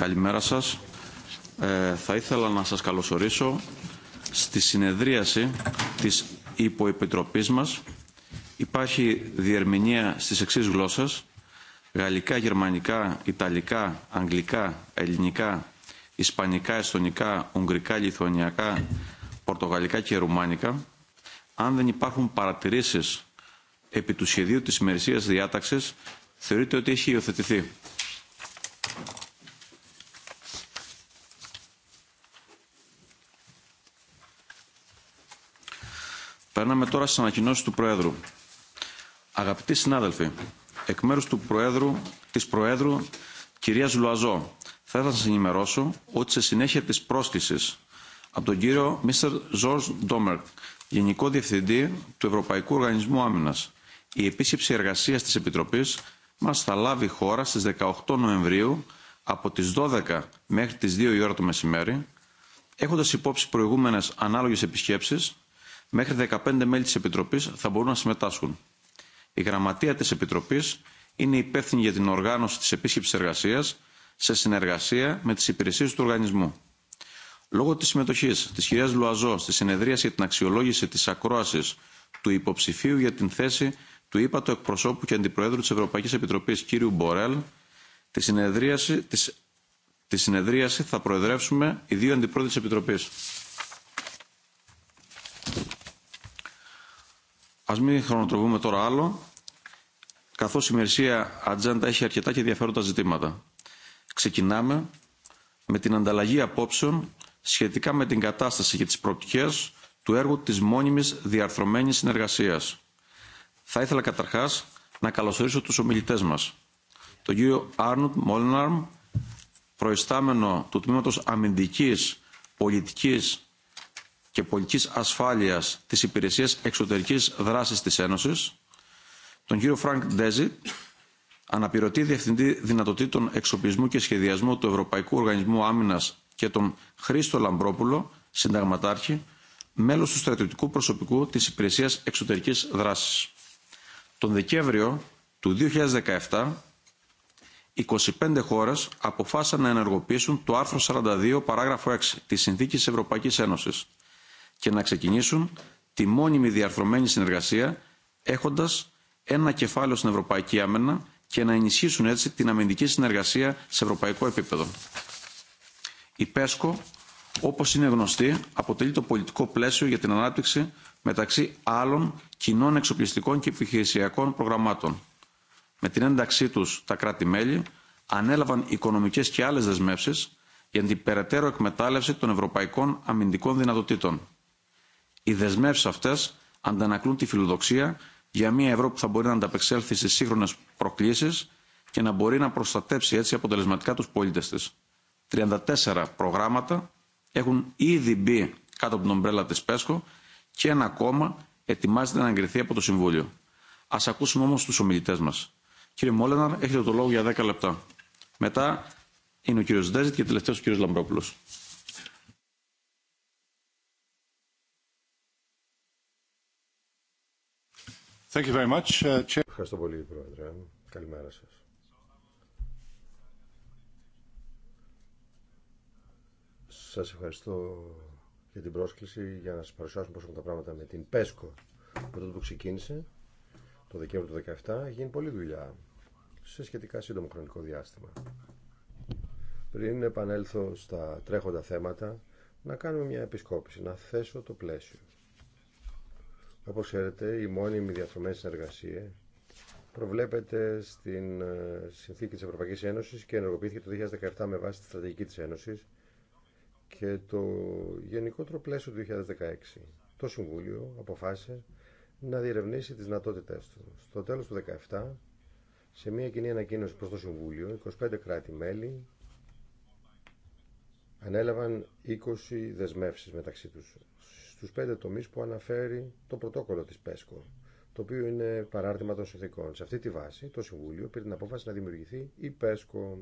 Καλημέρα σας. Ε, θα ήθελα να σας καλωσορίσω στη συνεδρίαση της υποεπιτροπής μας. Υπάρχει διερμηνία στις εξής γλώσσες. Γαλλικά, γερμανικά, ιταλικά, αγγλικά, ελληνικά, ισπανικά, εστονικά, ουγγρικά, λιθωνιακά, πορτογαλικά και ρουμάνικα. Αν δεν υπάρχουν παρατηρήσεις επί του σχεδίου της ημερησίας διάταξης, θεωρείται ότι έχει υιοθετηθεί. Πάμε τώρα στι ανακοινώσει του Προέδρου. Αγαπητοί συνάδελφοι, εκ μέρου του Προέδρου, τη Προέδρου, κυρία Λουαζό, θα ήθελα να σα ενημερώσω ότι σε συνέχεια τη πρόσκληση από τον κύριο Mr. George Ντόμερκ, Γενικό Διευθυντή του Ευρωπαϊκού Οργανισμού Άμυνα, η επίσκεψη εργασία τη Επιτροπή μα θα λάβει χώρα στι 18 Νοεμβρίου από τι 12 μέχρι τι 2 η ώρα το μεσημέρι, έχοντα υπόψη προηγούμενε ανάλογε επισκέψει μέχρι 15 μέλη της Επιτροπής θα μπορούν να συμμετάσχουν. Η Γραμματεία της Επιτροπής είναι υπεύθυνη για την οργάνωση της επίσκεψης εργασίας σε συνεργασία με τις υπηρεσίες του οργανισμού. Λόγω της συμμετοχής της κυρίας Λουαζό στη συνεδρίαση για την αξιολόγηση της ακρόασης του υποψηφίου για την θέση του ΥΠΑΤΟ εκπροσώπου και αντιπροέδρου της Ευρωπαϊκής Επιτροπής κ. Μπορέλ, τη συνεδρίαση, συνεδρίαση θα προεδρεύσουμε οι δύο αντιπρόεδροι Επιτροπής. Ας μην χρονοτροβούμε τώρα άλλο, καθώς η μερσία ατζέντα έχει αρκετά και ενδιαφέροντα ζητήματα. Ξεκινάμε με την ανταλλαγή απόψεων σχετικά με την κατάσταση και τις προοπτικές του έργου της μόνιμης διαρθρωμένης συνεργασίας. Θα ήθελα καταρχάς να καλωσορίσω τους ομιλητές μας. Τον κύριο Άρνουτ Μόλναρμ, προϊστάμενο του Τμήματος Αμυντικής Πολιτικής και πολιτικής ασφάλειας της Υπηρεσίας Εξωτερικής Δράσης της Ένωσης, τον κύριο Φρανκ Ντέζι, αναπηρωτή Διευθυντή Δυνατοτήτων Εξοπλισμού και Σχεδιασμού του Ευρωπαϊκού Οργανισμού Άμυνας και τον Χρήστο Λαμπρόπουλο, συνταγματάρχη, μέλος του στρατιωτικού προσωπικού της Υπηρεσίας Εξωτερικής Δράσης. Τον Δεκέμβριο του 2017, 25 χώρες αποφάσισαν να ενεργοποιήσουν το άρθρο 42 παράγραφο 6 της Συνθήκης Ευρωπαϊκής Ένωσης και να ξεκινήσουν τη μόνιμη διαρθρωμένη συνεργασία έχοντας ένα κεφάλαιο στην Ευρωπαϊκή Άμενα και να ενισχύσουν έτσι την αμυντική συνεργασία σε ευρωπαϊκό επίπεδο. Η ΠΕΣΚΟ, όπως είναι γνωστή, αποτελεί το πολιτικό πλαίσιο για την ανάπτυξη μεταξύ άλλων κοινών εξοπλιστικών και επιχειρησιακών προγραμμάτων. Με την ένταξή τους τα κράτη-μέλη ανέλαβαν οικονομικές και άλλες δεσμεύσεις για την περαιτέρω εκμετάλλευση των ευρωπαϊκών αμυντικών δυνατοτήτων οι δεσμεύσει αυτέ αντανακλούν τη φιλοδοξία για μια Ευρώπη που θα μπορεί να ανταπεξέλθει στι σύγχρονε προκλήσει και να μπορεί να προστατέψει έτσι αποτελεσματικά του πολίτε τη. 34 προγράμματα έχουν ήδη μπει κάτω από την ομπρέλα τη ΠΕΣΚΟ και ένα ακόμα ετοιμάζεται να εγκριθεί από το Συμβούλιο. Α ακούσουμε όμω του ομιλητέ μα. Κύριε Μόλεναρ, έχετε το λόγο για 10 λεπτά. Μετά είναι ο κύριο Δέζιτ και τελευταίο ο κύριο Λαμπρόπουλο. Thank you very much. Uh, ευχαριστώ πολύ, Πρόεδρε. Καλημέρα σας. Σας ευχαριστώ για την πρόσκληση για να σας παρουσιάσουμε πώς έχουν τα πράγματα με την ΠΕΣΚΟ. που τότε που ξεκίνησε, το Δεκέμβριο του 2017, γίνει πολλή δουλειά σε σχετικά σύντομο χρονικό διάστημα. Πριν επανέλθω στα τρέχοντα θέματα, να κάνουμε μια επισκόπηση, να θέσω το πλαίσιο. Όπως ξέρετε, η μόνιμη διαθρωμένη συνεργασία προβλέπεται στην ε, Συνθήκη της Ευρωπαϊκής Ένωσης και ενεργοποιήθηκε το 2017 με βάση τη στρατηγική της Ένωσης και το γενικότερο πλαίσιο του 2016. Το Συμβούλιο αποφάσισε να διερευνήσει τις δυνατότητές του. Στο τέλος του 2017, σε μια κοινή ανακοίνωση προς το Συμβούλιο, 25 κράτη-μέλη ανέλαβαν 20 δεσμεύσεις μεταξύ τους στους πέντε τομείς που αναφέρει το πρωτόκολλο της ΠΕΣΚΟ, το οποίο είναι παράρτημα των συνθήκων. Σε αυτή τη βάση το Συμβούλιο πήρε την απόφαση να δημιουργηθεί η ΠΕΣΚΟ.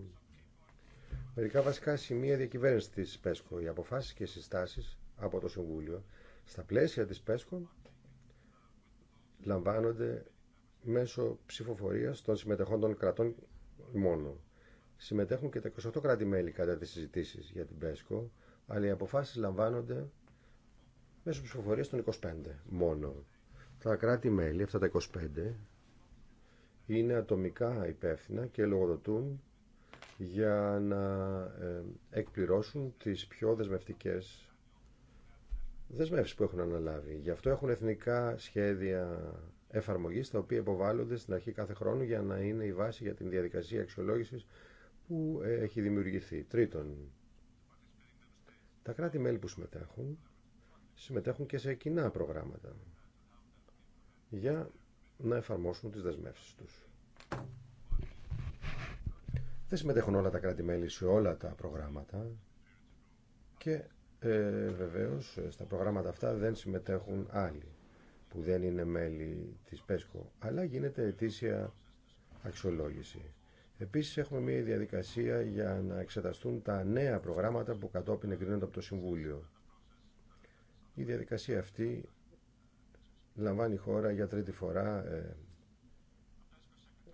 Μερικά βασικά σημεία διακυβέρνηση τη ΠΕΣΚΟ, οι αποφάσει και συστάσεις από το Συμβούλιο στα πλαίσια τη ΠΕΣΚΟ λαμβάνονται μέσω ψηφοφορία των συμμετεχόντων κρατών μόνο. Συμμετέχουν και τα 28 κρατη κατά τις συζητήσεις για την ΠΕΣΚΟ, αλλά οι αποφάσει λαμβάνονται μέσω ψηφοφορία των 25 μόνο. Τα κράτη-μέλη, αυτά τα 25, είναι ατομικά υπεύθυνα και λογοδοτούν για να ε, εκπληρώσουν τις πιο δεσμευτικές δεσμεύσεις που έχουν αναλάβει. Γι' αυτό έχουν εθνικά σχέδια εφαρμογής, τα οποία υποβάλλονται στην αρχή κάθε χρόνου για να είναι η βάση για την διαδικασία αξιολόγησης που ε, έχει δημιουργηθεί. Τρίτον, τα κράτη-μέλη που συμμετέχουν συμμετέχουν και σε κοινά προγράμματα για να εφαρμόσουν τις δεσμεύσεις τους. Δεν συμμετέχουν όλα τα κράτη-μέλη σε όλα τα προγράμματα και ε, βεβαίως στα προγράμματα αυτά δεν συμμετέχουν άλλοι που δεν είναι μέλη της ΠΕΣΚΟ, αλλά γίνεται ετήσια αξιολόγηση. Επίσης έχουμε μια διαδικασία για να εξεταστούν τα νέα προγράμματα που κατόπιν εγκρίνονται από το Συμβούλιο. Η διαδικασία αυτή λαμβάνει χώρα για τρίτη φορά ε,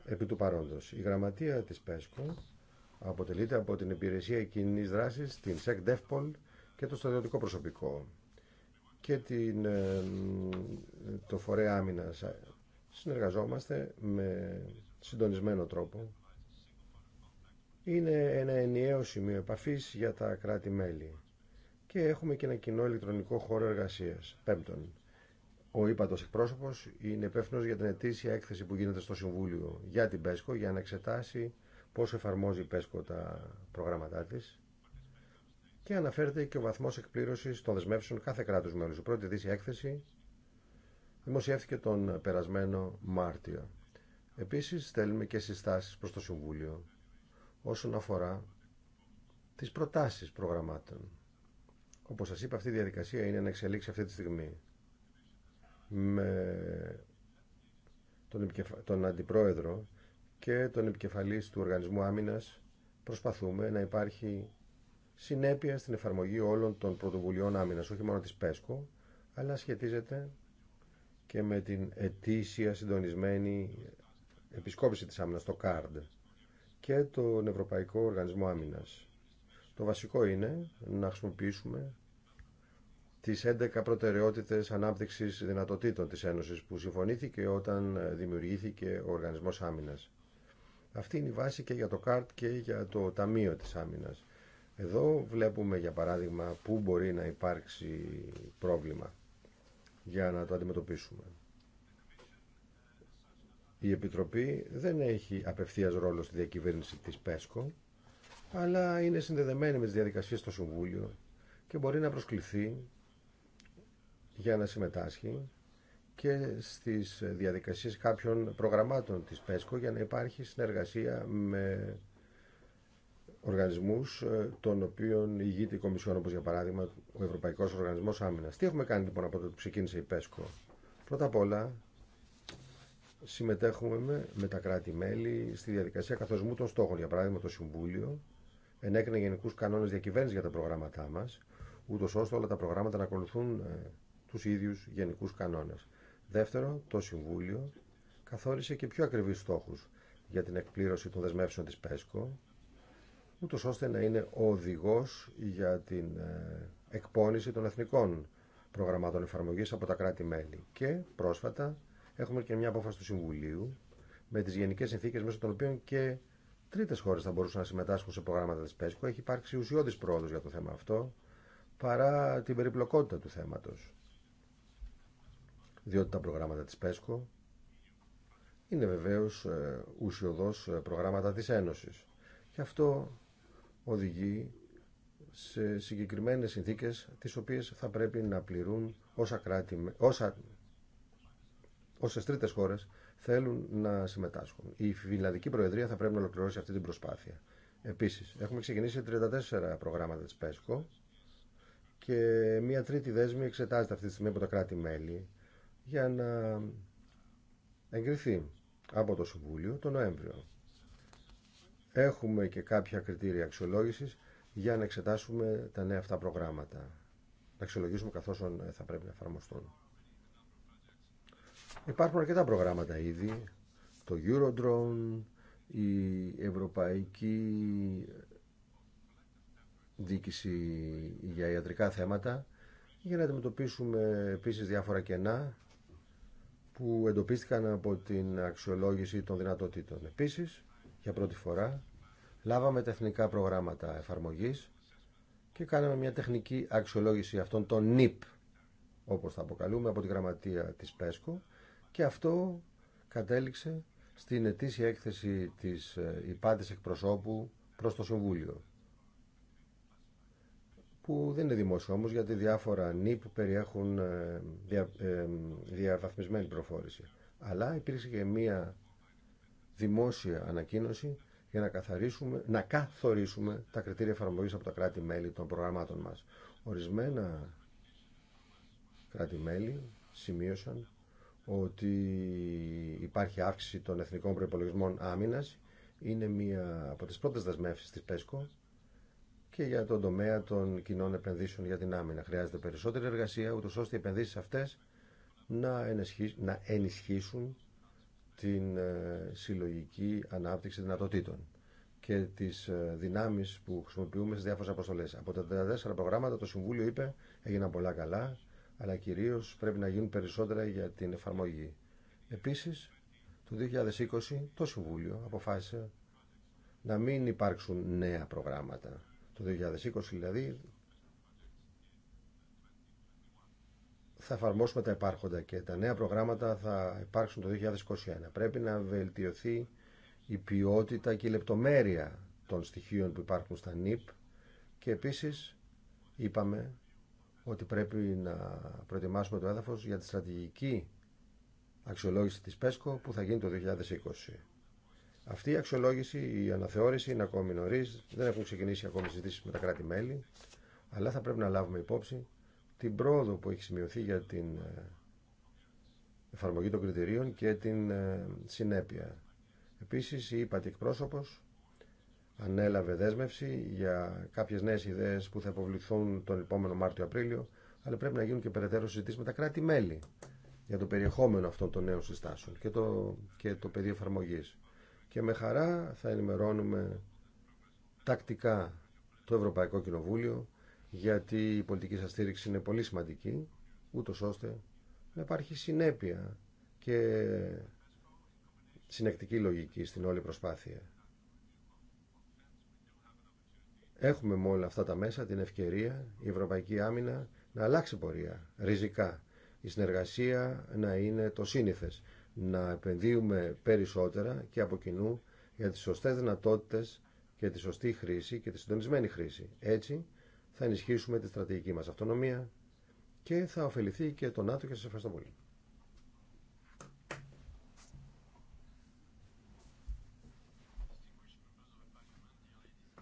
επί του παρόντος. Η γραμματεία της ΠΕΣΚΟ αποτελείται από την Υπηρεσία Κοινή Δράσης, την ΣΕΚ και το στρατιωτικό προσωπικό και την, ε, το φορέα άμυνα. Συνεργαζόμαστε με συντονισμένο τρόπο. Είναι ένα ενιαίο σημείο επαφής για τα κράτη-μέλη και έχουμε και ένα κοινό ηλεκτρονικό χώρο εργασία. Πέμπτον, ο ύπατος εκπρόσωπος είναι υπεύθυνο για την ετήσια έκθεση που γίνεται στο Συμβούλιο για την ΠΕΣΚΟ για να εξετάσει πώ εφαρμόζει η ΠΕΣΚΟ τα προγράμματά τη και αναφέρεται και ο βαθμό εκπλήρωση των δεσμεύσεων κάθε κράτου μέλου. Η πρώτη ετήσια έκθεση δημοσιεύθηκε τον περασμένο Μάρτιο. Επίση, στέλνουμε και συστάσει προ το Συμβούλιο όσον αφορά τις προτάσεις προγραμμάτων. Όπως σας είπα αυτή η διαδικασία είναι να εξελίξει αυτή τη στιγμή με τον, αντιπρόεδρο και τον επικεφαλής του Οργανισμού Άμυνας προσπαθούμε να υπάρχει συνέπεια στην εφαρμογή όλων των πρωτοβουλειών άμυνας, όχι μόνο της ΠΕΣΚΟ, αλλά σχετίζεται και με την ετήσια συντονισμένη επισκόπηση της άμυνας, το ΚΑΡΔ, και τον Ευρωπαϊκό Οργανισμό Άμυνας. Το βασικό είναι να χρησιμοποιήσουμε τις 11 προτεραιότητες ανάπτυξης δυνατοτήτων της Ένωσης που συμφωνήθηκε όταν δημιουργήθηκε ο Οργανισμός Άμυνας. Αυτή είναι η βάση και για το ΚΑΡΤ και για το Ταμείο της Άμυνας. Εδώ βλέπουμε για παράδειγμα πού μπορεί να υπάρξει πρόβλημα για να το αντιμετωπίσουμε. Η Επιτροπή δεν έχει απευθείας ρόλο στη διακυβέρνηση της ΠΕΣΚΟ, αλλά είναι συνδεδεμένη με τις διαδικασίες στο Συμβούλιο και μπορεί να προσκληθεί για να συμμετάσχει και στις διαδικασίες κάποιων προγραμμάτων της ΠΕΣΚΟ για να υπάρχει συνεργασία με οργανισμούς ε, των οποίων ηγείται η Κομισιόν, όπως για παράδειγμα ο Ευρωπαϊκός Οργανισμός Άμυνας. Τι έχουμε κάνει λοιπόν από το που ξεκίνησε η ΠΕΣΚΟ. Πρώτα απ' όλα συμμετέχουμε με, με τα κράτη-μέλη στη διαδικασία καθορισμού των στόχων. Για παράδειγμα το Συμβούλιο ενέκρινε γενικού κανόνε διακυβέρνηση για τα προγράμματά μα, ούτω ώστε όλα τα προγράμματα να ακολουθούν ε, του ίδιου γενικού κανόνε. Δεύτερο, το Συμβούλιο καθόρισε και πιο ακριβεί στόχου για την εκπλήρωση των δεσμεύσεων τη ΠΕΣΚΟ, ούτω ώστε να είναι ο οδηγό για την ε, εκπόνηση των εθνικών προγραμμάτων εφαρμογή από τα κράτη-μέλη. Και πρόσφατα έχουμε και μια απόφαση του Συμβουλίου με τις γενικές συνθήκες μέσω των οποίων και Τρίτε χώρες θα μπορούσαν να συμμετάσχουν σε προγράμματα της ΠΕΣΚΟ. Έχει υπάρξει ουσιώδη πρόοδος για το θέμα αυτό, παρά την περιπλοκότητα του θέματος. Διότι τα προγράμματα της ΠΕΣΚΟ είναι βεβαίως ε, ουσιοδό ε, προγράμματα της Ένωσης. Και αυτό οδηγεί σε συγκεκριμένες συνθήκες τις οποίες θα πρέπει να πληρούν όσα κράτη, όσα, όσες τρίτες χώρες θέλουν να συμμετάσχουν. Η Φιλανδική Προεδρία θα πρέπει να ολοκληρώσει αυτή την προσπάθεια. Επίση, έχουμε ξεκινήσει 34 προγράμματα τη ΠΕΣΚΟ και μία τρίτη δέσμη εξετάζεται αυτή τη στιγμή από τα κράτη-μέλη για να εγκριθεί από το Συμβούλιο το Νοέμβριο. Έχουμε και κάποια κριτήρια αξιολόγηση για να εξετάσουμε τα νέα αυτά προγράμματα. Να αξιολογήσουμε καθώ θα πρέπει να εφαρμοστούν. Υπάρχουν αρκετά προγράμματα ήδη. Το Eurodrone, η Ευρωπαϊκή Δίκηση για ιατρικά θέματα για να αντιμετωπίσουμε επίσης διάφορα κενά που εντοπίστηκαν από την αξιολόγηση των δυνατοτήτων. Επίσης, για πρώτη φορά, λάβαμε τεχνικά προγράμματα εφαρμογής και κάναμε μια τεχνική αξιολόγηση αυτών των NIP, όπως θα αποκαλούμε, από τη γραμματεία της ΠΕΣΚΟ και αυτό κατέληξε στην ετήσια έκθεση της ε, υπάτης εκπροσώπου προς το Συμβούλιο που δεν είναι δημόσιο όμως γιατί διάφορα που περιέχουν ε, δια, ε, διαβαθμισμένη προφόρηση. Αλλά υπήρξε και μία δημόσια ανακοίνωση για να, καθαρίσουμε, να καθορίσουμε τα κριτήρια εφαρμογή από τα κράτη-μέλη των προγραμμάτων μας. Ορισμένα κράτη-μέλη σημείωσαν ότι υπάρχει αύξηση των εθνικών προπολογισμών άμυνα. Είναι μία από τι πρώτε δεσμεύσει τη ΠΕΣΚΟ και για τον τομέα των κοινών επενδύσεων για την άμυνα. Χρειάζεται περισσότερη εργασία, ούτω ώστε οι επενδύσει αυτέ να ενισχύσουν την ε, συλλογική ανάπτυξη δυνατοτήτων και τι ε, δυνάμει που χρησιμοποιούμε στι διάφορε αποστολέ. Από τα 34 προγράμματα το Συμβούλιο είπε έγιναν πολλά καλά αλλά κυρίως πρέπει να γίνουν περισσότερα για την εφαρμογή. Επίσης, το 2020 το Συμβούλιο αποφάσισε να μην υπάρξουν νέα προγράμματα. Το 2020 δηλαδή θα εφαρμόσουμε τα υπάρχοντα και τα νέα προγράμματα θα υπάρξουν το 2021. Πρέπει να βελτιωθεί η ποιότητα και η λεπτομέρεια των στοιχείων που υπάρχουν στα ΝΥΠ και επίσης είπαμε ότι πρέπει να προετοιμάσουμε το έδαφος για τη στρατηγική αξιολόγηση της ΠΕΣΚΟ που θα γίνει το 2020. Αυτή η αξιολόγηση, η αναθεώρηση είναι ακόμη νωρί, δεν έχουν ξεκινήσει ακόμη συζητήσει με τα κράτη-μέλη, αλλά θα πρέπει να λάβουμε υπόψη την πρόοδο που έχει σημειωθεί για την ε, εφαρμογή των κριτηρίων και την ε, συνέπεια. Επίσης, η εκπρόσωπος ανέλαβε δέσμευση για κάποιες νέες ιδέες που θα υποβληθούν τον επόμενο Μάρτιο-Απρίλιο, αλλά πρέπει να γίνουν και περαιτέρω συζητήσεις με τα κράτη-μέλη για το περιεχόμενο αυτών των νέων συστάσεων και το, και το πεδίο εφαρμογή. Και με χαρά θα ενημερώνουμε τακτικά το Ευρωπαϊκό Κοινοβούλιο, γιατί η πολιτική σας στήριξη είναι πολύ σημαντική, ούτως ώστε να υπάρχει συνέπεια και συνεκτική λογική στην όλη προσπάθεια. Έχουμε με όλα αυτά τα μέσα την ευκαιρία η ευρωπαϊκή άμυνα να αλλάξει πορεία ριζικά. Η συνεργασία να είναι το σύνηθες. Να επενδύουμε περισσότερα και από κοινού για τις σωστέ δυνατότητες και τη σωστή χρήση και τη συντονισμένη χρήση. Έτσι θα ενισχύσουμε τη στρατηγική μας αυτονομία και θα ωφεληθεί και το ΝΑΤΟ και σα ευχαριστώ πολύ.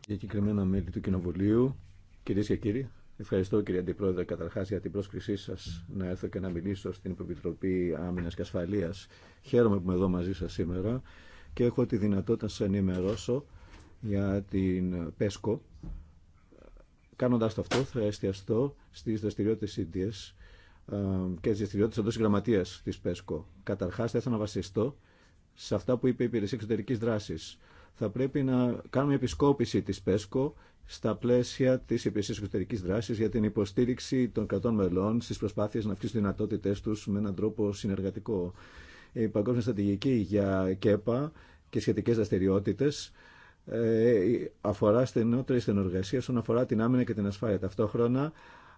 Διακεκριμένα μέλη του Κοινοβουλίου, κυρίε και κύριοι, ευχαριστώ κύριε Αντιπρόεδρε καταρχά για την πρόσκλησή σα να έρθω και να μιλήσω στην Επιτροπή Άμυνα και Ασφαλεία. Χαίρομαι που είμαι εδώ μαζί σα σήμερα και έχω τη δυνατότητα να σα ενημερώσω για την ΠΕΣΚΟ. Κάνοντα το αυτό, θα εστιαστώ στι δραστηριότητε ίδιε και τι δραστηριότητε εντό γραμματεία τη ΠΕΣΚΟ. Καταρχά, θα ήθελα να βασιστώ σε αυτά που είπε η Υπηρεσία Εξωτερική Δράση θα πρέπει να κάνουμε επισκόπηση της ΠΕΣΚΟ στα πλαίσια τη υπηρεσία εξωτερική δράση για την υποστήριξη των κρατών μελών στι προσπάθειε να αυξήσουν τι δυνατότητέ του με έναν τρόπο συνεργατικό. Η Παγκόσμια Στρατηγική για ΚΕΠΑ και σχετικέ δραστηριότητε ε, αφορά στενότερη στενοργασία όσον αφορά την άμυνα και την ασφάλεια. Ταυτόχρονα,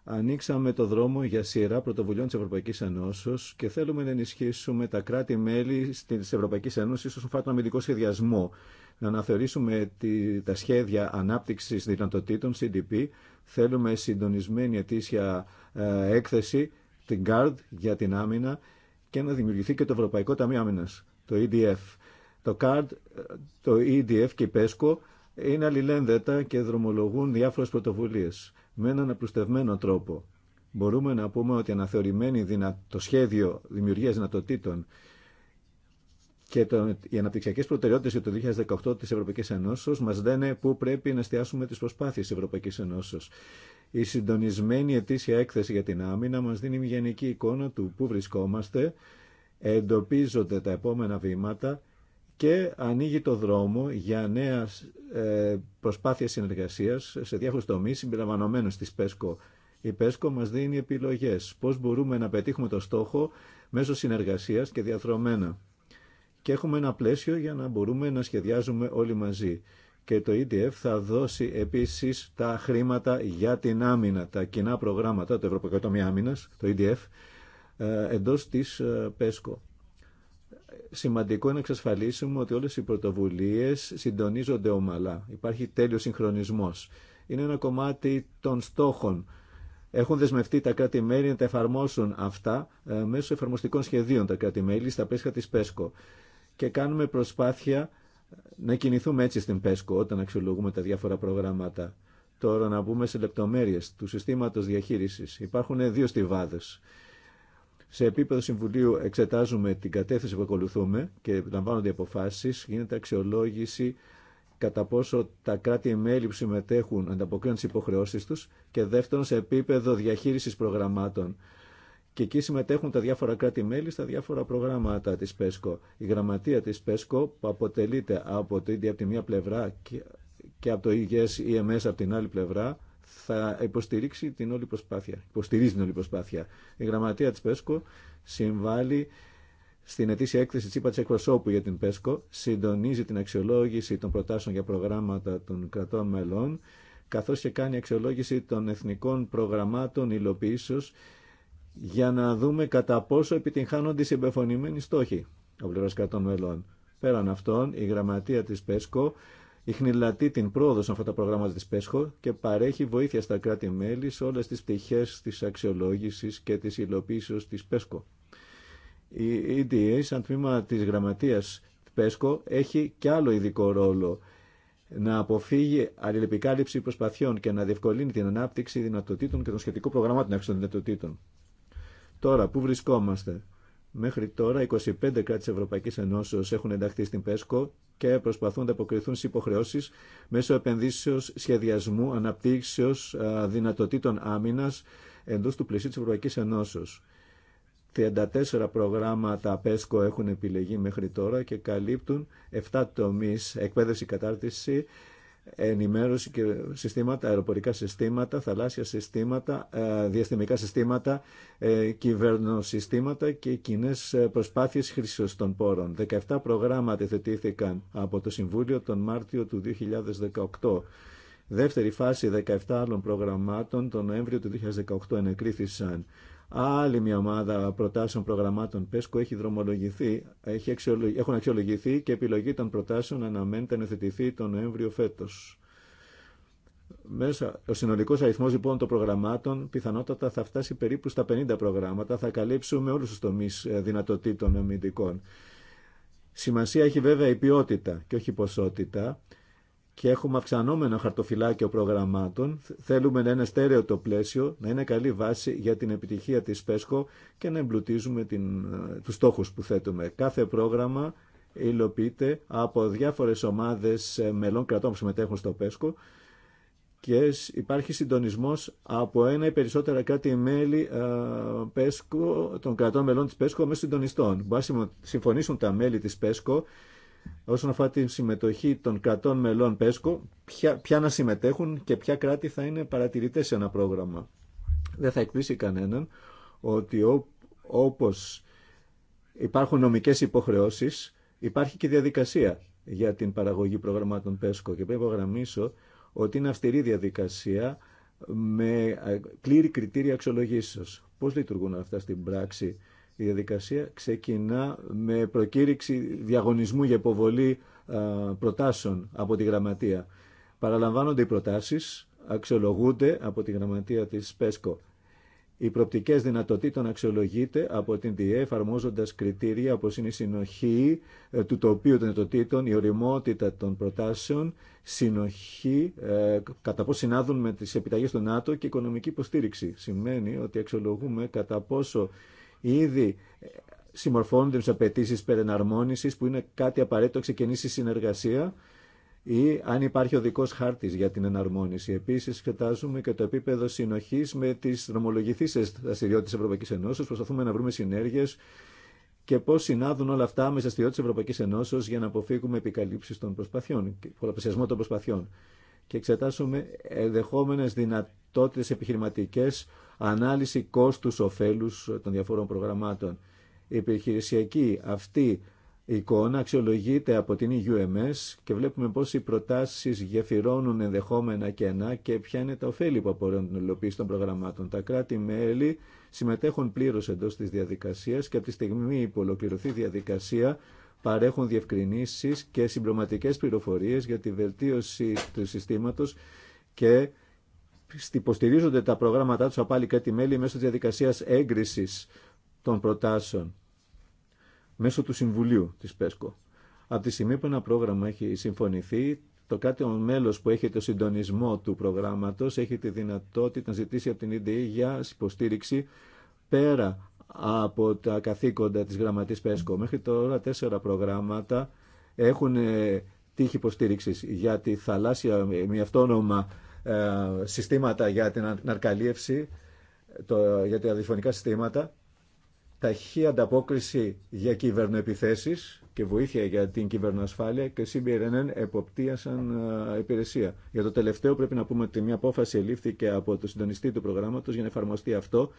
ανοίξαμε το δρόμο για σειρά πρωτοβουλειών τη Ευρωπαϊκή Ενώσεω και θέλουμε να ενισχύσουμε τα κράτη-μέλη τη Ευρωπαϊκή Ένωση όσον αφορά σχεδιασμό να αναθεωρήσουμε τη, τα σχέδια ανάπτυξης δυνατοτήτων CDP. Θέλουμε συντονισμένη ετήσια ε, έκθεση, την CARD για την άμυνα και να δημιουργηθεί και το Ευρωπαϊκό Ταμείο Άμυνας, το EDF. Το CARD, το EDF και η PESCO είναι αλληλένδετα και δρομολογούν διάφορες πρωτοβουλίες με έναν απλουστευμένο τρόπο. Μπορούμε να πούμε ότι αναθεωρημένη το σχέδιο δημιουργίας δυνατοτήτων και το, οι αναπτυξιακέ προτεραιότητε για το 2018 τη Ευρωπαϊκή Ενώσεω μα λένε πού πρέπει να εστιάσουμε τι προσπάθειε τη Ευρωπαϊκή Ενώσεω. Η συντονισμένη ετήσια έκθεση για την άμυνα μα δίνει μια γενική εικόνα του πού βρισκόμαστε, εντοπίζονται τα επόμενα βήματα και ανοίγει το δρόμο για νέα ε, προσπάθεια συνεργασία σε διάφορου τομεί, συμπεριλαμβανομένου τη ΠΕΣΚΟ. Η ΠΕΣΚΟ μα δίνει επιλογέ. Πώ μπορούμε να πετύχουμε το στόχο μέσω συνεργασία και διαθρωμένα και έχουμε ένα πλαίσιο για να μπορούμε να σχεδιάζουμε όλοι μαζί. Και το EDF θα δώσει επίσης τα χρήματα για την άμυνα, τα κοινά προγράμματα, του Ευρωπαϊκού Τομείο Άμυνας, το EDF, ε, εντός της ε, ΠΕΣΚΟ. Σημαντικό είναι να εξασφαλίσουμε ότι όλες οι πρωτοβουλίες συντονίζονται ομαλά. Υπάρχει τέλειος συγχρονισμός. Είναι ένα κομμάτι των στόχων. Έχουν δεσμευτεί τα κράτη-μέλη να τα εφαρμόσουν αυτά ε, μέσω εφαρμοστικών σχεδίων τα κράτη-μέλη στα πέσχα της ΠΕΣΚΟ και κάνουμε προσπάθεια να κινηθούμε έτσι στην ΠΕΣΚΟ όταν αξιολογούμε τα διάφορα προγράμματα. Τώρα να μπούμε σε λεπτομέρειε του συστήματος διαχείρισης. Υπάρχουν δύο στιβάδες. Σε επίπεδο Συμβουλίου εξετάζουμε την κατεύθυνση που ακολουθούμε και λαμβάνονται οι αποφάσεις, γίνεται αξιολόγηση κατά πόσο τα κράτη-μέλη που συμμετέχουν ανταποκρίνουν τι υποχρεώσει τους και δεύτερον σε επίπεδο διαχείριση προγραμμάτων και εκεί συμμετέχουν τα διάφορα κράτη-μέλη στα διάφορα προγράμματα της ΠΕΣΚΟ. Η γραμματεία της ΠΕΣΚΟ που αποτελείται από το ίδιο από τη μία πλευρά και από το Η EMS από την άλλη πλευρά θα υποστηρίξει την όλη προσπάθεια. Υποστηρίζει την όλη προσπάθεια. Η γραμματεία της ΠΕΣΚΟ συμβάλλει στην ετήσια έκθεση της ΥΠΑ εκπροσώπου για την ΠΕΣΚΟ, συντονίζει την αξιολόγηση των προτάσεων για προγράμματα των κρατών μελών, καθώς και κάνει αξιολόγηση των εθνικών προγραμμάτων υλοποίησης για να δούμε κατά πόσο επιτυγχάνονται οι συμπεφωνημένοι στόχοι από πλευρά μελών. Πέραν αυτών, η γραμματεία τη ΠΕΣΚΟ ιχνηλατεί την πρόοδο σε αυτά τα προγράμματα τη ΠΕΣΚΟ και παρέχει βοήθεια στα κράτη-μέλη σε όλε τι πτυχέ τη αξιολόγηση και τη υλοποίηση τη ΠΕΣΚΟ. Η EDA, σαν τμήμα τη γραμματεία ΠΕΣΚΟ, έχει και άλλο ειδικό ρόλο να αποφύγει αλληλεπικάλυψη προσπαθειών και να διευκολύνει την ανάπτυξη δυνατοτήτων και των σχετικών προγραμμάτων άξιων Τώρα, πού βρισκόμαστε. Μέχρι τώρα, 25 κράτη τη Ευρωπαϊκής έχουν ενταχθεί στην ΠΕΣΚΟ και προσπαθούν να αποκριθούν στι υποχρεώσει μέσω επενδύσεως, σχεδιασμού, αναπτύξεως, δυνατοτήτων άμυνας εντός του πλαισίου τη Ευρωπαϊκής Ενώσεω. 34 προγράμματα ΠΕΣΚΟ έχουν επιλεγεί μέχρι τώρα και καλύπτουν 7 τομεί εκπαίδευση, κατάρτιση, ενημέρωση και συστήματα, αεροπορικά συστήματα, θαλάσσια συστήματα, ε, διαστημικά συστήματα, ε, κυβερνοσυστήματα και κοινέ ε, προσπάθειες χρήσης των πόρων. 17 προγράμματα θετήθηκαν από το Συμβούλιο τον Μάρτιο του 2018. Δεύτερη φάση 17 άλλων προγραμμάτων τον Νοέμβριο του 2018 ενεκρίθησαν Άλλη μια ομάδα προτάσεων προγραμμάτων ΠΕΣΚΟ έχει δρομολογηθεί, έχει αξιολογη, έχουν αξιολογηθεί και επιλογή των προτάσεων αναμένεται να εθετηθεί τον Νοέμβριο φέτος. Μέσα, ο συνολικός αριθμός λοιπόν των προγραμμάτων πιθανότατα θα φτάσει περίπου στα 50 προγράμματα, θα καλύψουμε όλους τους τομείς ε, δυνατοτήτων αμυντικών. Σημασία έχει βέβαια η ποιότητα και όχι η ποσότητα και έχουμε αυξανόμενο χαρτοφυλάκιο προγραμμάτων. Θέλουμε να είναι στέρεο το πλαίσιο, να είναι καλή βάση για την επιτυχία της ΠΕΣΚΟ και να εμπλουτίζουμε την, ε, τους στόχους που θέτουμε. Κάθε πρόγραμμα υλοποιείται από διάφορες ομάδες ε, μελών κρατών που συμμετέχουν στο ΠΕΣΚΟ και υπάρχει συντονισμός από ένα ή περισσότερα κάτι μέλη ε, πέσκο, των κρατών μελών της ΠΕΣΚΟ με συντονιστών. Μπορεί να συμφωνήσουν τα μέλη της ΠΕΣΚΟ όσον αφορά τη συμμετοχή των κρατών μελών ΠΕΣΚΟ, ποια, να συμμετέχουν και ποια κράτη θα είναι παρατηρητές σε ένα πρόγραμμα. Δεν θα εκπλήσει κανέναν ότι όπως υπάρχουν νομικές υποχρεώσεις, υπάρχει και διαδικασία για την παραγωγή προγραμμάτων ΠΕΣΚΟ και πρέπει να υπογραμμίσω ότι είναι αυστηρή διαδικασία με πλήρη ε, κριτήρια αξιολογήσεως. Πώς λειτουργούν αυτά στην πράξη η διαδικασία ξεκινά με προκήρυξη διαγωνισμού για υποβολή προτάσεων από τη Γραμματεία. Παραλαμβάνονται οι προτάσεις, αξιολογούνται από τη Γραμματεία της ΠΕΣΚΟ. Οι προπτικές δυνατοτήτων αξιολογείται από την ΔΙΕ εφαρμόζοντας κριτήρια όπως είναι η συνοχή ε, του τοπίου των δυνατοτήτων, η οριμότητα των προτάσεων, συνοχή ε, κατά πώς συνάδουν με τις επιταγές του ΝΑΤΟ και οικονομική υποστήριξη. Σημαίνει ότι αξιολογούμε κατά πόσο ήδη ε, συμμορφώνονται τι απαιτήσει περεναρμόνιση που είναι κάτι απαραίτητο ξεκινήσει συνεργασία ή αν υπάρχει οδικό χάρτη για την εναρμόνιση. Επίση, εξετάζουμε και το επίπεδο συνοχή με τι δρομολογηθήσει δραστηριότητε τη Ευρωπαϊκή Ενώσεω. Προσπαθούμε να βρούμε συνέργειε και πώ συνάδουν όλα αυτά με τι δραστηριότητε τη Ευρωπαϊκή Ενώσεω για να αποφύγουμε επικαλύψει των προσπαθειών και πολλαπλασιασμό των προσπαθειών και εξετάσουμε ενδεχόμενε δυνατότητες επιχειρηματικές, ανάλυση κόστους κόστους-οφέλους των διαφόρων προγραμμάτων. Η επιχειρησιακή αυτή εικόνα αξιολογείται από την EUMS και βλέπουμε πώς οι προτάσεις γεφυρώνουν ενδεχόμενα κενά και ποια είναι τα ωφέλη που απορρέουν την υλοποίηση των προγραμμάτων. Τα κράτη-μέλη συμμετέχουν πλήρω εντό τη διαδικασία και από τη στιγμή που ολοκληρωθεί η διαδικασία παρέχουν διευκρινήσεις και συμπληρωματικές πληροφορίες για τη βελτίωση του συστήματος και υποστηρίζονται τα προγράμματά τους από άλλη κάτι μέλη μέσω της διαδικασίας έγκρισης των προτάσεων μέσω του Συμβουλίου της ΠΕΣΚΟ. Από τη στιγμή που ένα πρόγραμμα έχει συμφωνηθεί, το ο μέλος που έχει το συντονισμό του προγράμματος έχει τη δυνατότητα να ζητήσει από την ΕΔΗ για υποστήριξη πέρα από τα καθήκοντα της γραμματής ΠΕΣΚΟ. Μέχρι τώρα τέσσερα προγράμματα έχουν ε, τύχη υποστήριξη για τη θαλάσσια, μη αυτόνομα ε, συστήματα για την αρκαλίευση, το, για τα διφωνικά συστήματα, ταχύ ανταπόκριση για κυβερνοεπιθέσεις και βοήθεια για την κυβερνοασφάλεια και CBRNN εποπτείασαν ε, υπηρεσία. Για το τελευταίο πρέπει να πούμε ότι μια απόφαση ελήφθηκε από το συντονιστή του προγράμματος για να εφαρμοστεί αυτό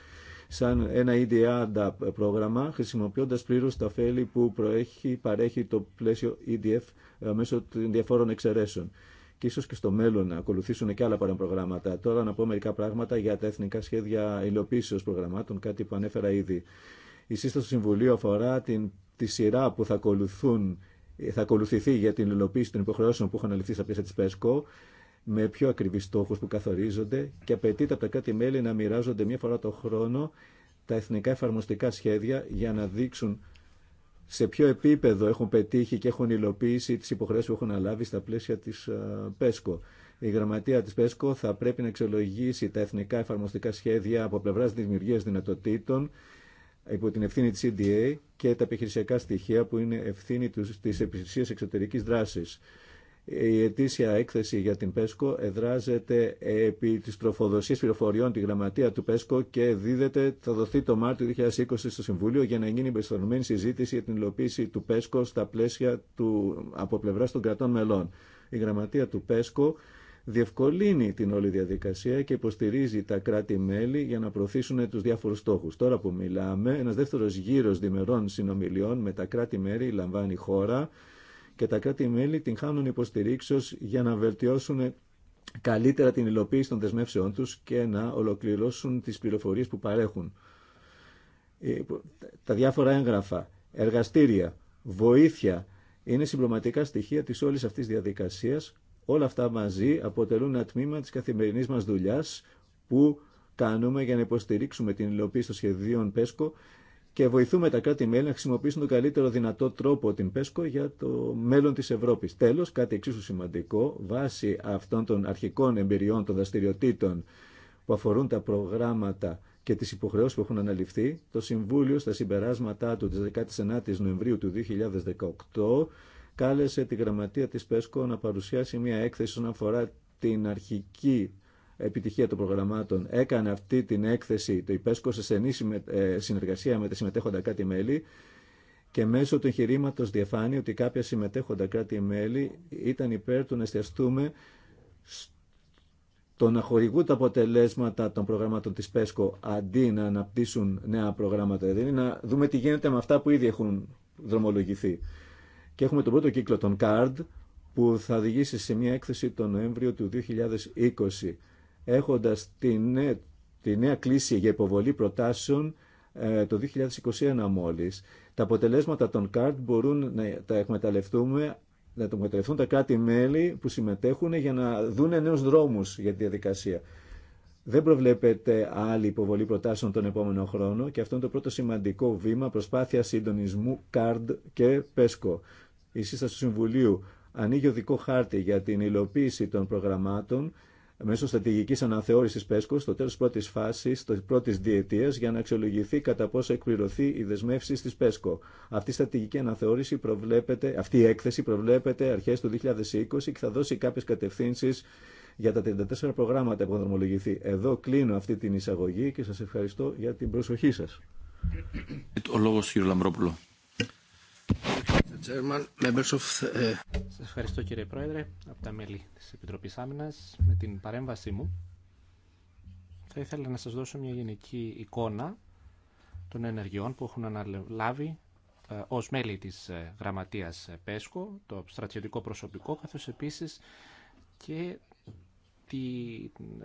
σαν ένα EDA πρόγραμμα, χρησιμοποιώντας πλήρως τα φελη που προέχει, παρέχει το πλαίσιο EDF ε, μέσω των διαφόρων εξαιρέσεων. Και ίσως και στο μέλλον να ακολουθήσουν και άλλα παραπρογράμματα. Τώρα να πω μερικά πράγματα για τα εθνικά σχέδια υλοποίησεως προγραμμάτων, κάτι που ανέφερα ήδη. Η σύσταση του Συμβουλίου αφορά την, τη σειρά που θα ακολουθούν θα ακολουθηθεί για την υλοποίηση των υποχρεώσεων που έχουν αληφθεί στα πλαίσια τη ΠΕΣΚΟ με πιο ακριβείς στόχους που καθορίζονται και απαιτείται από τα κάτι μελη να μοιράζονται μία φορά το χρόνο τα εθνικά εφαρμοστικά σχέδια για να δείξουν σε ποιο επίπεδο έχουν πετύχει και έχουν υλοποιήσει τις υποχρέωσεις που έχουν αναλάβει στα πλαίσια της ΠΕΣΚΟ. Η γραμματεία της ΠΕΣΚΟ θα πρέπει να αξιολογήσει τα εθνικά εφαρμοστικά σχέδια από πλευράς δημιουργία δυνατοτήτων υπό την ευθύνη τη CDA και τα επιχειρησιακά στοιχεία που είναι ευθύνη τη υπηρεσίας εξωτερική δράση. Η ετήσια έκθεση για την ΠΕΣΚΟ εδράζεται επί της τροφοδοσίας πληροφοριών τη γραμματεία του ΠΕΣΚΟ και δίδεται, θα δοθεί το Μάρτιο 2020 στο Συμβούλιο για να γίνει η περιστατωμένη συζήτηση για την υλοποίηση του ΠΕΣΚΟ στα πλαίσια του, από πλευρά των κρατών μελών. Η γραμματεία του ΠΕΣΚΟ διευκολύνει την όλη διαδικασία και υποστηρίζει τα κράτη-μέλη για να προωθήσουν τους διάφορους στόχους. Τώρα που μιλάμε, ένας δεύτερος γύρος διμερών συνομιλιών με τα κράτη-μέλη λαμβάνει χώρα και τα κράτη-μέλη την χάνουν υποστηρίξεω για να βελτιώσουν καλύτερα την υλοποίηση των δεσμεύσεών τους και να ολοκληρώσουν τις πληροφορίες που παρέχουν. Ε, τα διάφορα έγγραφα, εργαστήρια, βοήθεια είναι συμπληρωματικά στοιχεία τη όλη αυτή διαδικασία, Όλα αυτά μαζί αποτελούν ένα τμήμα τη καθημερινή μα δουλειά που κάνουμε για να υποστηρίξουμε την υλοποίηση των σχεδίων ΠΕΣΚΟ και βοηθούμε τα κράτη-μέλη να χρησιμοποιήσουν τον καλύτερο δυνατό τρόπο την ΠΕΣΚΟ για το μέλλον της Ευρώπης. Τέλος, κάτι εξίσου σημαντικό, βάσει αυτών των αρχικών εμπειριών των δραστηριοτήτων που αφορούν τα προγράμματα και τις υποχρεώσεις που έχουν αναλυφθεί, το Συμβούλιο στα συμπεράσματά του τη 19 η Νοεμβρίου του 2018 κάλεσε τη γραμματεία τη ΠΕΣΚΟ να παρουσιάσει μια έκθεση όσον αφορά την αρχική επιτυχία των προγραμμάτων έκανε αυτή την έκθεση, το υπέσκο σε στενή ε, συνεργασία με τα συμμετέχοντα κράτη-μέλη και μέσω του εγχειρήματο διαφάνει ότι κάποια συμμετέχοντα κράτη-μέλη ήταν υπέρ του να εστιαστούμε το να χορηγούν τα αποτελέσματα των προγραμμάτων της ΠΕΣΚΟ αντί να αναπτύσσουν νέα προγράμματα. Δηλαδή να δούμε τι γίνεται με αυτά που ήδη έχουν δρομολογηθεί. Και έχουμε τον πρώτο κύκλο των CARD που θα οδηγήσει σε μια έκθεση τον Νοέμβριο του 2020 έχοντας την, τη νέα κλίση για υποβολή προτάσεων ε, το 2021 μόλις. Τα αποτελέσματα των ΚΑΡΤ μπορούν να τα εκμεταλλευτούμε να το εκμεταλλευτούν τα κράτη-μέλη που συμμετέχουν για να δουν νέους δρόμους για τη διαδικασία. Δεν προβλέπεται άλλη υποβολή προτάσεων τον επόμενο χρόνο και αυτό είναι το πρώτο σημαντικό βήμα προσπάθεια συντονισμού CARD και PESCO. Η σύσταση του Συμβουλίου ανοίγει οδικό χάρτη για την υλοποίηση των προγραμμάτων μέσω στρατηγική αναθεώρηση ΠΕΣΚΟ στο τέλος πρώτη φάση, τη πρώτη διετία, για να αξιολογηθεί κατά πόσο εκπληρωθεί η δεσμεύση τη ΠΕΣΚΟ. Αυτή η στρατηγική αναθεώρηση προβλέπεται, αυτή η έκθεση προβλέπεται αρχές του 2020 και θα δώσει κάποιε κατευθύνσει για τα 34 προγράμματα που θα δρομολογηθεί. Εδώ κλείνω αυτή την εισαγωγή και σα ευχαριστώ για την προσοχή σα. Ο Λαμπρόπουλο. Σα eh, Σας ευχαριστώ κύριε Πρόεδρε από τα μέλη της Επιτροπής Άμυνα, με την παρέμβασή μου. Θα ήθελα να σας δώσω μια γενική εικόνα των ενεργειών που έχουν αναλάβει ε, ως μέλη της ε, γραμματείας ε, ΠΕΣΚΟ, το στρατιωτικό προσωπικό, καθώς επίση και τη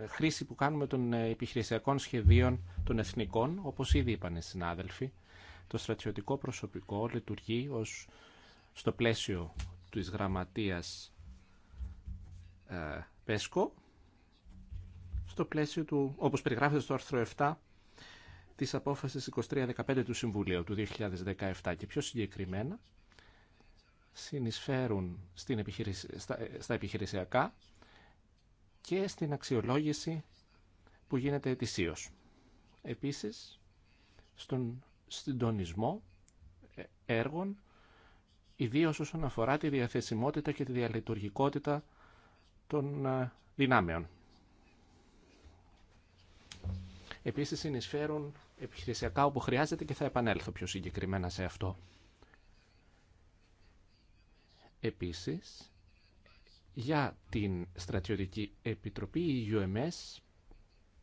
χρήση που κάνουμε των επιχειρησιακών σχεδίων των εθνικών, όπως ήδη είπαν οι συνάδελφοι. Το στρατιωτικό προσωπικό λειτουργεί ως στο πλαίσιο της γραμματείας ε, ΠΕΣΚΟ, στο πλαίσιο του, όπως περιγράφεται στο άρθρο 7, της απόφασης 2315 του Συμβουλίου του 2017 και πιο συγκεκριμένα συνεισφέρουν στην επιχείρηση, στα... Ε, στα επιχειρησιακά και στην αξιολόγηση που γίνεται ετησίως. Επίσης, στον συντονισμό ε, έργων ιδίως όσον αφορά τη διαθεσιμότητα και τη διαλειτουργικότητα των ε, δυνάμεων. Επίσης συνεισφέρουν επιχειρησιακά όπου χρειάζεται και θα επανέλθω πιο συγκεκριμένα σε αυτό. Επίσης, για την Στρατιωτική Επιτροπή, η UMS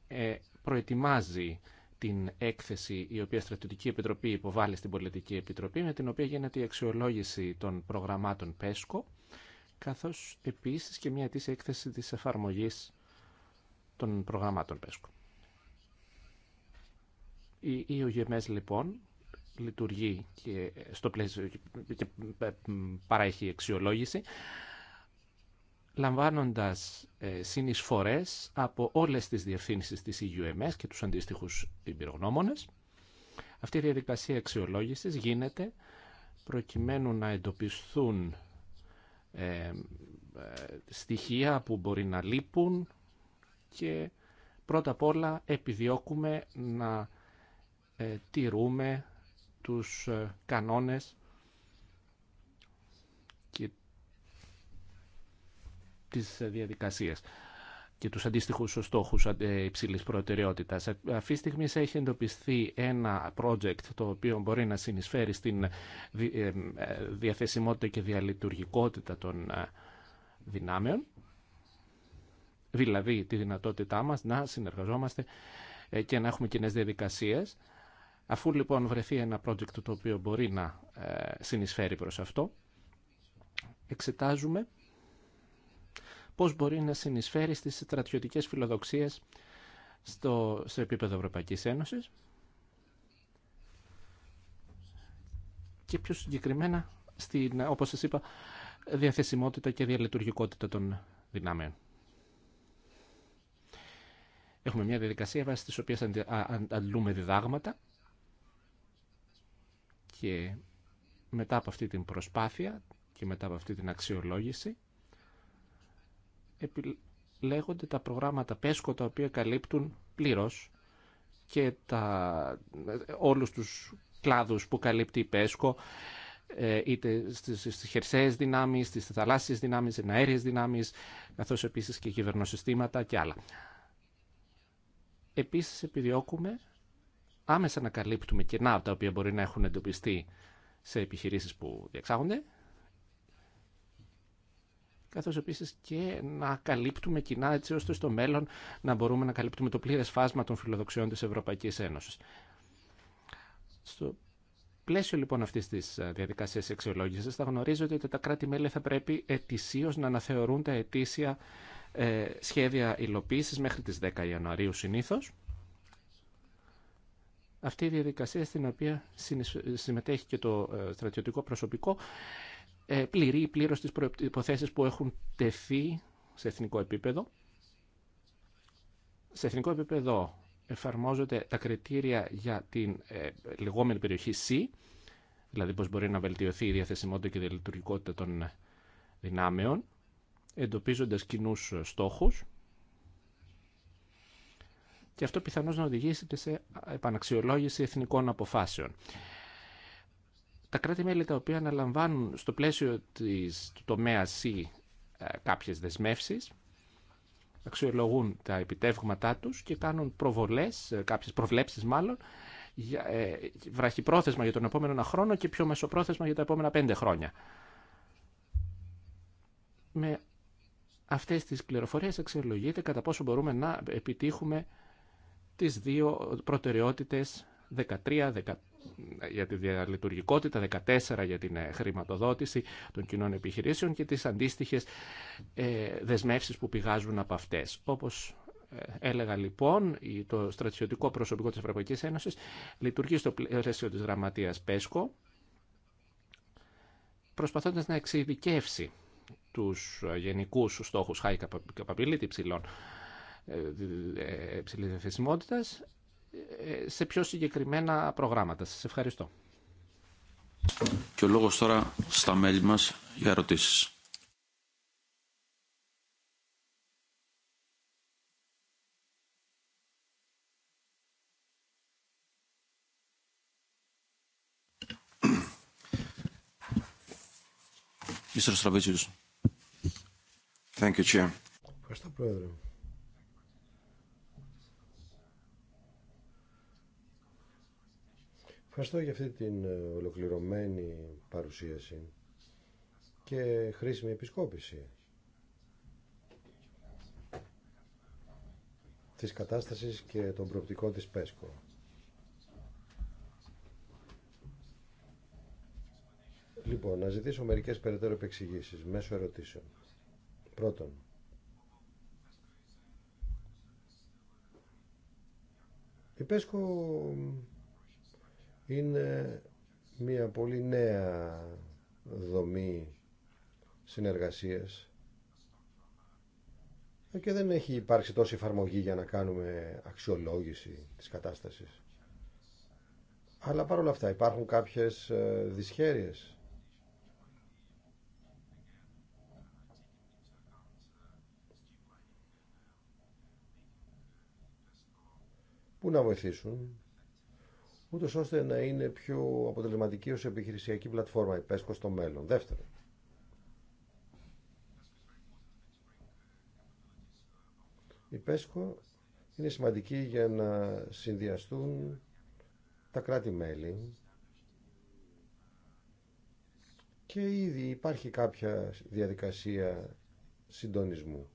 ε, προετοιμάζει την έκθεση η οποία Στρατιωτική Επιτροπή υποβάλλει στην Πολιτική Επιτροπή, με την οποία γίνεται η αξιολόγηση των προγραμμάτων ΠΕΣΚΟ, καθώς επίσης και μια αιτήσια έκθεση της εφαρμογής των προγραμμάτων ΠΕΣΚΟ. Η ΙΟΓΕΜΕΣ λοιπόν λειτουργεί και, στο πλαίσιο, και παρέχει αξιολόγηση λαμβάνοντας ε, συνεισφορές από όλες τις διευθύνσεις της EUMS και τους αντίστοιχους εμπειρογνώμονες. Αυτή η διαδικασία αξιολόγησης γίνεται προκειμένου να εντοπισθούν ε, ε, στοιχεία που μπορεί να λείπουν και πρώτα απ' όλα επιδιώκουμε να τηρούμε τους κανόνες και τις διαδικασίες και τους αντίστοιχους στόχους ε, υψηλής προτεραιότητας. Ε, αυτή τη στιγμή έχει εντοπιστεί ένα project το οποίο μπορεί να συνεισφέρει στην ε, διαθεσιμότητα και διαλειτουργικότητα των δυνάμεων, δηλαδή τη δυνατότητά μας να συνεργαζόμαστε και να έχουμε κοινέ διαδικασίες. Αφού λοιπόν βρεθεί ένα project το οποίο μπορεί να συνεισφέρει προς αυτό, εξετάζουμε πώς μπορεί να συνεισφέρει στις στρατιωτικές φιλοδοξίες στο, στο επίπεδο Ευρωπαϊκής Ένωσης και πιο συγκεκριμένα, στην, όπως σας είπα, διαθεσιμότητα και διαλειτουργικότητα των δυνάμεων. Έχουμε μια διαδικασία βάσει της οποίας αντλούμε διδάγματα και μετά από αυτή την προσπάθεια και μετά από αυτή την αξιολόγηση επιλέγονται τα προγράμματα ΠΕΣΚΟ τα οποία καλύπτουν πλήρως και τα, όλους τους κλάδους που καλύπτει η ΠΕΣΚΟ ε, είτε στις χερσαίες δυνάμεις, στις θαλάσσιες δυνάμεις, αέριες δυνάμεις, καθώς επίσης και κυβερνοσυστήματα και άλλα. Επίσης επιδιώκουμε άμεσα να καλύπτουμε κενά τα οποία μπορεί να έχουν εντοπιστεί σε επιχειρήσεις που διεξάγονται καθώς επίσης και να καλύπτουμε κοινά έτσι ώστε στο μέλλον να μπορούμε να καλύπτουμε το πλήρες φάσμα των φιλοδοξιών της Ευρωπαϊκής Ένωσης. Στο πλαίσιο λοιπόν αυτή τη ε, διαδικασία αξιολόγηση, θα γνωρίζετε ότι τα κράτη-μέλη θα πρέπει ετησίω να αναθεωρούν τα ετήσια ε, σχέδια υλοποίηση μέχρι τι 10 Ιανουαρίου συνήθω. Αυτή η διαδικασία στην οποία συμμετέχει και το ε, στρατιωτικό προσωπικό ε, πληρεί πλήρω τι τις που έχουν τεθεί σε εθνικό επίπεδο. Σε εθνικό επίπεδο εφαρμόζονται τα κριτήρια για την ε, λεγόμενη περιοχή C, δηλαδή πώς μπορεί να βελτιωθεί η διαθεσιμότητα και η λειτουργικότητα των δυνάμεων, εντοπίζοντας κοινού στόχους. Και αυτό πιθανώς να οδηγήσει σε επαναξιολόγηση εθνικών αποφάσεων τα κράτη-μέλη τα οποία αναλαμβάνουν στο πλαίσιο της, του τομέα C ε, κάποιες δεσμεύσεις, αξιολογούν τα επιτεύγματά τους και κάνουν προβολές, ε, κάποιες προβλέψεις μάλλον, για, ε, βραχυπρόθεσμα για τον επόμενο χρόνο και πιο μεσοπρόθεσμα για τα επόμενα πέντε χρόνια. Με αυτές τις πληροφορίες αξιολογείται κατά πόσο μπορούμε να επιτύχουμε τις δύο προτεραιότητες 13, για τη διαλειτουργικότητα, 14 για την ε, χρηματοδότηση των κοινών επιχειρήσεων και τις αντίστοιχες ε, δεσμεύσεις που πηγάζουν από αυτές. Όπως ε, έλεγα λοιπόν, το στρατιωτικό προσωπικό της Ευρωπαϊκής Ένωσης λειτουργεί στο πλαίσιο της γραμματείας ΠΕΣΚΟ, προσπαθώντας να εξειδικεύσει τους γενικούς στόχους high capability, υψηλών υψηλής σε πιο συγκεκριμένα προγράμματα. Σας ευχαριστώ. Και ο λόγος τώρα στα μέλη μας για ερωτήσεις. Mr. Thank you, Chair. Ευχαριστώ, Πρόεδρε. Ευχαριστώ για αυτή την ε, ολοκληρωμένη παρουσίαση και χρήσιμη επισκόπηση της κατάστασης και των προοπτικών της ΠΕΣΚΟ. Λοιπόν, να ζητήσω μερικές περαιτέρω επεξηγήσεις μέσω ερωτήσεων. Πρώτον, η ΠΕΣΚΟ είναι μια πολύ νέα δομή συνεργασίας και δεν έχει υπάρξει τόση εφαρμογή για να κάνουμε αξιολόγηση της κατάστασης. Αλλά παρόλα αυτά υπάρχουν κάποιες ε, δυσχέρειες. που να βοηθήσουν ούτως ώστε να είναι πιο αποτελεσματική ως επιχειρησιακή πλατφόρμα η ΠΕΣΚΟ στο μέλλον. Δεύτερον, η ΠΕΣΚΟ είναι σημαντική για να συνδυαστούν τα κράτη-μέλη και ήδη υπάρχει κάποια διαδικασία συντονισμού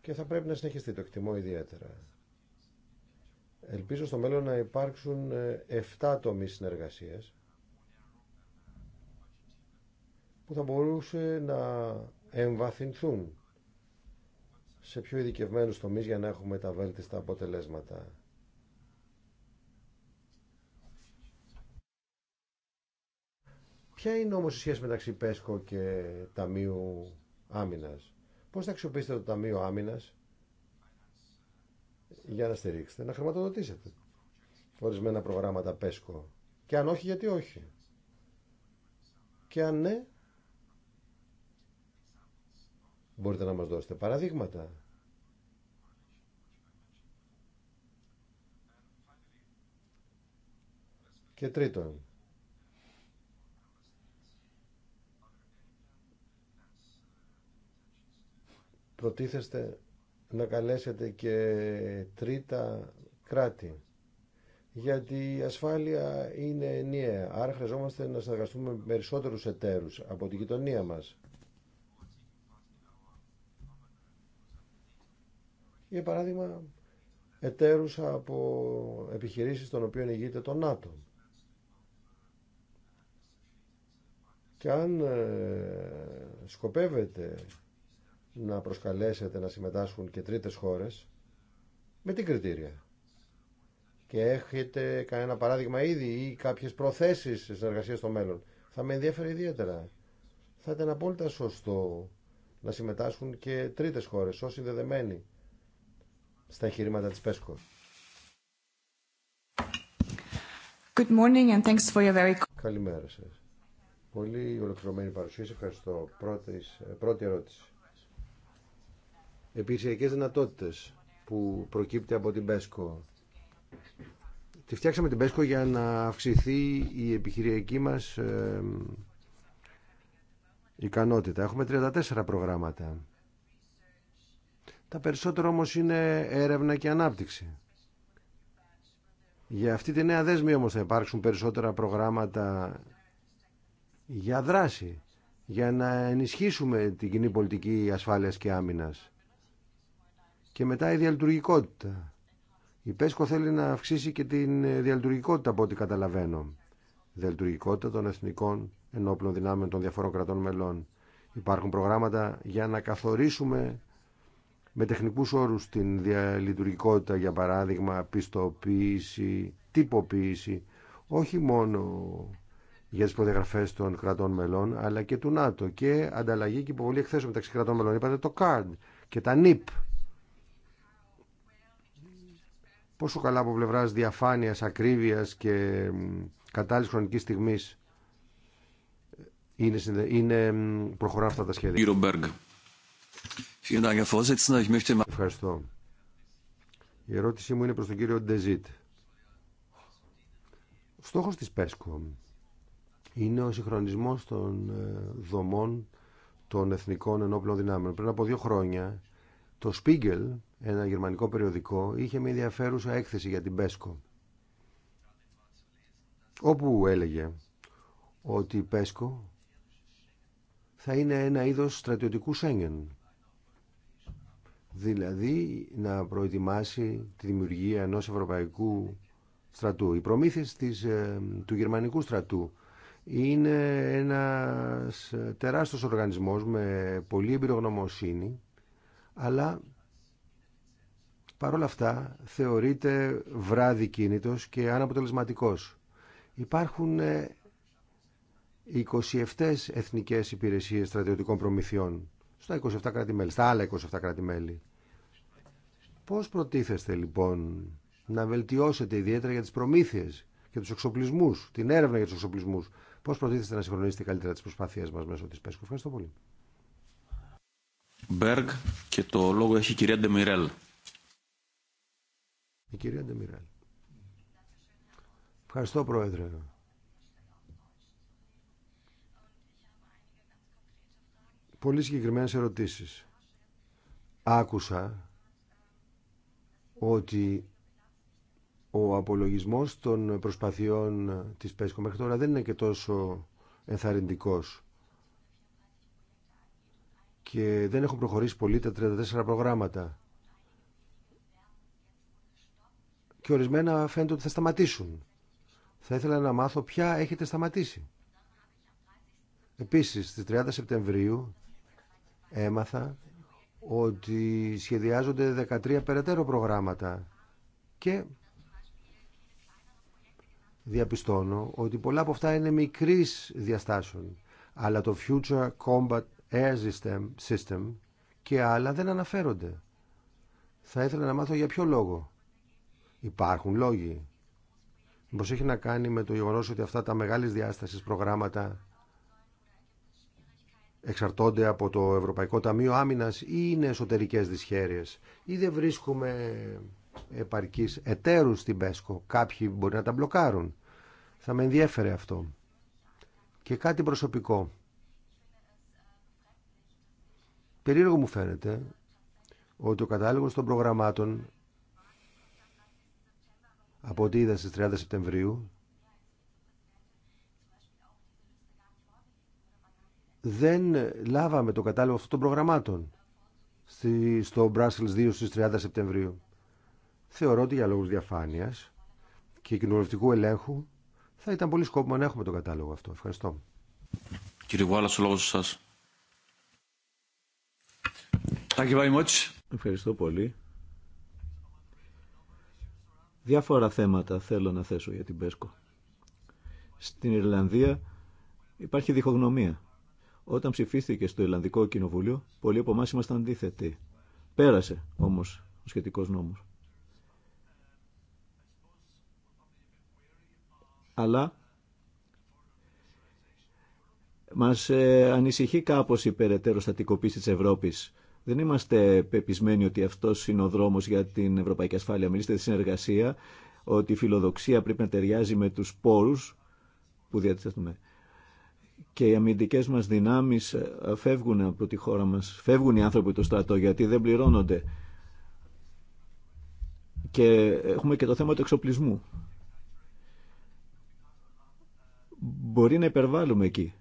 και θα πρέπει να συνεχιστεί το εκτιμώ ιδιαίτερα. Ελπίζω στο μέλλον να υπάρξουν 7 ε, τομείς συνεργασίας που θα μπορούσε να εμβαθυνθούν σε πιο ειδικευμένους τομείς για να έχουμε τα βέλτιστα αποτελέσματα. Ποια είναι όμως η σχέση μεταξύ ΠΕΣΚΟ και Ταμείου Άμυνας. Πώς θα αξιοποιήσετε το Ταμείο Άμυνας για να στηρίξετε, να χρηματοδοτήσετε ορισμένα προγράμματα ΠΕΣΚΟ. Και αν όχι, γιατί όχι. Και αν ναι, μπορείτε να μας δώσετε παραδείγματα. Και τρίτον, προτίθεστε να καλέσετε και τρίτα κράτη. Γιατί η ασφάλεια είναι ενιαία. Άρα χρειαζόμαστε να συνεργαστούμε με περισσότερους εταίρους από την γειτονία μας. Για παράδειγμα, εταίρους από επιχειρήσεις των οποίων ηγείται το ΝΑΤΟ. Και αν ε, σκοπεύετε να προσκαλέσετε να συμμετάσχουν και τρίτες χώρες με τι κριτήρια και έχετε κανένα παράδειγμα ήδη ή κάποιες προθέσεις συνεργασία στο μέλλον θα με ενδιαφέρει ιδιαίτερα θα ήταν απόλυτα σωστό να συμμετάσχουν και τρίτες χώρες ως συνδεδεμένοι στα εγχειρήματα της ΠΕΣΚΟ. Good morning and thanks for your very... Καλημέρα σας. Πολύ ολοκληρωμένη παρουσίαση. Ευχαριστώ. Ε, πρώτη ερώτηση επιχειρησιακές δυνατότητες που προκύπτει από την ΠΕΣΚΟ. Τη φτιάξαμε την ΠΕΣΚΟ για να αυξηθεί η επιχειρηματική μας ε, ικανότητα. Έχουμε 34 προγράμματα. Τα περισσότερα όμως είναι έρευνα και ανάπτυξη. Για αυτή τη νέα δέσμη όμως θα υπάρξουν περισσότερα προγράμματα για δράση, για να ενισχύσουμε την κοινή πολιτική ασφάλειας και άμυνας. Και μετά η διαλειτουργικότητα. Η ΠΕΣΚΟ θέλει να αυξήσει και την ε, διαλειτουργικότητα από ό,τι καταλαβαίνω. Διαλειτουργικότητα των εθνικών ενόπλων δυνάμεων των διαφόρων κρατών μελών. Υπάρχουν προγράμματα για να καθορίσουμε με τεχνικούς όρους την διαλειτουργικότητα, για παράδειγμα πιστοποίηση, τυποποίηση, όχι μόνο για τις προδιαγραφές των κρατών μελών, αλλά και του ΝΑΤΟ και ανταλλαγή και υποβολή εκθέσεων μεταξύ κρατών μελών. Είπατε το CARD και τα NIP ...όσο καλά από πλευρά διαφάνεια, ακρίβεια και κατάλληλη χρονική στιγμή είναι, είναι, προχωρά αυτά τα σχέδια. Ευχαριστώ. Η ερώτησή μου είναι προς τον κύριο Ντεζίτ. Στόχος της πέσκο. είναι ο συγχρονισμός των ε, δομών των εθνικών ενόπλων δυνάμεων. Πριν από δύο χρόνια το Spiegel, ένα γερμανικό περιοδικό, είχε μια ενδιαφέρουσα έκθεση για την Πέσκο όπου έλεγε ότι η Πέσκο θα είναι ένα είδος στρατιωτικού Σέγγεν. Δηλαδή να προετοιμάσει τη δημιουργία ενός ευρωπαϊκού στρατού. Οι προμήθειες της, ε, του γερμανικού στρατού είναι ένας ε, τεράστιος οργανισμός με πολύ εμπειρογνωμοσύνη αλλά παρόλα αυτά θεωρείται βράδυ κίνητος και αναποτελεσματικός. Υπάρχουν 27 ε, εθνικές υπηρεσίες στρατιωτικών προμηθειών στα 27 κρατη στα άλλα 27 κράτη-μέλη. Πώς προτίθεστε λοιπόν να βελτιώσετε ιδιαίτερα για τις προμήθειες και τους εξοπλισμούς, την έρευνα για τους εξοπλισμούς. Πώς προτίθεστε να συγχρονίσετε καλύτερα τις προσπάθειές μας μέσω της Πέσκου. Ευχαριστώ πολύ. Μπέργ και το λόγο έχει η κυρία Ντεμιρέλ. Η κυρία Ντεμιρέλ. Ευχαριστώ Πρόεδρε. Πολύ συγκεκριμένες ερωτήσεις. Άκουσα ότι ο απολογισμός των προσπαθειών της ΠΕΣΚΟ μέχρι τώρα δεν είναι και τόσο ενθαρρυντικός και δεν έχουν προχωρήσει πολύ τα 34 προγράμματα. Και ορισμένα φαίνεται ότι θα σταματήσουν. Θα ήθελα να μάθω ποια έχετε σταματήσει. Επίσης, στις 30 Σεπτεμβρίου έμαθα ότι σχεδιάζονται 13 περαιτέρω προγράμματα και διαπιστώνω ότι πολλά από αυτά είναι μικρής διαστάσεων αλλά το Future Combat Air System, system και άλλα δεν αναφέρονται. Θα ήθελα να μάθω για ποιο λόγο. Υπάρχουν λόγοι. Μήπως έχει να κάνει με το γεγονός ότι αυτά τα μεγάλης διάστασης προγράμματα εξαρτώνται από το Ευρωπαϊκό Ταμείο Άμυνας ή είναι εσωτερικές δυσχέρειες ή δεν βρίσκουμε επαρκείς εταίρους στην ΠΕΣΚΟ. Κάποιοι μπορεί να τα μπλοκάρουν. Θα με ενδιέφερε αυτό. Και κάτι προσωπικό. Περίεργο μου φαίνεται ότι ο κατάλογος των προγραμμάτων από ό,τι είδα στις 30 Σεπτεμβρίου δεν λάβαμε το κατάλογο αυτών των προγραμμάτων στο Brussels 2 στις 30 Σεπτεμβρίου. Θεωρώ ότι για λόγους διαφάνειας και κοινωνιστικού ελέγχου θα ήταν πολύ σκόπιμο να έχουμε το κατάλογο αυτό. Ευχαριστώ. Κύριε Γουάλα, ο λόγος σας. Ευχαριστώ πολύ. Διάφορα θέματα θέλω να θέσω για την Πέσκο. Στην Ιρλανδία υπάρχει διχογνωμία. Όταν ψηφίστηκε στο Ιρλανδικό Κοινοβούλιο, πολλοί από εμά ήμασταν αντίθετοι. Πέρασε όμω ο σχετικό νόμο. Αλλά μας ε, ανησυχεί κάπως η περαιτέρω στατικοποίηση της Ευρώπης δεν είμαστε πεπισμένοι ότι αυτό είναι ο δρόμο για την ευρωπαϊκή ασφάλεια. Μιλήστε τη συνεργασία, ότι η φιλοδοξία πρέπει να ταιριάζει με του πόρου που διαθέτουμε. Και οι αμυντικέ μα δυνάμει ε, φεύγουν από τη χώρα μα. Φεύγουν οι άνθρωποι του στρατό γιατί δεν πληρώνονται. Και έχουμε και το θέμα του εξοπλισμού. Μπορεί να υπερβάλλουμε εκεί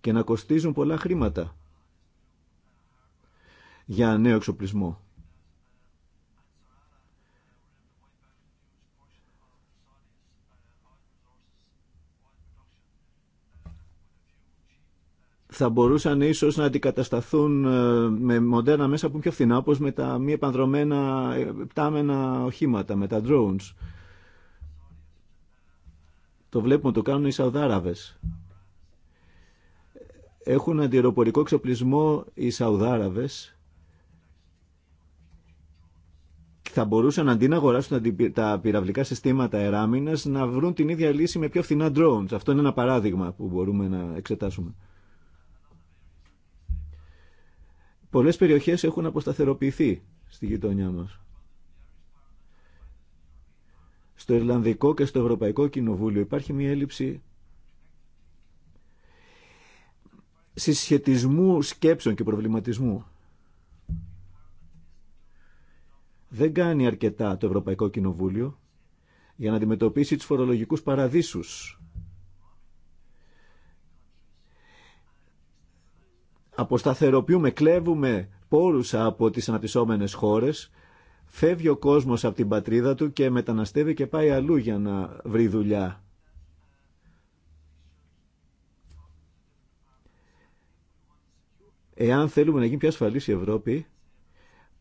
και να κοστίζουν πολλά χρήματα για νέο εξοπλισμό. θα μπορούσαν ίσως να αντικατασταθούν ε, με μοντέρνα μέσα που είναι πιο φθηνά, όπως με τα μη επανδρομένα ε, πτάμενα οχήματα, με τα drones. Το βλέπουμε, το κάνουν οι Σαουδάραβες. Έχουν αντιεροπορικό εξοπλισμό οι Σαουδάραβες θα μπορούσαν αντί να αγοράσουν τα πυραυλικά συστήματα εράμινα να βρουν την ίδια λύση με πιο φθηνά drones. Αυτό είναι ένα παράδειγμα που μπορούμε να εξετάσουμε. Πολλές περιοχές έχουν αποσταθεροποιηθεί στη γειτονιά μας. Στο Ιρλανδικό και στο Ευρωπαϊκό Κοινοβούλιο υπάρχει μια έλλειψη συσχετισμού σκέψεων και προβληματισμού. Δεν κάνει αρκετά το Ευρωπαϊκό Κοινοβούλιο για να αντιμετωπίσει τους φορολογικούς παραδείσους. Αποσταθεροποιούμε, κλέβουμε πόρους από τις αναπτυσσόμενες χώρες, φεύγει ο κόσμος από την πατρίδα του και μεταναστεύει και πάει αλλού για να βρει δουλειά. Εάν θέλουμε να γίνει πιο ασφαλής η Ευρώπη,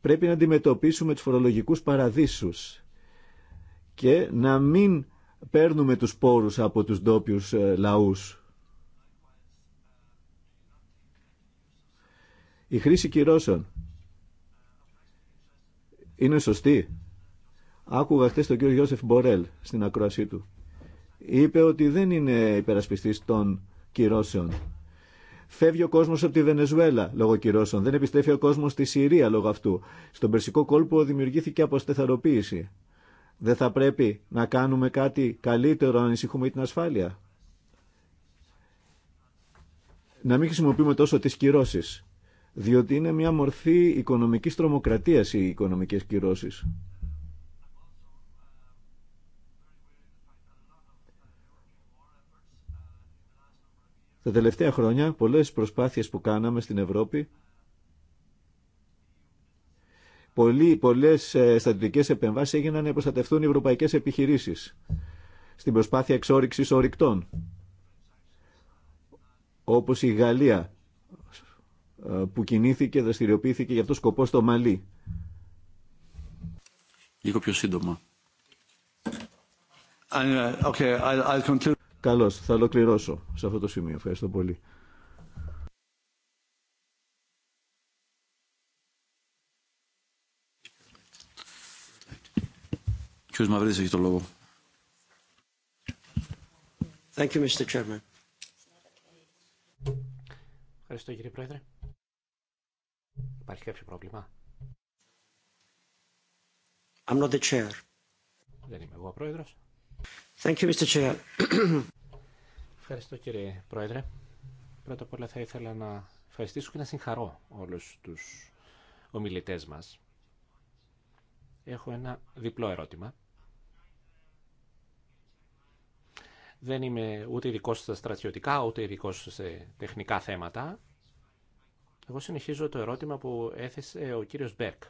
πρέπει να αντιμετωπίσουμε τους φορολογικούς παραδείσους και να μην παίρνουμε τους πόρους από τους ντόπιου ε, λαούς. Η χρήση κυρώσεων είναι σωστή. Άκουγα χθε τον κύριο Γιώσεφ Μπορέλ στην ακρόασή του. Είπε ότι δεν είναι υπερασπιστής των κυρώσεων Φεύγει ο κόσμο από τη Βενεζουέλα λόγω κυρώσεων. Δεν επιστρέφει ο κόσμο στη Συρία λόγω αυτού. Στον Περσικό κόλπο δημιουργήθηκε αποστεθαροποίηση. Δεν θα πρέπει να κάνουμε κάτι καλύτερο να ανησυχούμε την ασφάλεια. Να μην χρησιμοποιούμε τόσο τις κυρώσεις, διότι είναι μια μορφή οικονομικής τρομοκρατίας οι οικονομικές κυρώσεις. Τα τελευταία χρόνια πολλές προσπάθειες που κάναμε στην Ευρώπη πολλοί, πολλές ε, στατιωτικές επεμβάσεις έγιναν να προστατευτούν οι ευρωπαϊκές επιχειρήσεις στην προσπάθεια εξόριξης ορυκτών όπως η Γαλλία ε, που κινήθηκε, δραστηριοποιήθηκε για αυτόν το σκοπό στο Μαλί. Λίγο πιο σύντομα. Ε, okay, I'll, I'll Καλώς, θα ολοκληρώσω σε αυτό το σημείο. Ευχαριστώ πολύ. Κύριος Μαυρίδης έχει το λόγο. Thank you, Mr. Chairman. Ευχαριστώ κύριε Πρόεδρε. Υπάρχει κάποιο πρόβλημα. I'm not the chair. Δεν είμαι εγώ πρόεδρος. Thank you, Mr. Chair. Ευχαριστώ κύριε Πρόεδρε. Πρώτα απ' όλα θα ήθελα να ευχαριστήσω και να συγχαρώ όλους τους ομιλητές μας. Έχω ένα διπλό ερώτημα. Δεν είμαι ούτε ειδικό στα στρατιωτικά, ούτε ειδικό σε τεχνικά θέματα. Εγώ συνεχίζω το ερώτημα που έθεσε ο κύριος Μπέρκ.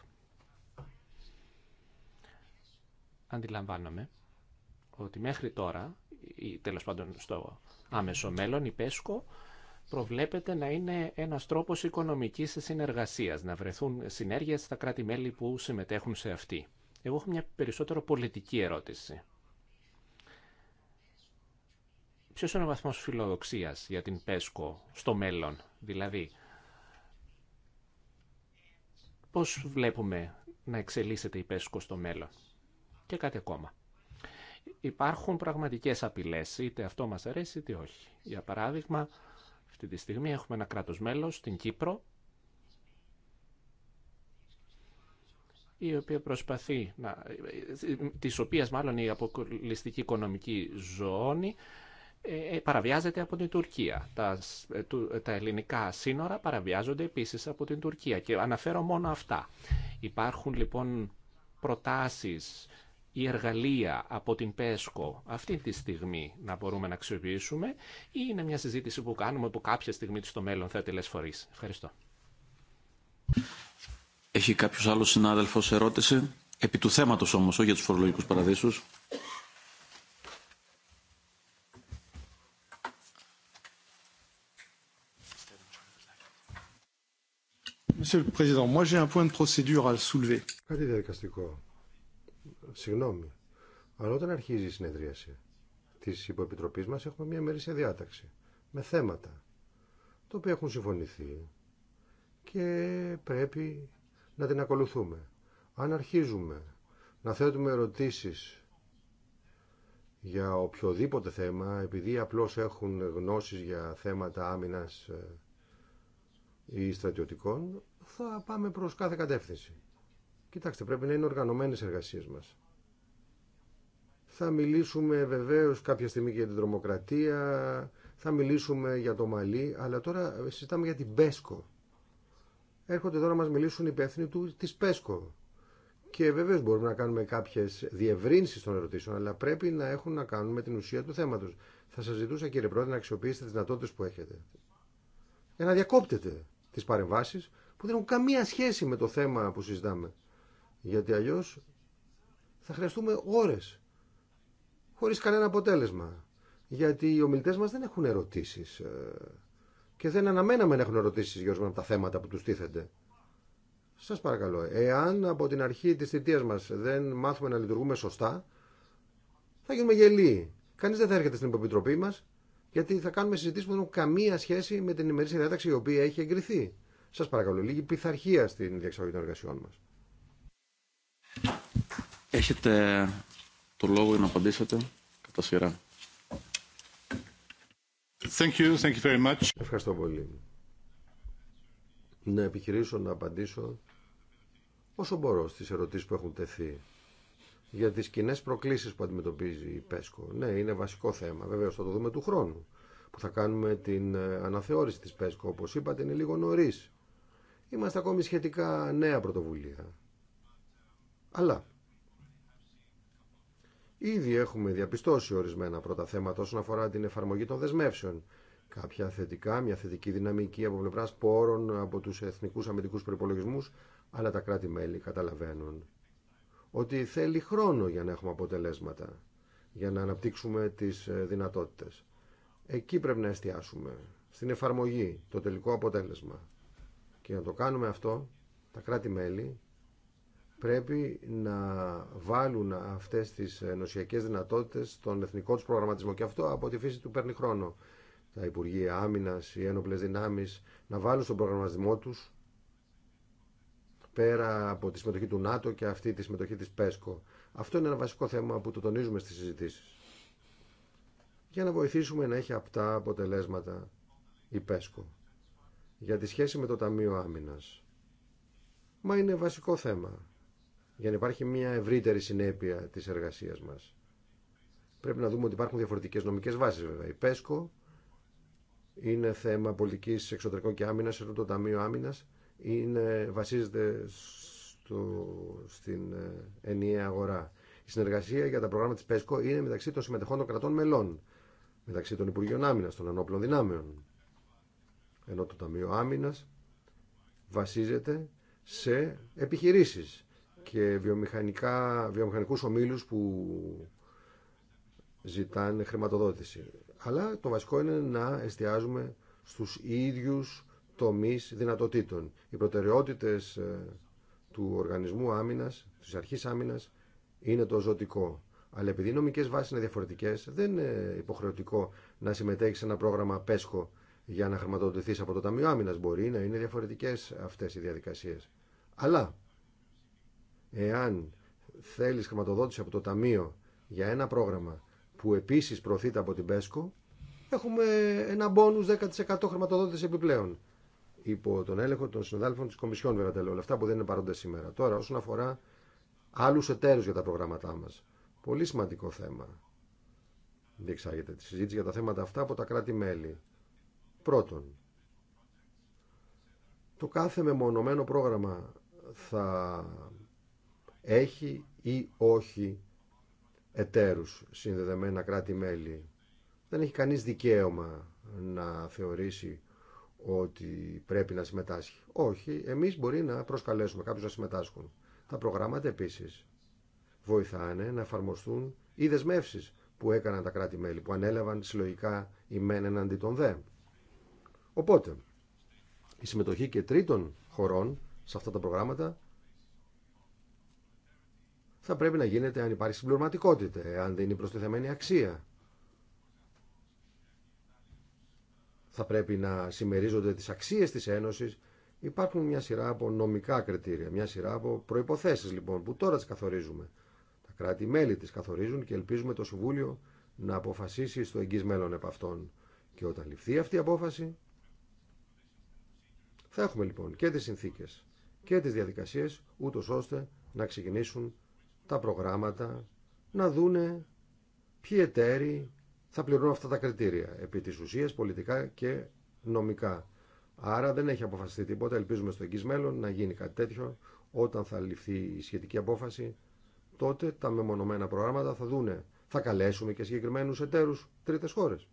Αντιλαμβάνομαι ότι μέχρι τώρα, ή τέλος πάντων στο άμεσο μέλλον, η ΠΕΣΚΟ προβλέπεται να είναι ένας τρόπος οικονομικής συνεργασίας, να βρεθούν συνέργειες στα κράτη-μέλη που συμμετέχουν σε αυτή. Εγώ έχω μια περισσότερο πολιτική ερώτηση. Ποιος είναι ο βαθμός φιλοδοξίας για την ΠΕΣΚΟ στο μέλλον, δηλαδή πώς βλέπουμε να εξελίσσεται η ΠΕΣΚΟ στο μέλλον και κάτι ακόμα υπάρχουν πραγματικές απειλές, είτε αυτό μας αρέσει είτε όχι. Για παράδειγμα, αυτή τη στιγμή έχουμε ένα κράτος μέλος στην Κύπρο, η οποία προσπαθεί, της οποίας μάλλον η αποκλειστική οικονομική ζώνη ε, ε, παραβιάζεται από την Τουρκία. Τα, ε, τα ελληνικά σύνορα παραβιάζονται επίσης από την Τουρκία και αναφέρω μόνο αυτά. Υπάρχουν λοιπόν προτάσεις ή εργαλεία από την ΠΕΣΚΟ αυτή τη στιγμή να μπορούμε να αξιοποιήσουμε ή είναι μια συζήτηση που κάνουμε που κάποια στιγμή στο μέλλον θα τελεσφορεί. Ευχαριστώ. Έχει κάποιο άλλο συνάδελφο ερώτηση. Επί του θέματο όμω, όχι για του φορολογικού παραδείσου. Monsieur le Président, moi j'ai un point de procédure à soulever. Συγγνώμη. Αλλά όταν αρχίζει η συνεδρίαση τη υποεπιτροπή μα, έχουμε μια μερίσια διάταξη με θέματα τα οποία έχουν συμφωνηθεί και πρέπει να την ακολουθούμε. Αν αρχίζουμε να θέτουμε ερωτήσεις για οποιοδήποτε θέμα, επειδή απλώς έχουν γνώσεις για θέματα άμυνας ε, ή στρατιωτικών, θα πάμε προς κάθε κατεύθυνση. Κοιτάξτε, πρέπει να είναι οργανωμένες εργασίε μα. Θα μιλήσουμε βεβαίω κάποια στιγμή για την τρομοκρατία, θα μιλήσουμε για το Μαλί, αλλά τώρα συζητάμε για την Πέσκο. Έρχονται εδώ να μας μιλήσουν οι υπεύθυνοι του, της Πέσκο. Και βεβαίω μπορούμε να κάνουμε κάποιε διευρύνσει των ερωτήσεων, αλλά πρέπει να έχουν να κάνουν με την ουσία του θέματο. Θα σα ζητούσα κύριε Πρόεδρε να αξιοποιήσετε τι δυνατότητε που έχετε. Για να διακόπτετε τι παρεμβάσει που δεν έχουν καμία σχέση με το θέμα που συζητάμε. Γιατί αλλιώς θα χρειαστούμε ώρες χωρίς κανένα αποτέλεσμα. Γιατί οι ομιλητές μας δεν έχουν ερωτήσεις ε, και δεν αναμέναμε να έχουν ερωτήσεις για από τα θέματα που τους τίθενται. Σας παρακαλώ, εάν από την αρχή της θητείας μας δεν μάθουμε να λειτουργούμε σωστά, θα γίνουμε γελοί. Κανείς δεν θα έρχεται στην Επιτροπή μας, γιατί θα κάνουμε συζητήσεις που δεν έχουν καμία σχέση με την ημερήσια διάταξη η οποία έχει εγκριθεί. Σας παρακαλώ, λίγη πειθαρχία στην διεξαγωγή των εργασιών μας. Έχετε το λόγο για να απαντήσετε κατά σειρά. Thank you, thank you very much. Ευχαριστώ πολύ. Να επιχειρήσω να απαντήσω όσο μπορώ στις ερωτήσεις που έχουν τεθεί για τις κοινέ προκλήσεις που αντιμετωπίζει η ΠΕΣΚΟ. Ναι, είναι βασικό θέμα. Βέβαια, θα το δούμε του χρόνου που θα κάνουμε την ε, αναθεώρηση της ΠΕΣΚΟ. Όπως είπατε είναι λίγο νωρί. Είμαστε ακόμη σχετικά νέα πρωτοβουλία. Αλλά Ήδη έχουμε διαπιστώσει ορισμένα πρώτα θέματα όσον αφορά την εφαρμογή των δεσμεύσεων. Κάποια θετικά, μια θετική δυναμική από πλευρά πόρων από του εθνικού αμυντικού προπολογισμού, αλλά τα κράτη-μέλη καταλαβαίνουν ότι θέλει χρόνο για να έχουμε αποτελέσματα, για να αναπτύξουμε τι ε, δυνατότητε. Εκεί πρέπει να εστιάσουμε, στην εφαρμογή, το τελικό αποτέλεσμα. Και να το κάνουμε αυτό, τα κράτη-μέλη πρέπει να βάλουν αυτές τις ενωσιακές δυνατότητες στον εθνικό τους προγραμματισμό και αυτό από τη φύση του παίρνει χρόνο. Τα Υπουργεία Άμυνα, οι ένοπλε δυνάμει να βάλουν στον προγραμματισμό του πέρα από τη συμμετοχή του ΝΑΤΟ και αυτή τη συμμετοχή τη ΠΕΣΚΟ. Αυτό είναι ένα βασικό θέμα που το τονίζουμε στις συζητήσει. Για να βοηθήσουμε να έχει αυτά αποτελέσματα η ΠΕΣΚΟ. Για τη σχέση με το Ταμείο Άμυνα. Μα είναι βασικό θέμα για να υπάρχει μια ευρύτερη συνέπεια της εργασίας μας. Πρέπει να δούμε ότι υπάρχουν διαφορετικές νομικές βάσεις βέβαια. Η ΠΕΣΚΟ είναι θέμα πολιτικής εξωτερικών και άμυνας, ενώ το Ταμείο Άμυνας είναι, βασίζεται στην ε, ενιαία αγορά. Η συνεργασία για τα προγράμματα της ΠΕΣΚΟ είναι μεταξύ των συμμετεχών των κρατών μελών, μεταξύ των Υπουργείων Άμυνας, των Ενόπλων Δυνάμεων. Ενώ το Ταμείο Άμυνας βασίζεται σε επιχειρήσεις και βιομηχανικά, βιομηχανικούς ομίλους που ζητάνε χρηματοδότηση. Αλλά το βασικό είναι να εστιάζουμε στους ίδιους τομείς δυνατοτήτων. Οι προτεραιότητες ε, του οργανισμού άμυνας, της αρχής άμυνας, είναι το ζωτικό. Αλλά επειδή οι νομικές βάσεις είναι διαφορετικές, δεν είναι υποχρεωτικό να συμμετέχει σε ένα πρόγραμμα ΠΕΣΚΟ για να χρηματοδοτηθεί από το Ταμείο Άμυνα. Μπορεί να είναι διαφορετικέ αυτέ οι διαδικασίε. Αλλά Εάν θέλεις χρηματοδότηση από το Ταμείο για ένα πρόγραμμα που επίσης προωθείται από την ΠΕΣΚΟ, έχουμε ένα μπόνους 10% χρηματοδότηση επιπλέον. Υπό τον έλεγχο των συναδέλφων της Κομισιόν, βέβαια τα όλα αυτά που δεν είναι παρόντα σήμερα. Τώρα, όσον αφορά άλλους εταίρους για τα προγράμματά μας. Πολύ σημαντικό θέμα. Διεξάγεται τη συζήτηση για τα θέματα αυτά από τα κράτη-μέλη. Πρώτον, το κάθε μεμονωμένο πρόγραμμα θα έχει ή όχι εταίρους συνδεδεμένα κράτη-μέλη. Δεν έχει κανείς δικαίωμα να θεωρήσει ότι πρέπει να συμμετάσχει. Όχι, εμείς μπορεί να προσκαλέσουμε κάποιους να συμμετάσχουν. Τα προγράμματα επίσης βοηθάνε να εφαρμοστούν οι δεσμεύσει που έκαναν τα κράτη-μέλη, που ανέλαβαν συλλογικά η μεν εναντί των δε. Οπότε, η συμμετοχή και τρίτων χωρών σε αυτά τα προγράμματα θα πρέπει να γίνεται αν υπάρχει συμπληρωματικότητα, αν δεν είναι προστιθεμένη αξία. Θα πρέπει να συμμερίζονται τις αξίες της Ένωσης. Υπάρχουν μια σειρά από νομικά κριτήρια, μια σειρά από προϋποθέσεις λοιπόν που τώρα τις καθορίζουμε. Τα κράτη-μέλη τις καθορίζουν και ελπίζουμε το Συμβούλιο να αποφασίσει στο εγγύς μέλλον επ' αυτών. Και όταν ληφθεί αυτή η απόφαση θα έχουμε λοιπόν και τις συνθήκες και τις διαδικασίες ούτως ώστε να ξεκινήσουν τα προγράμματα, να δούνε ποιοι εταίροι θα πληρώνουν αυτά τα κριτήρια, επί της ουσίας πολιτικά και νομικά. Άρα δεν έχει αποφασιστεί τίποτα, ελπίζουμε στο εγγύς μέλλον να γίνει κάτι τέτοιο, όταν θα ληφθεί η σχετική απόφαση, τότε τα μεμονωμένα προγράμματα θα δούνε. Θα καλέσουμε και συγκεκριμένους εταίρους τρίτες χώρες.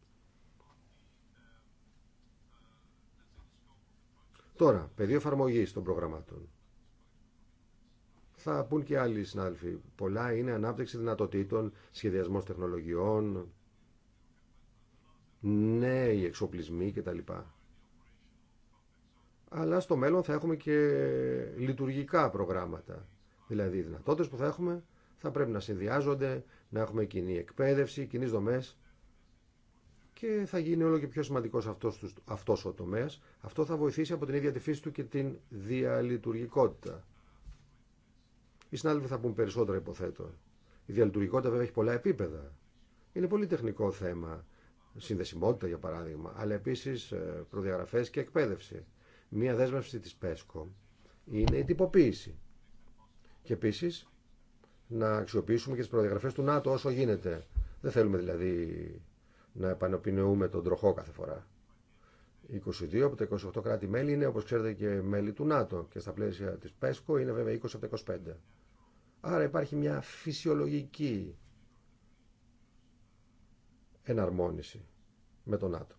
Τώρα, πεδίο εφαρμογή των προγραμμάτων θα πούν και άλλοι συνάδελφοι. Πολλά είναι ανάπτυξη δυνατοτήτων, σχεδιασμός τεχνολογιών, νέοι εξοπλισμοί κτλ. Αλλά στο μέλλον θα έχουμε και λειτουργικά προγράμματα. Δηλαδή οι δυνατότητες που θα έχουμε θα πρέπει να συνδυάζονται, να έχουμε κοινή εκπαίδευση, κοινέ δομέ. Και θα γίνει όλο και πιο σημαντικό αυτός, αυτός ο τομέας. Αυτό θα βοηθήσει από την ίδια τη φύση του και την διαλειτουργικότητα. Οι συνάδελφοι θα πούν περισσότερα, υποθέτω. Η διαλειτουργικότητα βέβαια έχει πολλά επίπεδα. Είναι πολύ τεχνικό θέμα. Συνδεσιμότητα, για παράδειγμα, αλλά επίση ε, προδιαγραφέ και εκπαίδευση. Μία δέσμευση τη ΠΕΣΚΟ είναι η τυποποίηση. Και επίση να αξιοποιήσουμε και τι προδιαγραφέ του ΝΑΤΟ όσο γίνεται. Δεν θέλουμε δηλαδή να επανοπινεούμε τον τροχό κάθε φορά. 22 από τα 28 κράτη-μέλη είναι, όπως ξέρετε, και μέλη του ΝΑΤΟ και στα πλαίσια της ΠΕΣΚΟ είναι βέβαια 20 από τα 25. Άρα υπάρχει μια φυσιολογική εναρμόνιση με τον ΝΑΤΟ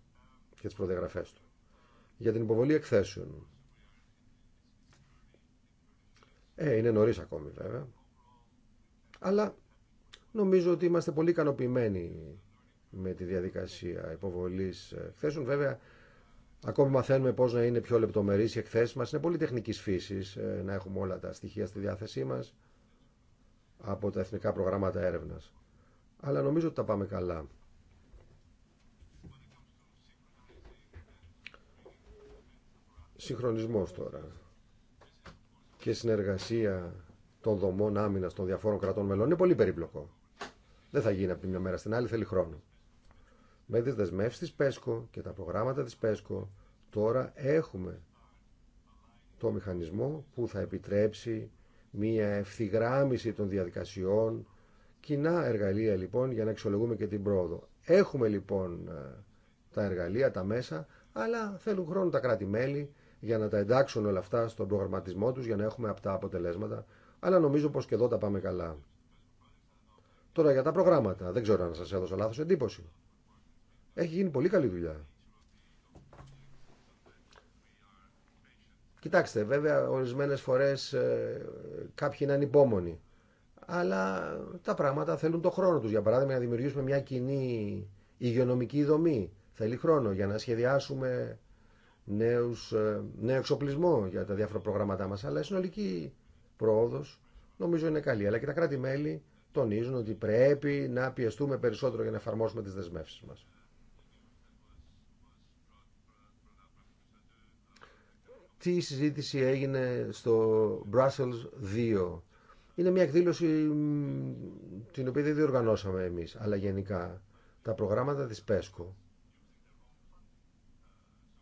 και τις προδιαγραφές του. Για την υποβολή εκθέσεων. Ε, είναι νωρίς ακόμη βέβαια. Αλλά νομίζω ότι είμαστε πολύ ικανοποιημένοι με τη διαδικασία υποβολής εκθέσεων. Βέβαια, ακόμη μαθαίνουμε πώς να είναι πιο λεπτομερής η εκθέση μας. Είναι πολύ τεχνικής φύσης ε, να έχουμε όλα τα στοιχεία στη διάθεσή μας από τα εθνικά προγράμματα έρευνας. Αλλά νομίζω ότι τα πάμε καλά. Συγχρονισμός τώρα και συνεργασία των δομών άμυνας των διαφόρων κρατών μελών είναι πολύ περίπλοκο. Δεν θα γίνει από τη μια μέρα στην άλλη, θέλει χρόνο. Με τις δεσμεύσεις της ΠΕΣΚΟ και τα προγράμματα της ΠΕΣΚΟ τώρα έχουμε το μηχανισμό που θα επιτρέψει μία ευθυγράμμιση των διαδικασιών, κοινά εργαλεία λοιπόν για να εξολογούμε και την πρόοδο. Έχουμε λοιπόν ε, τα εργαλεία, τα μέσα, αλλά θέλουν χρόνο τα κράτη-μέλη για να τα εντάξουν όλα αυτά στον προγραμματισμό τους για να έχουμε αυτά αποτελέσματα, αλλά νομίζω πως και εδώ τα πάμε καλά. Τώρα για τα προγράμματα, δεν ξέρω αν σας έδωσα λάθος εντύπωση. Έχει γίνει πολύ καλή δουλειά. Κοιτάξτε, βέβαια ορισμένες φορές ε, κάποιοι είναι ανυπόμονοι. Αλλά τα πράγματα θέλουν το χρόνο τους. Για παράδειγμα, να δημιουργήσουμε μια κοινή υγειονομική δομή. Θέλει χρόνο για να σχεδιάσουμε νέους, ε, νέο εξοπλισμό για τα διάφορα προγράμματά μας. Αλλά η συνολική πρόοδος νομίζω είναι καλή. Αλλά και τα κράτη-μέλη τονίζουν ότι πρέπει να πιεστούμε περισσότερο για να εφαρμόσουμε τις δεσμεύσεις μας. τι συζήτηση έγινε στο Brussels 2. Είναι μια εκδήλωση την οποία δεν διοργανώσαμε εμείς, αλλά γενικά τα προγράμματα της ΠΕΣΚΟ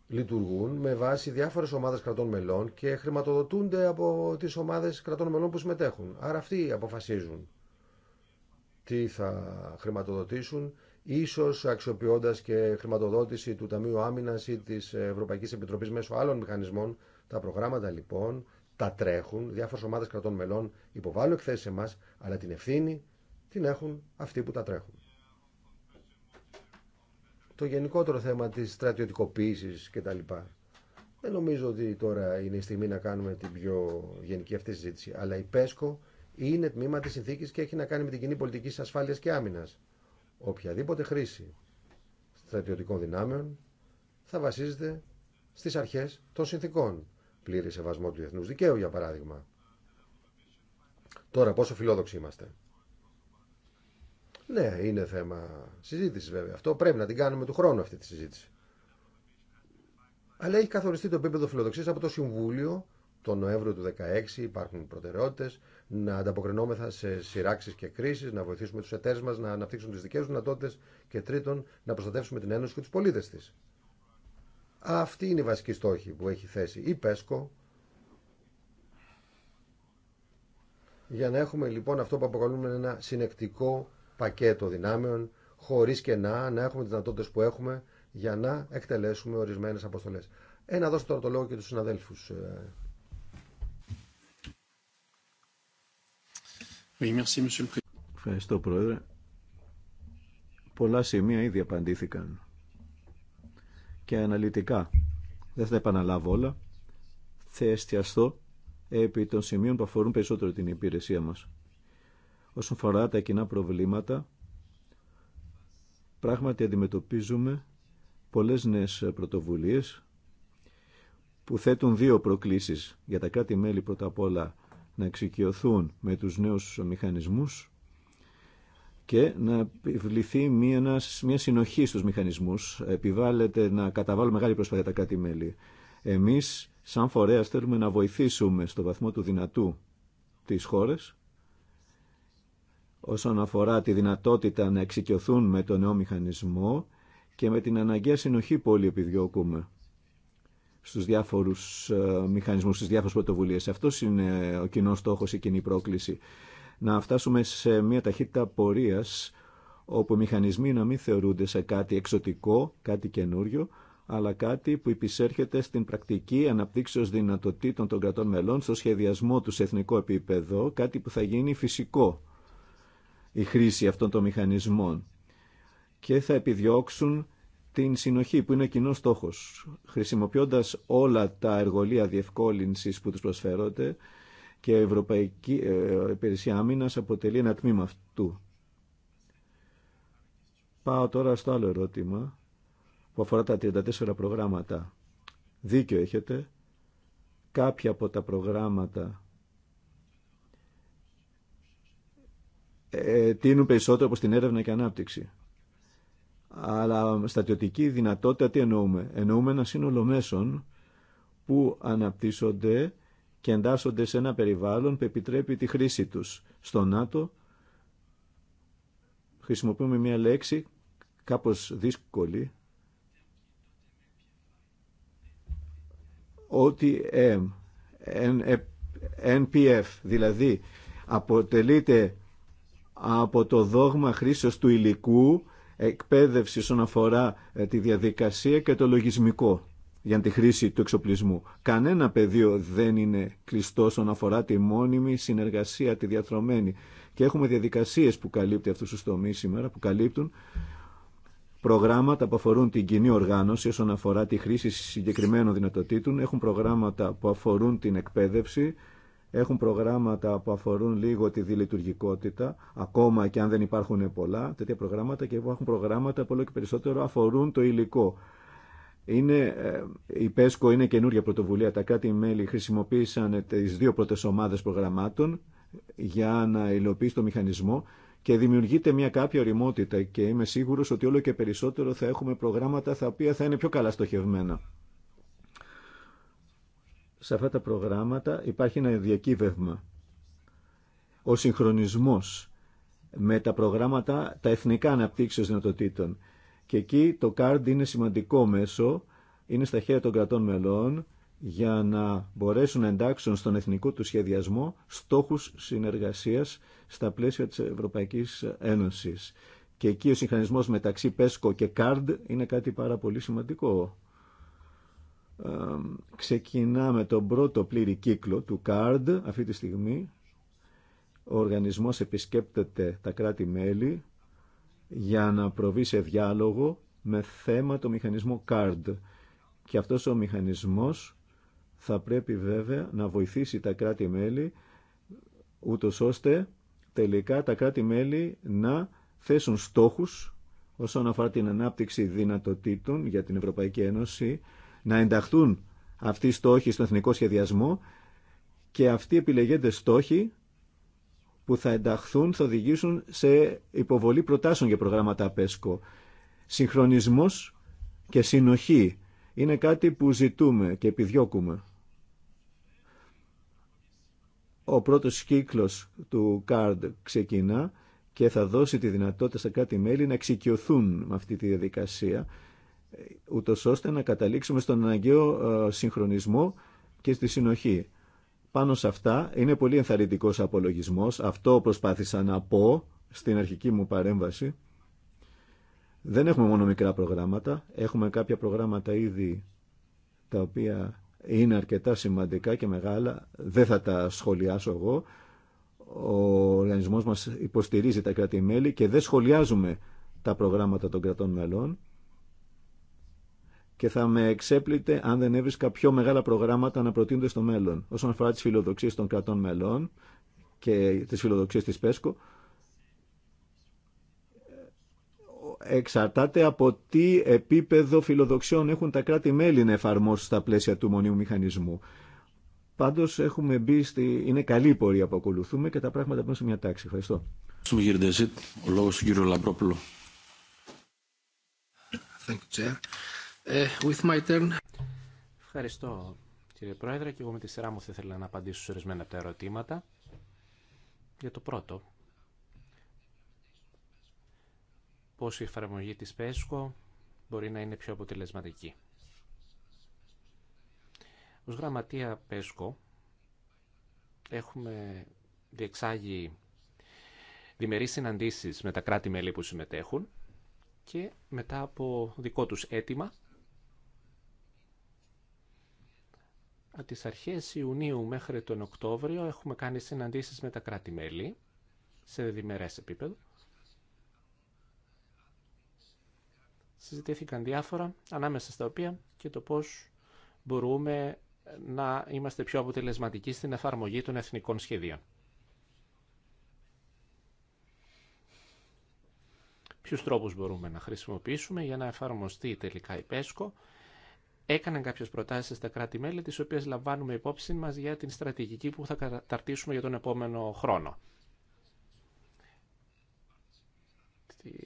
λειτουργούν με βάση διάφορες ομάδες κρατών μελών και χρηματοδοτούνται από τις ομάδες κρατών μελών που συμμετέχουν. Άρα αυτοί αποφασίζουν τι θα χρηματοδοτήσουν ίσως αξιοποιώντας και χρηματοδότηση του Ταμείου Άμυνας ή της Ευρωπαϊκής Επιτροπής μέσω άλλων μηχανισμών. Τα προγράμματα λοιπόν τα τρέχουν, διάφορες ομάδες κρατών μελών υποβάλλουν εκθέσεις σε εμάς, αλλά την ευθύνη την έχουν αυτοί που τα τρέχουν. Το γενικότερο θέμα της στρατιωτικοποίησης κτλ. Δεν νομίζω ότι τώρα είναι η στιγμή να κάνουμε την πιο γενική αυτή συζήτηση, αλλά η ΠΕΣΚΟ είναι τμήμα της συνθήκης και έχει να κάνει με την κοινή πολιτική ασφάλειας και άμυνας. Οποιαδήποτε χρήση στρατιωτικών δυνάμεων θα βασίζεται στις αρχές των συνθήκων. Πλήρη σεβασμό του Διεθνού δικαίου, για παράδειγμα. Τώρα, πόσο φιλόδοξοι είμαστε. Ναι, είναι θέμα συζήτηση, βέβαια. Αυτό πρέπει να την κάνουμε του χρόνου αυτή τη συζήτηση. Αλλά έχει καθοριστεί το επίπεδο φιλοδοξία από το Συμβούλιο τον Νοέμβριο του 2016 υπάρχουν προτεραιότητε, να ανταποκρινόμεθα σε σειράξει και κρίσει, να βοηθήσουμε του εταίρε μα να αναπτύξουν τι δικέ του δυνατότητε και τρίτον να προστατεύσουμε την Ένωση και του πολίτε τη. Αυτή είναι η βασική στόχη που έχει θέσει η ΠΕΣΚΟ. Για να έχουμε λοιπόν αυτό που αποκαλούμε ένα συνεκτικό πακέτο δυνάμεων, χωρί κενά, να έχουμε τι δυνατότητε που έχουμε για να εκτελέσουμε ορισμένε αποστολέ. Ένα δώσω τώρα το λόγο και του συναδέλφου ε, Ευχαριστώ, Πρόεδρε. Πολλά σημεία ήδη απαντήθηκαν και αναλυτικά. Δεν θα επαναλάβω όλα. Θα εστιαστώ επί των σημείων που αφορούν περισσότερο την υπηρεσία μας. Όσον αφορά τα κοινά προβλήματα, πράγματι αντιμετωπίζουμε πολλές νέες πρωτοβουλίες που θέτουν δύο προκλήσεις για τα κράτη-μέλη πρώτα απ' όλα να εξοικειωθούν με τους νέους μηχανισμούς και να επιβληθεί μια, μια συνοχή στους μηχανισμούς. Επιβάλλεται να καταβάλουμε μεγάλη προσπάθεια τα κάτι μελη Εμείς, σαν φορέας, θέλουμε να βοηθήσουμε στο βαθμό του δυνατού τις χώρες όσον αφορά τη δυνατότητα να εξοικειωθούν με τον νέο μηχανισμό και με την αναγκαία συνοχή που όλοι επιδιώκουμε στους διάφορους ε, μηχανισμούς, στι διάφορες πρωτοβουλίε. Αυτό είναι ο κοινό στόχο η κοινή πρόκληση. Να φτάσουμε σε μια ταχύτητα πορεία, όπου οι μηχανισμοί να μην θεωρούνται σε κάτι εξωτικό, κάτι καινούριο, αλλά κάτι που υπησέρχεται στην πρακτική αναπτύξεως δυνατοτήτων των κρατών μελών στο σχεδιασμό του σε εθνικό επίπεδο, κάτι που θα γίνει φυσικό η χρήση αυτών των μηχανισμών και θα επιδιώξουν την συνοχή που είναι κοινό στόχο, χρησιμοποιώντας όλα τα εργολεία διευκόλυνση που του προσφέρονται και η Ευρωπαϊκή ε, Υπηρεσία Άμυνα αποτελεί ένα τμήμα αυτού. Πάω τώρα στο άλλο ερώτημα που αφορά τα 34 προγράμματα. Δίκιο έχετε. Κάποια από τα προγράμματα ε, τίνουν περισσότερο από την έρευνα και ανάπτυξη αλλά στατιωτική δυνατότητα τι εννοούμε. Εννοούμε ένα σύνολο μέσων που αναπτύσσονται και εντάσσονται σε ένα περιβάλλον που επιτρέπει τη χρήση τους. Στο ΝΑΤΟ χρησιμοποιούμε μια λέξη κάπως δύσκολη OTM, NPF, ε, δηλαδή αποτελείται από το δόγμα χρήσεως του υλικού εκπαίδευση όσον αφορά ε, τη διαδικασία και το λογισμικό για τη χρήση του εξοπλισμού. Κανένα πεδίο δεν είναι κλειστό όσον αφορά τη μόνιμη συνεργασία, τη διαθρωμένη. Και έχουμε διαδικασίες που καλύπτει αυτού του τομεί σήμερα, που καλύπτουν προγράμματα που αφορούν την κοινή οργάνωση όσον αφορά τη χρήση συγκεκριμένων δυνατοτήτων. Έχουν προγράμματα που αφορούν την εκπαίδευση έχουν προγράμματα που αφορούν λίγο τη διλειτουργικότητα, ακόμα και αν δεν υπάρχουν πολλά τέτοια προγράμματα και έχουν προγράμματα που όλο και περισσότερο αφορούν το υλικό. Είναι, ε, η ΠΕΣΚΟ είναι καινούργια πρωτοβουλία. Τα κάτι μελη χρησιμοποίησαν τις δύο πρώτες ομάδες προγραμμάτων για να υλοποιήσει το μηχανισμό και δημιουργείται μια κάποια οριμότητα και είμαι σίγουρος ότι όλο και περισσότερο θα έχουμε προγράμματα τα οποία θα είναι πιο καλά στοχευμένα σε αυτά τα προγράμματα υπάρχει ένα διακύβευμα. Ο συγχρονισμός με τα προγράμματα τα εθνικά αναπτύξεως δυνατοτήτων. Και εκεί το CARD είναι σημαντικό μέσο, είναι στα χέρια των κρατών μελών για να μπορέσουν να εντάξουν στον εθνικό του σχεδιασμό στόχους συνεργασίας στα πλαίσια της Ευρωπαϊκής Ένωσης. Και εκεί ο συγχρονισμός μεταξύ ΠΕΣΚΟ και CARD είναι κάτι πάρα πολύ σημαντικό ξεκινάμε τον πρώτο πλήρη κύκλο του CARD αυτή τη στιγμή. Ο οργανισμός επισκέπτεται τα κράτη-μέλη για να προβεί σε διάλογο με θέμα το μηχανισμό CARD. Και αυτός ο μηχανισμός θα πρέπει βέβαια να βοηθήσει τα κράτη-μέλη ούτως ώστε τελικά τα κράτη-μέλη να θέσουν στόχους όσον αφορά την ανάπτυξη δυνατοτήτων για την Ευρωπαϊκή Ένωση να ενταχθούν αυτοί οι στόχοι στον εθνικό σχεδιασμό και αυτοί οι επιλεγέντες στόχοι που θα ενταχθούν θα οδηγήσουν σε υποβολή προτάσεων για προγράμματα ΠΕΣΚΟ. Συγχρονισμός και συνοχή είναι κάτι που ζητούμε και επιδιώκουμε. Ο πρώτος κύκλος του ΚΑΡΔ ξεκινά και θα δώσει τη δυνατότητα στα κάτι μελη να εξοικειωθούν με αυτή τη διαδικασία ούτως ώστε να καταλήξουμε στον αναγκαίο ε, συγχρονισμό και στη συνοχή. Πάνω σε αυτά είναι πολύ ενθαρρυντικός απολογισμός. Αυτό προσπάθησα να πω στην αρχική μου παρέμβαση. Δεν έχουμε μόνο μικρά προγράμματα. Έχουμε κάποια προγράμματα ήδη τα οποία είναι αρκετά σημαντικά και μεγάλα. Δεν θα τα σχολιάσω εγώ. Ο οργανισμός μας υποστηρίζει τα κράτη-μέλη και δεν σχολιάζουμε τα προγράμματα των κρατών μελών και θα με εξέπλητε αν δεν έβρισκα πιο μεγάλα προγράμματα να προτείνονται στο μέλλον. Όσον αφορά τις φιλοδοξίε των κρατών μελών και τις φιλοδοξίε τη ΠΕΣΚΟ, εξαρτάται από τι επίπεδο φιλοδοξιών έχουν τα κράτη-μέλη να εφαρμόσουν στα πλαίσια του μονίου μηχανισμού. Πάντως έχουμε μπει στη... είναι καλή η πορεία που ακολουθούμε και τα πράγματα πάνε σε μια τάξη. Ευχαριστώ. Ο λόγος του κύριου ε, with my turn. Ευχαριστώ κύριε Πρόεδρε και εγώ με τη σειρά μου θα ήθελα να απαντήσω σε ορισμένα από τα ερωτήματα. Για το πρώτο, πώς η εφαρμογή της ΠΕΣΚΟ μπορεί να είναι πιο αποτελεσματική. Ως γραμματεία ΠΕΣΚΟ έχουμε διεξάγει διμερείς συναντήσεις με τα κράτη-μέλη που συμμετέχουν και μετά από δικό τους αίτημα τις αρχές Ιουνίου μέχρι τον Οκτώβριο έχουμε κάνει συναντήσεις με τα κράτη-μέλη σε διμερές επίπεδο. Συζητήθηκαν διάφορα, ανάμεσα στα οποία και το πώς μπορούμε να είμαστε πιο αποτελεσματικοί στην εφαρμογή των εθνικών σχεδίων. Ποιους τρόπους μπορούμε να χρησιμοποιήσουμε για να εφαρμοστεί τελικά η ΠΕΣΚΟ έκαναν κάποιε προτάσει στα κράτη-μέλη, τις οποίες λαμβάνουμε υπόψη μα για την στρατηγική που θα καταρτήσουμε για τον επόμενο χρόνο.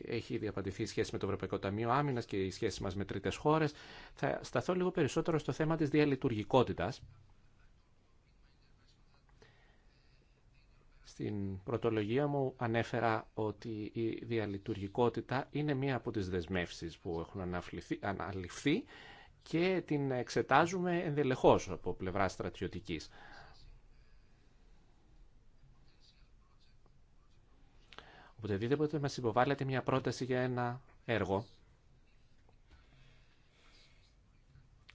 Έχει ήδη απαντηθεί η σχέση με το Ευρωπαϊκό Ταμείο Άμυνας και η σχέση μας με τρίτες χώρες. Θα σταθώ λίγο περισσότερο στο θέμα της διαλειτουργικότητας. Στην πρωτολογία μου ανέφερα ότι η διαλειτουργικότητα είναι μία από τις δεσμεύσεις που έχουν αναλυφθεί και την εξετάζουμε ενδελεχώς από πλευρά στρατιωτικής. Οποτεδήποτε μας υποβάλλεται μια πρόταση για ένα έργο,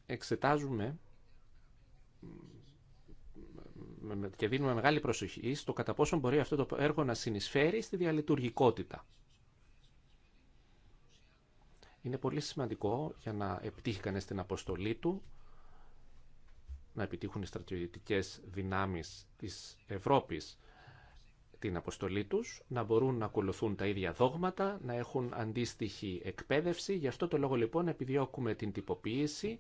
εξετάζουμε και δίνουμε μεγάλη προσοχή στο κατά πόσο μπορεί αυτό το έργο να συνεισφέρει στη διαλειτουργικότητα είναι πολύ σημαντικό για να επιτύχει κανείς την αποστολή του, να επιτύχουν οι στρατιωτικές δυνάμεις της Ευρώπης την αποστολή τους, να μπορούν να ακολουθούν τα ίδια δόγματα, να έχουν αντίστοιχη εκπαίδευση. Γι' αυτό το λόγο λοιπόν επιδιώκουμε την τυποποίηση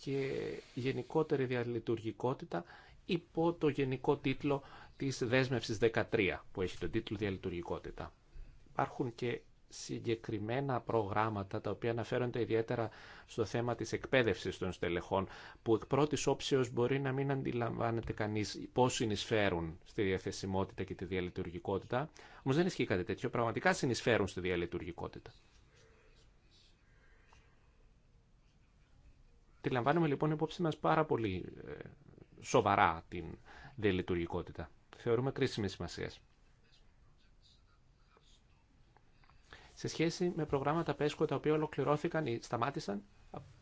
και γενικότερη διαλειτουργικότητα υπό το γενικό τίτλο της δέσμευσης 13 που έχει τον τίτλο διαλειτουργικότητα. Υπάρχουν και συγκεκριμένα προγράμματα τα οποία αναφέρονται ιδιαίτερα στο θέμα της εκπαίδευσης των στελεχών που εκ πρώτης όψεως μπορεί να μην αντιλαμβάνεται κανείς πώς συνεισφέρουν στη διαθεσιμότητα και τη διαλειτουργικότητα όμως δεν ισχύει κάτι τέτοιο, πραγματικά συνεισφέρουν στη διαλειτουργικότητα. Τη λαμβάνουμε λοιπόν υπόψη μας πάρα πολύ ε, σοβαρά την διαλειτουργικότητα. Θεωρούμε κρίσιμη σημασία. σε σχέση με προγράμματα ΠΕΣΚΟ τα οποία ολοκληρώθηκαν ή σταμάτησαν.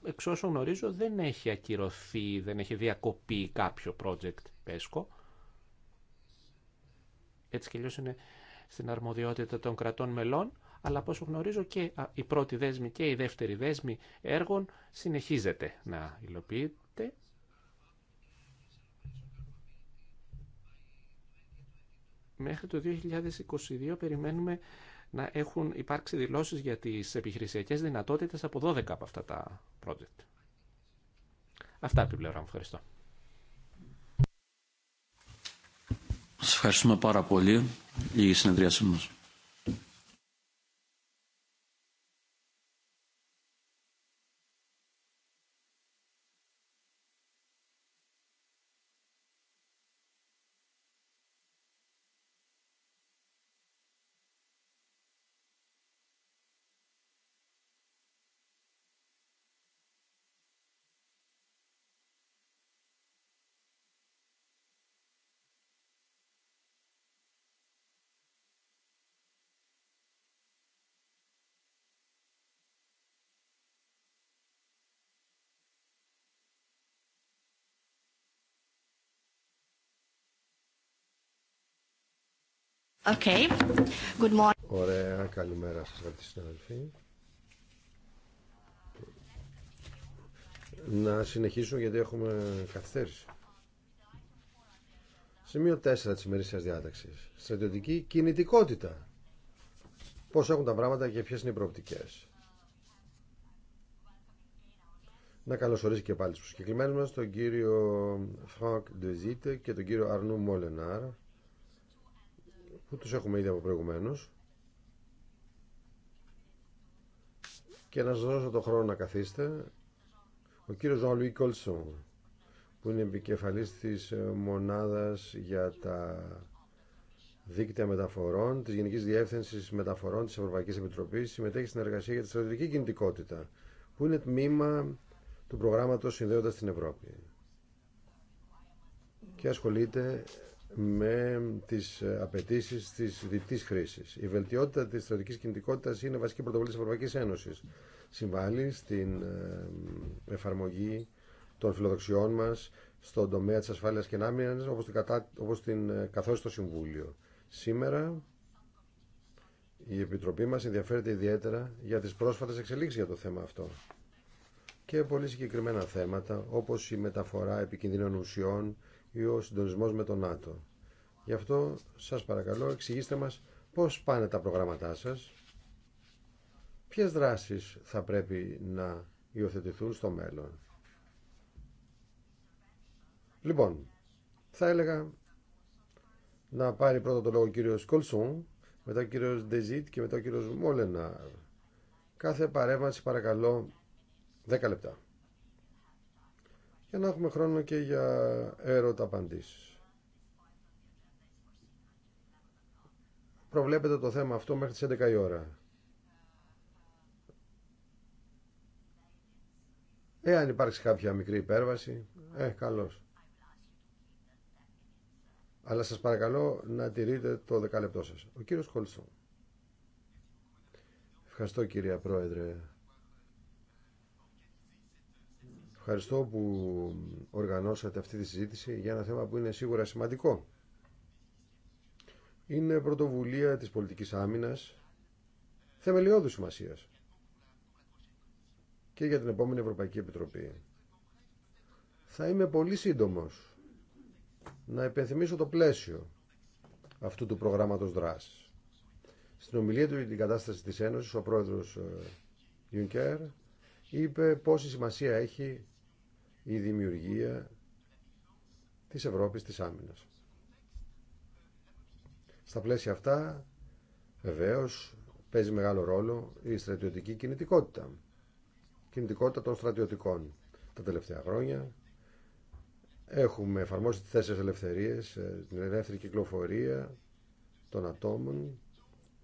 Εξ όσων γνωρίζω δεν έχει ακυρωθεί, δεν έχει διακοπεί κάποιο project ΠΕΣΚΟ. Έτσι κι αλλιώς είναι στην αρμοδιότητα των κρατών μελών, αλλά από όσο γνωρίζω και η πρώτη δέσμη και η δεύτερη δέσμη έργων συνεχίζεται να υλοποιείται. Μέχρι το 2022 περιμένουμε να έχουν υπάρξει δηλώσεις για τις επιχειρησιακές δυνατότητες από 12 από αυτά τα project. Αυτά από την πλευρά μου. Ευχαριστώ. Σας ευχαριστούμε πάρα πολύ Λίγη συνεδρίαση μας. Okay. Good morning. Ωραία, καλημέρα σας αγαπητοί συναδελφοί. Να συνεχίσουμε γιατί έχουμε καθυστέρηση. Σημείο 4 της ημερήσιας διάταξης. Στρατιωτική κινητικότητα. Πώς έχουν τα πράγματα και ποιες είναι οι προοπτικές. Να καλωσορίσει και πάλι στους συγκεκριμένους μας τον κύριο Φρανκ Ντεζίτε και τον κύριο Αρνού Μόλενάρα που τους έχουμε ήδη από προηγουμένως και να σας δώσω το χρόνο να καθίσετε ο κύριος Ζωαλουί Κόλσον που είναι επικεφαλής της ε, μονάδας για τα δίκτυα μεταφορών της Γενικής Διεύθυνσης Μεταφορών της Ευρωπαϊκής Επιτροπής συμμετέχει στην εργασία για τη στρατηγική κινητικότητα που είναι τμήμα του προγράμματος Συνδέοντας την Ευρώπη και ασχολείται με τι απαιτήσει τη διπτής χρήση. Η βελτιότητα τη στρατηγικής κινητικότητας είναι βασική πρωτοβουλία τη Ευρωπαϊκή Ένωση. Συμβάλλει στην ε, εφαρμογή των φιλοδοξιών μα στον τομέα τη ασφάλεια και άμυνας όπω την, κατά, την στο ε, Συμβούλιο. Σήμερα η Επιτροπή μας ενδιαφέρεται ιδιαίτερα για τις πρόσφατες εξελίξεις για το θέμα αυτό και πολύ συγκεκριμένα θέματα όπως η μεταφορά επικίνδυνων ουσιών ή ο συντονισμό με τον ΝΑΤΟ. Γι' αυτό σας παρακαλώ εξηγήστε μας πώς πάνε τα προγράμματά σας, Ποιε δράσεις θα πρέπει να υιοθετηθούν στο μέλλον. Λοιπόν, θα έλεγα να πάρει πρώτα το λόγο ο κύριος Κολσούν, μετά ο κύριος Ντεζίτ και μετά ο κύριος Μόλεναρ. Κάθε παρέμβαση παρακαλώ 10 λεπτά για να έχουμε χρόνο και για έρωτα απαντήσεις. Προβλέπετε το θέμα αυτό μέχρι τις 11 η ώρα. Εάν υπάρξει κάποια μικρή υπέρβαση, ε, καλώς. Αλλά σας παρακαλώ να τηρείτε το δεκάλεπτό σας. Ο κύριος Χολσόν. Ευχαριστώ κυρία Πρόεδρε. Ευχαριστώ που οργανώσατε αυτή τη συζήτηση για ένα θέμα που είναι σίγουρα σημαντικό. Είναι πρωτοβουλία της πολιτικής άμυνας θεμελιώδου σημασίας και για την επόμενη Ευρωπαϊκή Επιτροπή. Θα είμαι πολύ σύντομος να επενθυμίσω το πλαίσιο αυτού του προγράμματος δράσης. Στην ομιλία του για την κατάσταση της Ένωσης, ο πρόεδρος Ιούνκερ είπε πόση σημασία έχει η δημιουργία της Ευρώπης της άμυνας. Στα πλαίσια αυτά, βεβαίως, παίζει μεγάλο ρόλο η στρατιωτική κινητικότητα. Κινητικότητα των στρατιωτικών. Τα τελευταία χρόνια έχουμε εφαρμόσει τις τέσσερις ελευθερίες, ε, την ελεύθερη κυκλοφορία των ατόμων,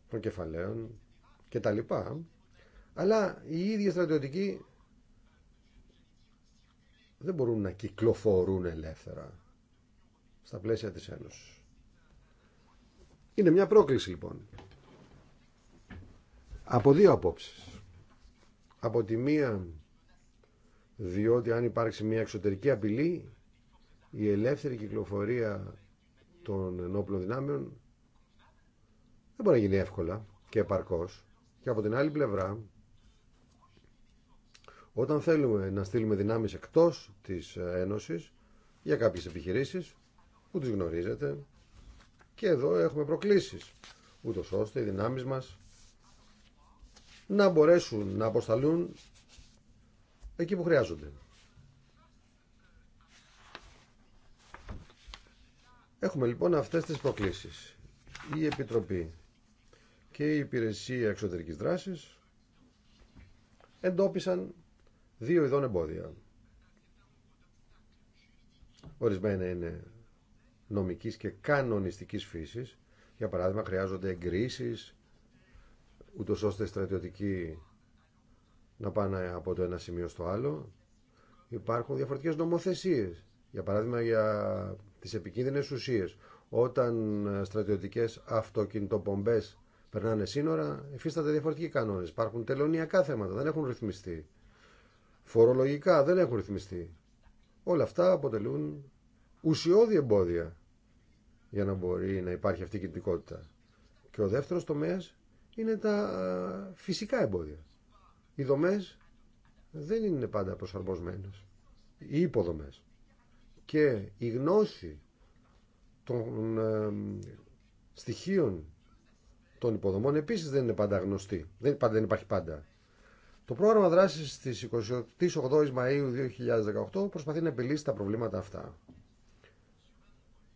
των κεφαλαίων κτλ. Αλλά η ίδια στρατιωτική δεν μπορούν να κυκλοφορούν ελεύθερα στα πλαίσια της Ένωσης. Είναι μια πρόκληση λοιπόν. Από δύο απόψεις. Από τη μία, διότι αν υπάρξει μια εξωτερική απειλή, η ελεύθερη κυκλοφορία των ενόπλων δυνάμεων δεν μπορεί να γίνει εύκολα και επαρκώς. Και από την άλλη πλευρά, όταν θέλουμε να στείλουμε δυνάμεις εκτός της Ένωσης για κάποιες επιχειρήσεις που τις γνωρίζετε και εδώ έχουμε προκλήσεις ούτω ώστε οι δυνάμεις μας να μπορέσουν να αποσταλούν εκεί που χρειάζονται. Έχουμε λοιπόν αυτές τις προκλήσεις. Η Επιτροπή και η Υπηρεσία Εξωτερικής Δράσης εντόπισαν δύο ειδών εμπόδια. Ορισμένα είναι νομικής και κανονιστικής φύσης. Για παράδειγμα, χρειάζονται εγκρίσεις, ούτω ώστε στρατιωτικοί να πάνε από το ένα σημείο στο άλλο. Υπάρχουν διαφορετικές νομοθεσίες. Για παράδειγμα, για τις επικίνδυνες ουσίες. Όταν στρατιωτικές αυτοκινητοπομπές περνάνε σύνορα, υφίστανται διαφορετικοί κανόνες. Υπάρχουν τελωνιακά θέματα, δεν έχουν ρυθμιστεί φορολογικά δεν έχουν ρυθμιστεί. Όλα αυτά αποτελούν ουσιώδη εμπόδια για να μπορεί να υπάρχει αυτή η κινητικότητα. Και ο δεύτερος τομέας είναι τα φυσικά εμπόδια. Οι δομές δεν είναι πάντα προσαρμοσμένες. Οι υποδομές. Και η γνώση των ε, στοιχείων των υποδομών επίσης δεν είναι πάντα γνωστή. Δεν, πάντα, δεν υπάρχει πάντα. Το πρόγραμμα δράσης της 28ης Μαΐου 2018 προσπαθεί να επιλύσει τα προβλήματα αυτά.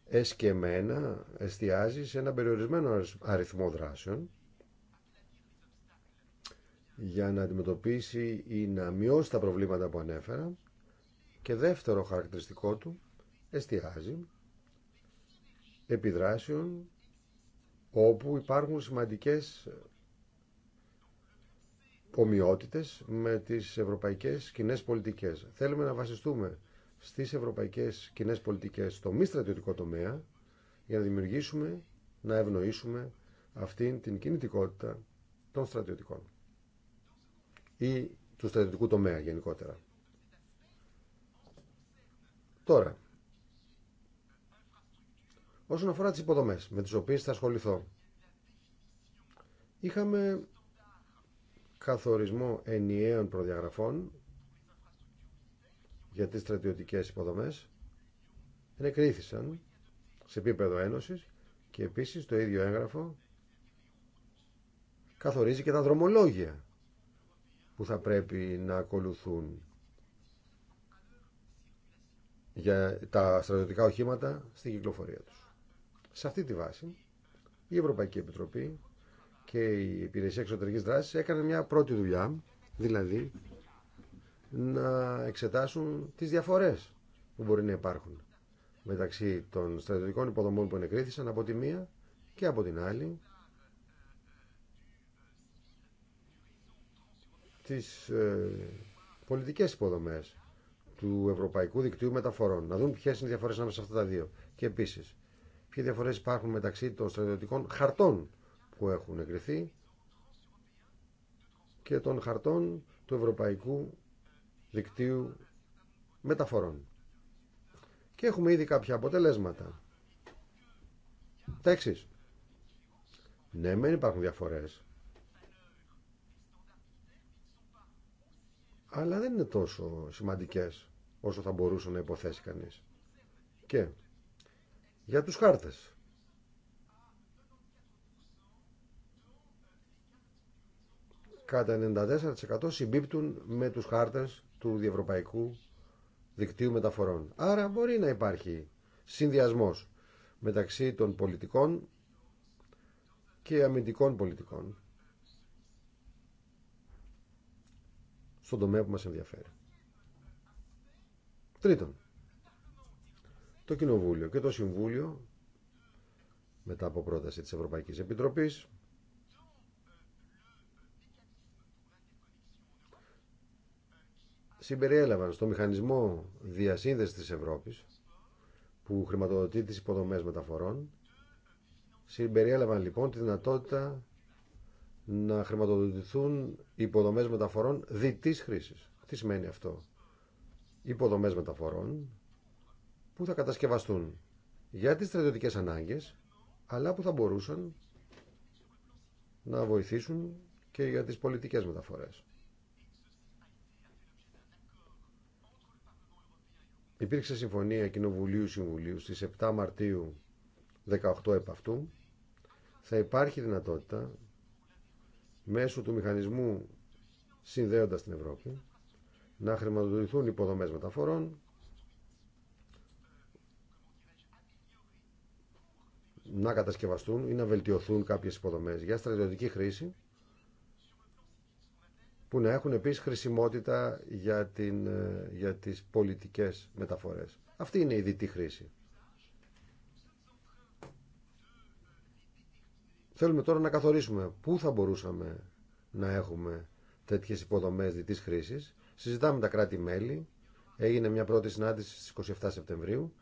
Εσκεμένα εστιάζει σε ένα περιορισμένο αριθμό δράσεων για να αντιμετωπίσει ή να μειώσει τα προβλήματα που ανέφερα και δεύτερο χαρακτηριστικό του εστιάζει επιδράσεων όπου υπάρχουν σημαντικές ομοιότητες με τις ευρωπαϊκές κοινέ πολιτικές. Θέλουμε να βασιστούμε στις ευρωπαϊκές κοινέ πολιτικές στο μη στρατιωτικό τομέα για να δημιουργήσουμε, να ευνοήσουμε αυτήν την κινητικότητα των στρατιωτικών ή του στρατιωτικού τομέα γενικότερα. Τώρα, όσον αφορά τις υποδομές με τις οποίες θα ασχοληθώ, είχαμε καθορισμό ενιαίων προδιαγραφών για τις στρατιωτικές υποδομές ενεκρίθησαν σε επίπεδο Ένωσης και επίσης το ίδιο έγγραφο καθορίζει και τα δρομολόγια που θα πρέπει να ακολουθούν για τα στρατιωτικά οχήματα στην κυκλοφορία τους. Σε αυτή τη βάση η Ευρωπαϊκή Επιτροπή και η Υπηρεσία Εξωτερικής Δράσης έκανε μια πρώτη δουλειά, δηλαδή να εξετάσουν τις διαφορές που μπορεί να υπάρχουν μεταξύ των στρατιωτικών υποδομών που ενεκρίθησαν από τη μία και από την άλλη τις ε, πολιτικές υποδομές του Ευρωπαϊκού Δικτύου Μεταφορών. Να δουν ποιες είναι οι διαφορές ανάμεσα σε αυτά τα δύο. Και επίσης, ποιες διαφορές υπάρχουν μεταξύ των στρατιωτικών χαρτών που έχουν εγκριθεί και των χαρτών του Ευρωπαϊκού Δικτύου Μεταφορών. Και έχουμε ήδη κάποια αποτελέσματα. Τα Ναι, μεν υπάρχουν διαφορές. Αλλά δεν είναι τόσο σημαντικές όσο θα μπορούσε να υποθέσει κανείς. Και για τους χάρτες. κατά 94% συμπίπτουν με τους χάρτες του διευρωπαϊκού δικτύου μεταφορών. Άρα μπορεί να υπάρχει συνδυασμός μεταξύ των πολιτικών και αμυντικών πολιτικών στον τομέα που μας ενδιαφέρει. Τρίτον, το Κοινοβούλιο και το Συμβούλιο μετά από πρόταση της Ευρωπαϊκής Επιτροπής συμπεριέλαβαν στο μηχανισμό διασύνδεσης της Ευρώπης που χρηματοδοτεί τις υποδομές μεταφορών συμπεριέλαβαν λοιπόν τη δυνατότητα να χρηματοδοτηθούν υποδομές μεταφορών διτής χρήσης. Τι σημαίνει αυτό. Υποδομές μεταφορών που θα κατασκευαστούν για τις στρατιωτικές ανάγκες αλλά που θα μπορούσαν να βοηθήσουν και για τις πολιτικές μεταφορές. Υπήρξε συμφωνία Κοινοβουλίου Συμβουλίου στις 7 Μαρτίου 18 επ' αυτού. Θα υπάρχει δυνατότητα μέσω του μηχανισμού συνδέοντας την Ευρώπη να χρηματοδοτηθούν υποδομές μεταφορών να κατασκευαστούν ή να βελτιωθούν κάποιες υποδομές για στρατιωτική χρήση που να έχουν επίσης χρησιμότητα για, την, ε, για τις πολιτικές μεταφορές. Αυτή είναι η δυτή χρήση. Θέλουμε τώρα να καθορίσουμε πού θα μπορούσαμε να έχουμε τέτοιες υποδομές δυτής χρήσης. Συζητάμε τα κράτη-μέλη. Έγινε μια πρώτη συνάντηση στις 27 Σεπτεμβρίου.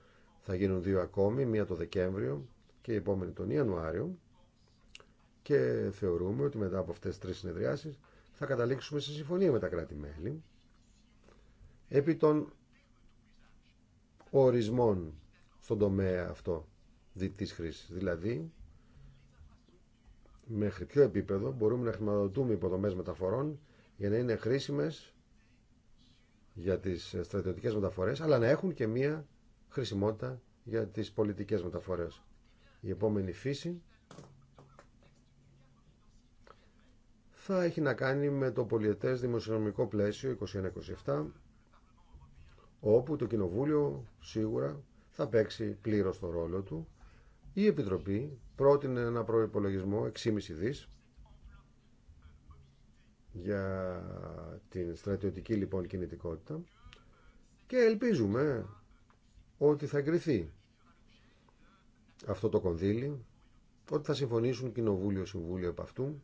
Θα γίνουν δύο ακόμη, μία το Δεκέμβριο και η επόμενη τον Ιανουάριο. Και θεωρούμε ότι μετά από αυτές τις τρεις συνεδριάσεις θα καταλήξουμε σε συμφωνία με τα κράτη-μέλη επί των ορισμών στον τομέα αυτό της χρήσης. Δηλαδή, μέχρι ποιο επίπεδο μπορούμε να χρηματοδοτούμε υποδομές μεταφορών για να είναι χρήσιμες για τις στρατιωτικές μεταφορές, αλλά να έχουν και μία χρησιμότητα για τις πολιτικές μεταφορές. Η επόμενη φύση θα έχει να κάνει με το πολιετές δημοσιονομικό 2127, όπου το Κοινοβούλιο σίγουρα θα παίξει πλήρως το ρόλο του. Η Επιτροπή πρότεινε ένα προϋπολογισμό 6,5 δις για την στρατιωτική λοιπόν κινητικότητα και ελπίζουμε ότι θα εγκριθεί αυτό το κονδύλι, ότι θα συμφωνήσουν Κοινοβούλιο-Συμβούλιο από αυτού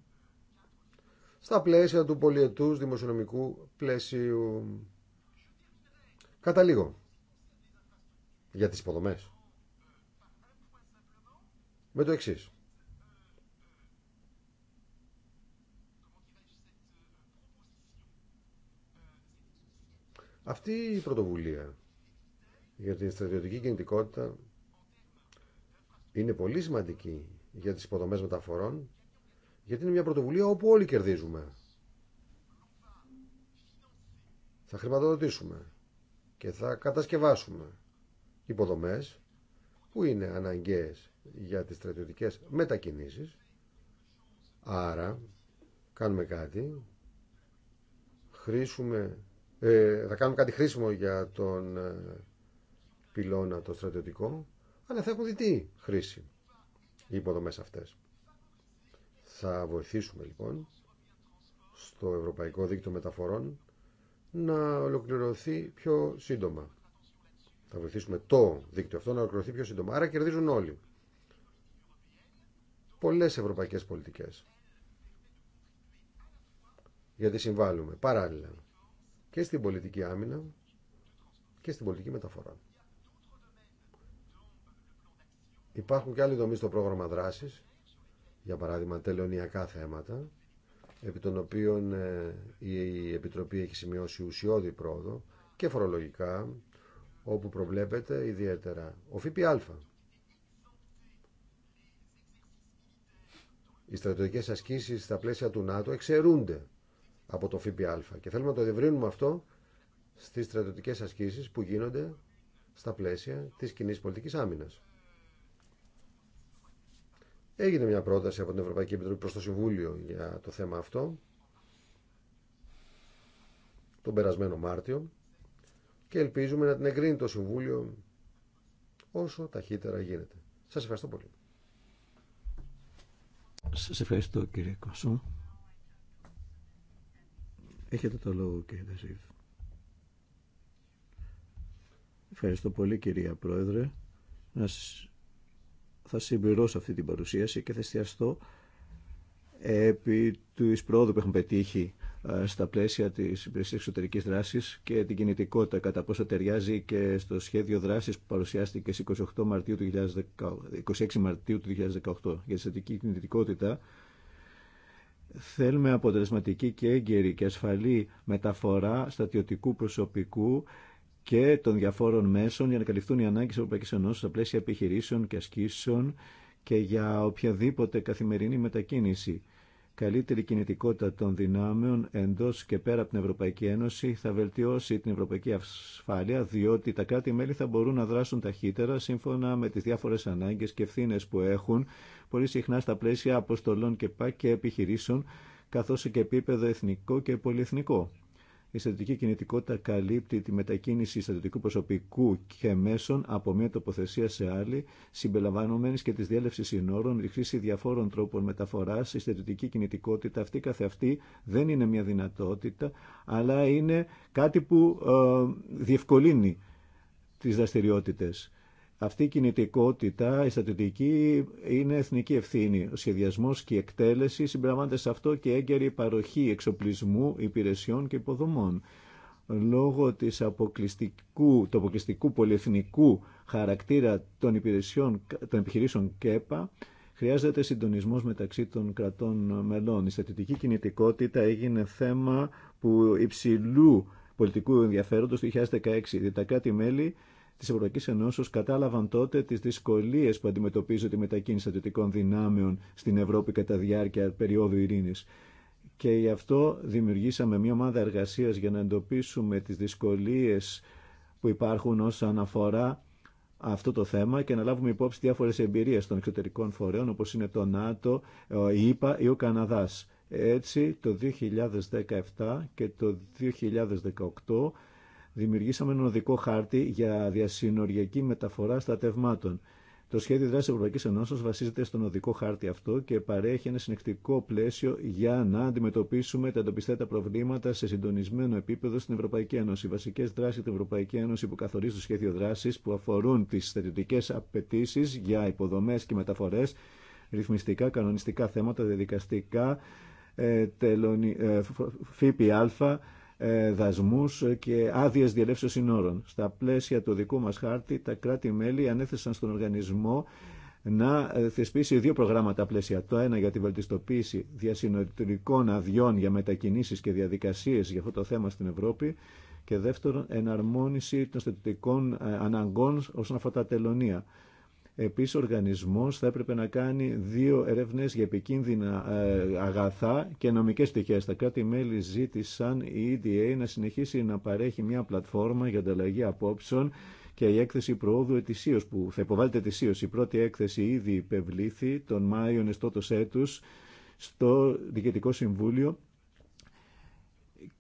στα πλαίσια του πολιετούς δημοσιονομικού πλαίσιου. Κατά λίγο. Για τις υποδομές. Με το εξής. Αυτή η πρωτοβουλία για την στρατιωτική κινητικότητα είναι πολύ σημαντική για τις υποδομές μεταφορών γιατί είναι μια πρωτοβουλία όπου όλοι κερδίζουμε. Θα χρηματοδοτήσουμε και θα κατασκευάσουμε υποδομές που είναι αναγκαίες για τις στρατιωτικές μετακινήσεις. Άρα κάνουμε κάτι, χρήσουμε, ε, θα κάνουμε κάτι χρήσιμο για τον ε, πυλώνα το στρατιωτικό, αλλά θα έχουν τι χρήση οι υποδομές αυτές. Θα βοηθήσουμε λοιπόν στο Ευρωπαϊκό Δίκτυο Μεταφορών να ολοκληρωθεί πιο σύντομα. Θα βοηθήσουμε το δίκτυο αυτό να ολοκληρωθεί πιο σύντομα. Άρα κερδίζουν όλοι. Πολλές ευρωπαϊκές πολιτικές. Γιατί συμβάλλουμε παράλληλα και στην πολιτική άμυνα και στην πολιτική μεταφορά. Υπάρχουν και άλλοι δομείς στο πρόγραμμα δράσης για παράδειγμα τελωνιακά θέματα, επί των οποίων ε, η Επιτροπή έχει σημειώσει ουσιώδη πρόοδο και φορολογικά, όπου προβλέπεται ιδιαίτερα ο ΦΠΑ. Οι στρατιωτικές ασκήσεις στα πλαίσια του ΝΑΤΟ εξαιρούνται από το ΦΠΑ και θέλουμε να το διευρύνουμε αυτό στις στρατιωτικές ασκήσεις που γίνονται στα πλαίσια της κοινή πολιτικής άμυνας. Έγινε μια πρόταση από την Ευρωπαϊκή Επιτροπή προς το Συμβούλιο για το θέμα αυτό τον περασμένο Μάρτιο και ελπίζουμε να την εγκρίνει το Συμβούλιο όσο ταχύτερα γίνεται. Σας ευχαριστώ πολύ. Σας ευχαριστώ κύριε Κωσό. Έχετε το λόγο κύριε Δεσίβ. Ευχαριστώ πολύ κυρία Πρόεδρε. Να σας θα συμπληρώσω αυτή την παρουσίαση και θα εστιαστώ επί του πρόοδου που έχουμε πετύχει ε, στα πλαίσια τη υπηρεσία εξωτερική δράση και την κινητικότητα, κατά πόσο ταιριάζει και στο σχέδιο δράση που παρουσιάστηκε στι 28 Μαρτίου του Μαρτίου του 2018 για τη θετική κινητικότητα. Θέλουμε αποτελεσματική και έγκαιρη και ασφαλή μεταφορά στατιωτικού προσωπικού και των διαφόρων μέσων για να καλυφθούν οι ανάγκε τη Ευρωπαϊκή Ενώση στα πλαίσια επιχειρήσεων και ασκήσεων και για οποιαδήποτε καθημερινή μετακίνηση. Καλύτερη κινητικότητα των δυνάμεων εντό και πέρα από την Ευρωπαϊκή Ένωση θα βελτιώσει την ευρωπαϊκή ασφάλεια, διότι τα κράτη-μέλη θα μπορούν να δράσουν ταχύτερα σύμφωνα με τι διάφορε ανάγκε και ευθύνε που έχουν, πολύ συχνά στα πλαίσια αποστολών και και επιχειρήσεων, καθώ και επίπεδο εθνικό και πολυεθνικό. Η στρατιωτική κινητικότητα καλύπτει τη μετακίνηση στρατιωτικού προσωπικού και μέσων από μία τοποθεσία σε άλλη, συμπεριλαμβανομένη και τη διέλευση συνόρων, η χρήση διαφόρων τρόπων μεταφορά. Η στρατιωτική κινητικότητα αυτή καθεαυτή δεν είναι μια δυνατότητα, αλλά είναι κάτι που ε, διευκολύνει τι δραστηριότητε. Αυτή η κινητικότητα, η στατιωτική, είναι εθνική ευθύνη. Ο σχεδιασμό και η εκτέλεση συμπεριλαμβάνεται σε αυτό και έγκαιρη παροχή εξοπλισμού, υπηρεσιών και υποδομών. Λόγω της αποκλειστικού, του αποκλειστικού πολυεθνικού χαρακτήρα των, υπηρεσιών, των επιχειρήσεων ΚΕΠΑ, χρειάζεται συντονισμός μεταξύ των κρατών μελών. Η στατιωτική κινητικότητα έγινε θέμα που υψηλού πολιτικού ενδιαφέροντος του 2016, Διότι τα κράτη-μέλη τη Ευρωπαϊκή Ενώσεω κατάλαβαν τότε τι δυσκολίε που αντιμετωπίζονται τη μετακίνηση στρατιωτικών δυνάμεων στην Ευρώπη κατά διάρκεια περίοδου ειρήνη. Και γι' αυτό δημιουργήσαμε μια ομάδα εργασία για να εντοπίσουμε τι δυσκολίε που υπάρχουν όσον αφορά αυτό το θέμα και να λάβουμε υπόψη διάφορε εμπειρίε των εξωτερικών φορέων όπω είναι το ΝΑΤΟ, η ΙΠΑ ή ο Καναδά. Έτσι, το 2017 και το 2018 Δημιουργήσαμε έναν οδικό χάρτη για διασυνοριακή μεταφορά στρατευμάτων. Το σχέδιο δράση Ευρωπαϊκή Ενώσεω βασίζεται στον οδικό χάρτη αυτό και παρέχει ένα συνεκτικό πλαίσιο για να αντιμετωπίσουμε τα εντοπιστέτα προβλήματα σε συντονισμένο επίπεδο στην Ευρωπαϊκή Ένωση. Οι βασικέ δράσει τη Ευρωπαϊκή Ένωση που καθορίζουν το σχέδιο δράση που αφορούν τι θετικέ απαιτήσει για υποδομέ και μεταφορέ, ρυθμιστικά, κανονιστικά θέματα, διαδικαστικά, ε, ε, ΦΠΑ, ε, δασμούς και άδειες διελεύσεως συνόρων. Στα πλαίσια του δικού μας χάρτη, τα κράτη-μέλη ανέθεσαν στον οργανισμό να ε, θεσπίσει δύο προγράμματα πλαίσια. Το ένα για τη βελτιστοποίηση διασυνοριτικών αδειών για μετακινήσεις και διαδικασίες για αυτό το θέμα στην Ευρώπη και δεύτερον εναρμόνιση των στετικών ε, αναγκών όσον αφορά τα τελωνία. Επίση, ο οργανισμός θα έπρεπε να κάνει δύο ερευνές για επικίνδυνα ε, αγαθά και νομικές στοιχεία. Τα κράτη-μέλη ζήτησαν η EDA να συνεχίσει να παρέχει μια πλατφόρμα για ανταλλαγή απόψεων και η έκθεση προόδου ετησίω που θα υποβάλλεται ετησίω. Η πρώτη έκθεση ήδη υπευλήθη τον Μάιο νεστότο έτου στο Διοικητικό Συμβούλιο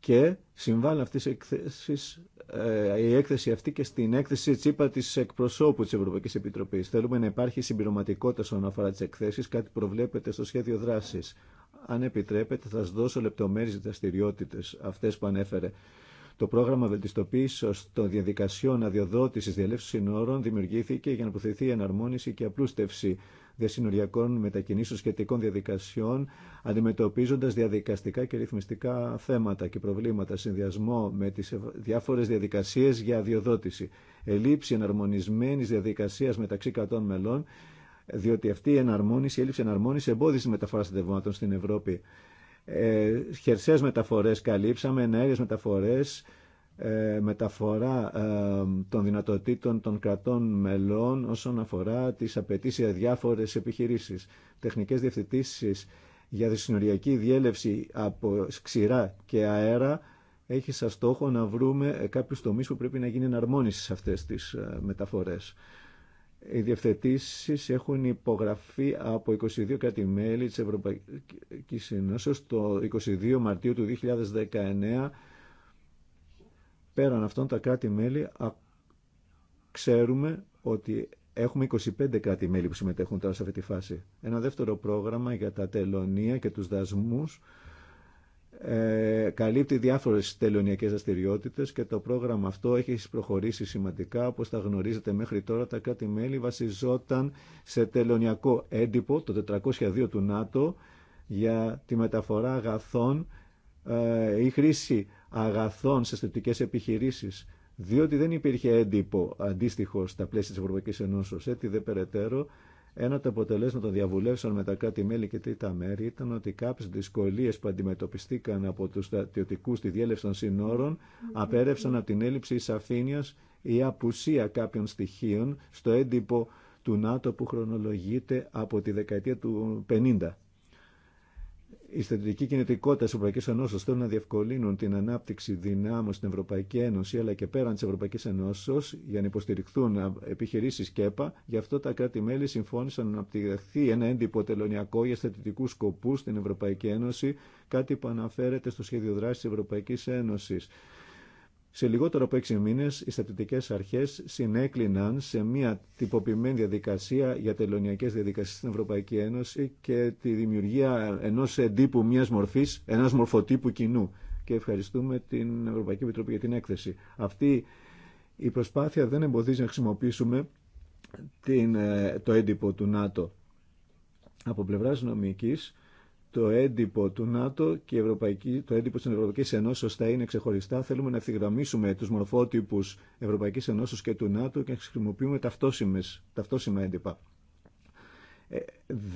και συμβάλλει αυτές οι εκθέσεις ε, η έκθεση αυτή και στην έκθεση τσίπα τη εκπροσώπου τη Ευρωπαϊκή Επιτροπή. Θέλουμε να υπάρχει συμπληρωματικότητα όσον αφορά τι εκθέσει, κάτι προβλέπεται στο σχέδιο δράση. Αν επιτρέπετε, θα σα δώσω λεπτομέρειε δραστηριότητε αυτέ που ανέφερε. Το πρόγραμμα βελτιστοποίηση των διαδικασιών αδειοδότηση διαλέξεων συνόρων δημιουργήθηκε για να προωθηθεί η εναρμόνιση και απλούστευση διασυνοριακών μετακινήσεων σχετικών διαδικασιών, αντιμετωπίζοντας διαδικαστικά και ρυθμιστικά θέματα και προβλήματα, συνδυασμό με τις διάφορες διαδικασίες για αδειοδότηση, ελήψη εναρμονισμένη διαδικασίας μεταξύ κρατών μελών, διότι αυτή η εναρμόνιση, η έλλειψη εναρμόνιση εμπόδισε μεταφορά συνδευμάτων στην Ευρώπη. Ε, χερσαίες μεταφορές καλύψαμε, ενέργειες μεταφορές, ε, μεταφορά ε, των δυνατοτήτων των κρατών μελών όσον αφορά τις απαιτήσει για διάφορες επιχειρήσεις. Τεχνικές διευθετήσεις για τη συνοριακή διέλευση από ξηρά και αέρα έχει σαν στόχο να βρούμε ε, κάποιους τομείς που πρέπει να γίνει εναρμόνιση σε αυτές τις μεταφορές. Οι διευθετήσεις έχουν υπογραφεί από 22 κράτη-μέλη της Ευρωπαϊκής το 22 Μαρτίου του 2019 Πέραν αυτών τα κράτη-μέλη ξέρουμε ότι έχουμε 25 κράτη-μέλη που συμμετέχουν τώρα σε αυτή τη φάση. Ένα δεύτερο πρόγραμμα για τα τελωνία και τους δασμούς ε, καλύπτει διάφορες τελωνιακές δραστηριότητε και το πρόγραμμα αυτό έχει προχωρήσει σημαντικά. Όπως τα γνωρίζετε μέχρι τώρα, τα κράτη-μέλη βασιζόταν σε τελωνιακό έντυπο, το 402 του ΝΑΤΟ, για τη μεταφορά αγαθών ε, η χρήση αγαθών σε θετικέ επιχειρήσει, διότι δεν υπήρχε έντυπο αντίστοιχο στα πλαίσια τη Ευρωπαϊκή Ενώσεω. Έτσι, δε περαιτέρω, ένα από τα αποτελέσματα των διαβουλεύσεων με τα κράτη-μέλη και τρίτα μέρη ήταν ότι κάποιε δυσκολίε που αντιμετωπιστήκαν από του στρατιωτικού στη διέλευση των συνόρων απέρευσαν από την έλλειψη σαφήνεια ή απουσία κάποιων στοιχείων στο έντυπο του ΝΑΤΟ που χρονολογείται από τη δεκαετία του 50. Η στρατηγική κινητικότητα τη Ευρωπαϊκή Ενώσεω θέλουν να διευκολύνουν την ανάπτυξη δυνάμων στην Ευρωπαϊκή Ένωση αλλά και πέραν τη Ευρωπαϊκή Ενώσεω για να υποστηριχθούν επιχειρήσει ΚΕΠΑ. Γι' αυτό τα κράτη-μέλη συμφώνησαν να αναπτυχθεί ένα έντυπο τελωνιακό για στρατηγικού σκοπού στην Ευρωπαϊκή Ένωση, κάτι που αναφέρεται στο σχέδιο δράση τη Ευρωπαϊκή Ένωση σε λιγότερο από έξι μήνες, οι στατιωτικέ αρχές συνέκλειναν σε μια τυποποιημένη διαδικασία για τελωνιακέ διαδικασίε στην Ευρωπαϊκή Ένωση και τη δημιουργία ενός εντύπου μιας μορφής, ενός μορφοτύπου κοινού. Και ευχαριστούμε την Ευρωπαϊκή Επιτροπή για την έκθεση. Αυτή η προσπάθεια δεν εμποδίζει να χρησιμοποιήσουμε την, ε, το έντυπο του ΝΑΤΟ. Από πλευρά νομική το έντυπο του ΝΑΤΟ και Ευρωπαϊκή, το έντυπο τη Ευρωπαϊκή Ενώσης θα είναι ξεχωριστά. Θέλουμε να ευθυγραμμίσουμε του μορφότυπου Ευρωπαϊκή Ενώσης και του ΝΑΤΟ και να χρησιμοποιούμε ταυτόσημα έντυπα. Ε,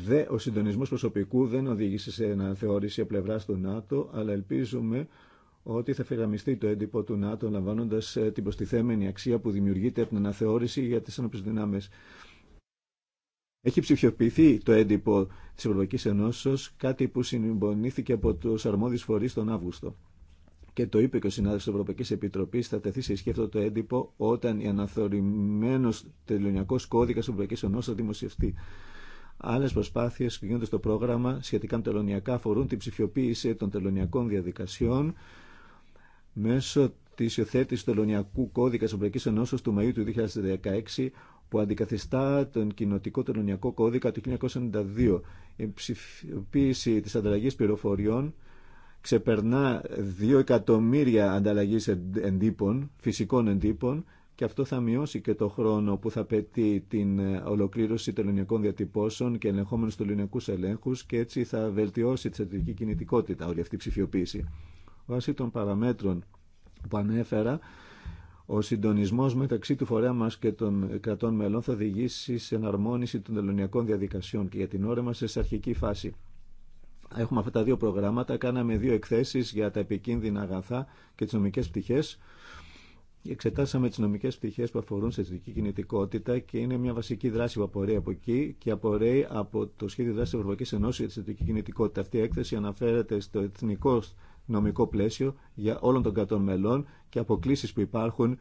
δε, ο συντονισμός προσωπικού δεν οδήγησε σε θεώρηση πλευρά του ΝΑΤΟ, αλλά ελπίζουμε ότι θα φεγραμιστεί το έντυπο του ΝΑΤΟ, λαμβάνοντας ε, την προστιθέμενη αξία που δημιουργείται από την αναθεώρηση για τι ανώπιε έχει ψηφιοποιηθεί το έντυπο τη Ευρωπαϊκή Ενώσεως, κάτι που συμπονήθηκε από του αρμόδιου φορεί τον Αύγουστο. Και το είπε και ο συνάδελφο τη Ευρωπαϊκή Επιτροπή θα τεθεί σε ισχύ αυτό το έντυπο όταν η αναθωρημένο τελωνιακός κώδικα τη Ευρωπαϊκή Ενώσεως θα δημοσιευτεί. Άλλε προσπάθειε που γίνονται στο πρόγραμμα σχετικά με τελωνιακά αφορούν την ψηφιοποίηση των τελωνιακών διαδικασιών μέσω τη υιοθέτηση τελωνιακού κώδικα Ευρωπαϊκή Ενώσεω του Μαίου του 2016, που αντικαθιστά τον κοινοτικό τελωνιακό κώδικα του 1992. Η ψηφιοποίηση της ανταλλαγής πληροφοριών ξεπερνά 2 εκατομμύρια ανταλλαγής εντύπων, φυσικών εντύπων και αυτό θα μειώσει και το χρόνο που θα πετύχει την ε, ολοκλήρωση τελωνιακών διατυπώσεων και του ελληνικού ελέγχου, και έτσι θα βελτιώσει τη στρατηγική κινητικότητα όλη αυτή η ψηφιοποίηση. Βάσει των παραμέτρων που ανέφερα, ο συντονισμό μεταξύ του φορέα μα και των κρατών μελών θα οδηγήσει σε εναρμόνιση των τελωνιακών διαδικασιών και για την ώρα μα σε αρχική φάση. Έχουμε αυτά τα δύο προγράμματα. Κάναμε δύο εκθέσει για τα επικίνδυνα αγαθά και τι νομικέ πτυχέ. Εξετάσαμε τι νομικέ πτυχέ που αφορούν σε εθνική κινητικότητα και είναι μια βασική δράση που απορρέει από εκεί και απορρέει από το σχέδιο δράση τη Ευρωπαϊκή Ενώση για τη εθνική κινητικότητα. Αυτή η έκθεση αναφέρεται στο εθνικό νομικό πλαίσιο για όλων των κρατών μελών και αποκλήσεις που υπάρχουν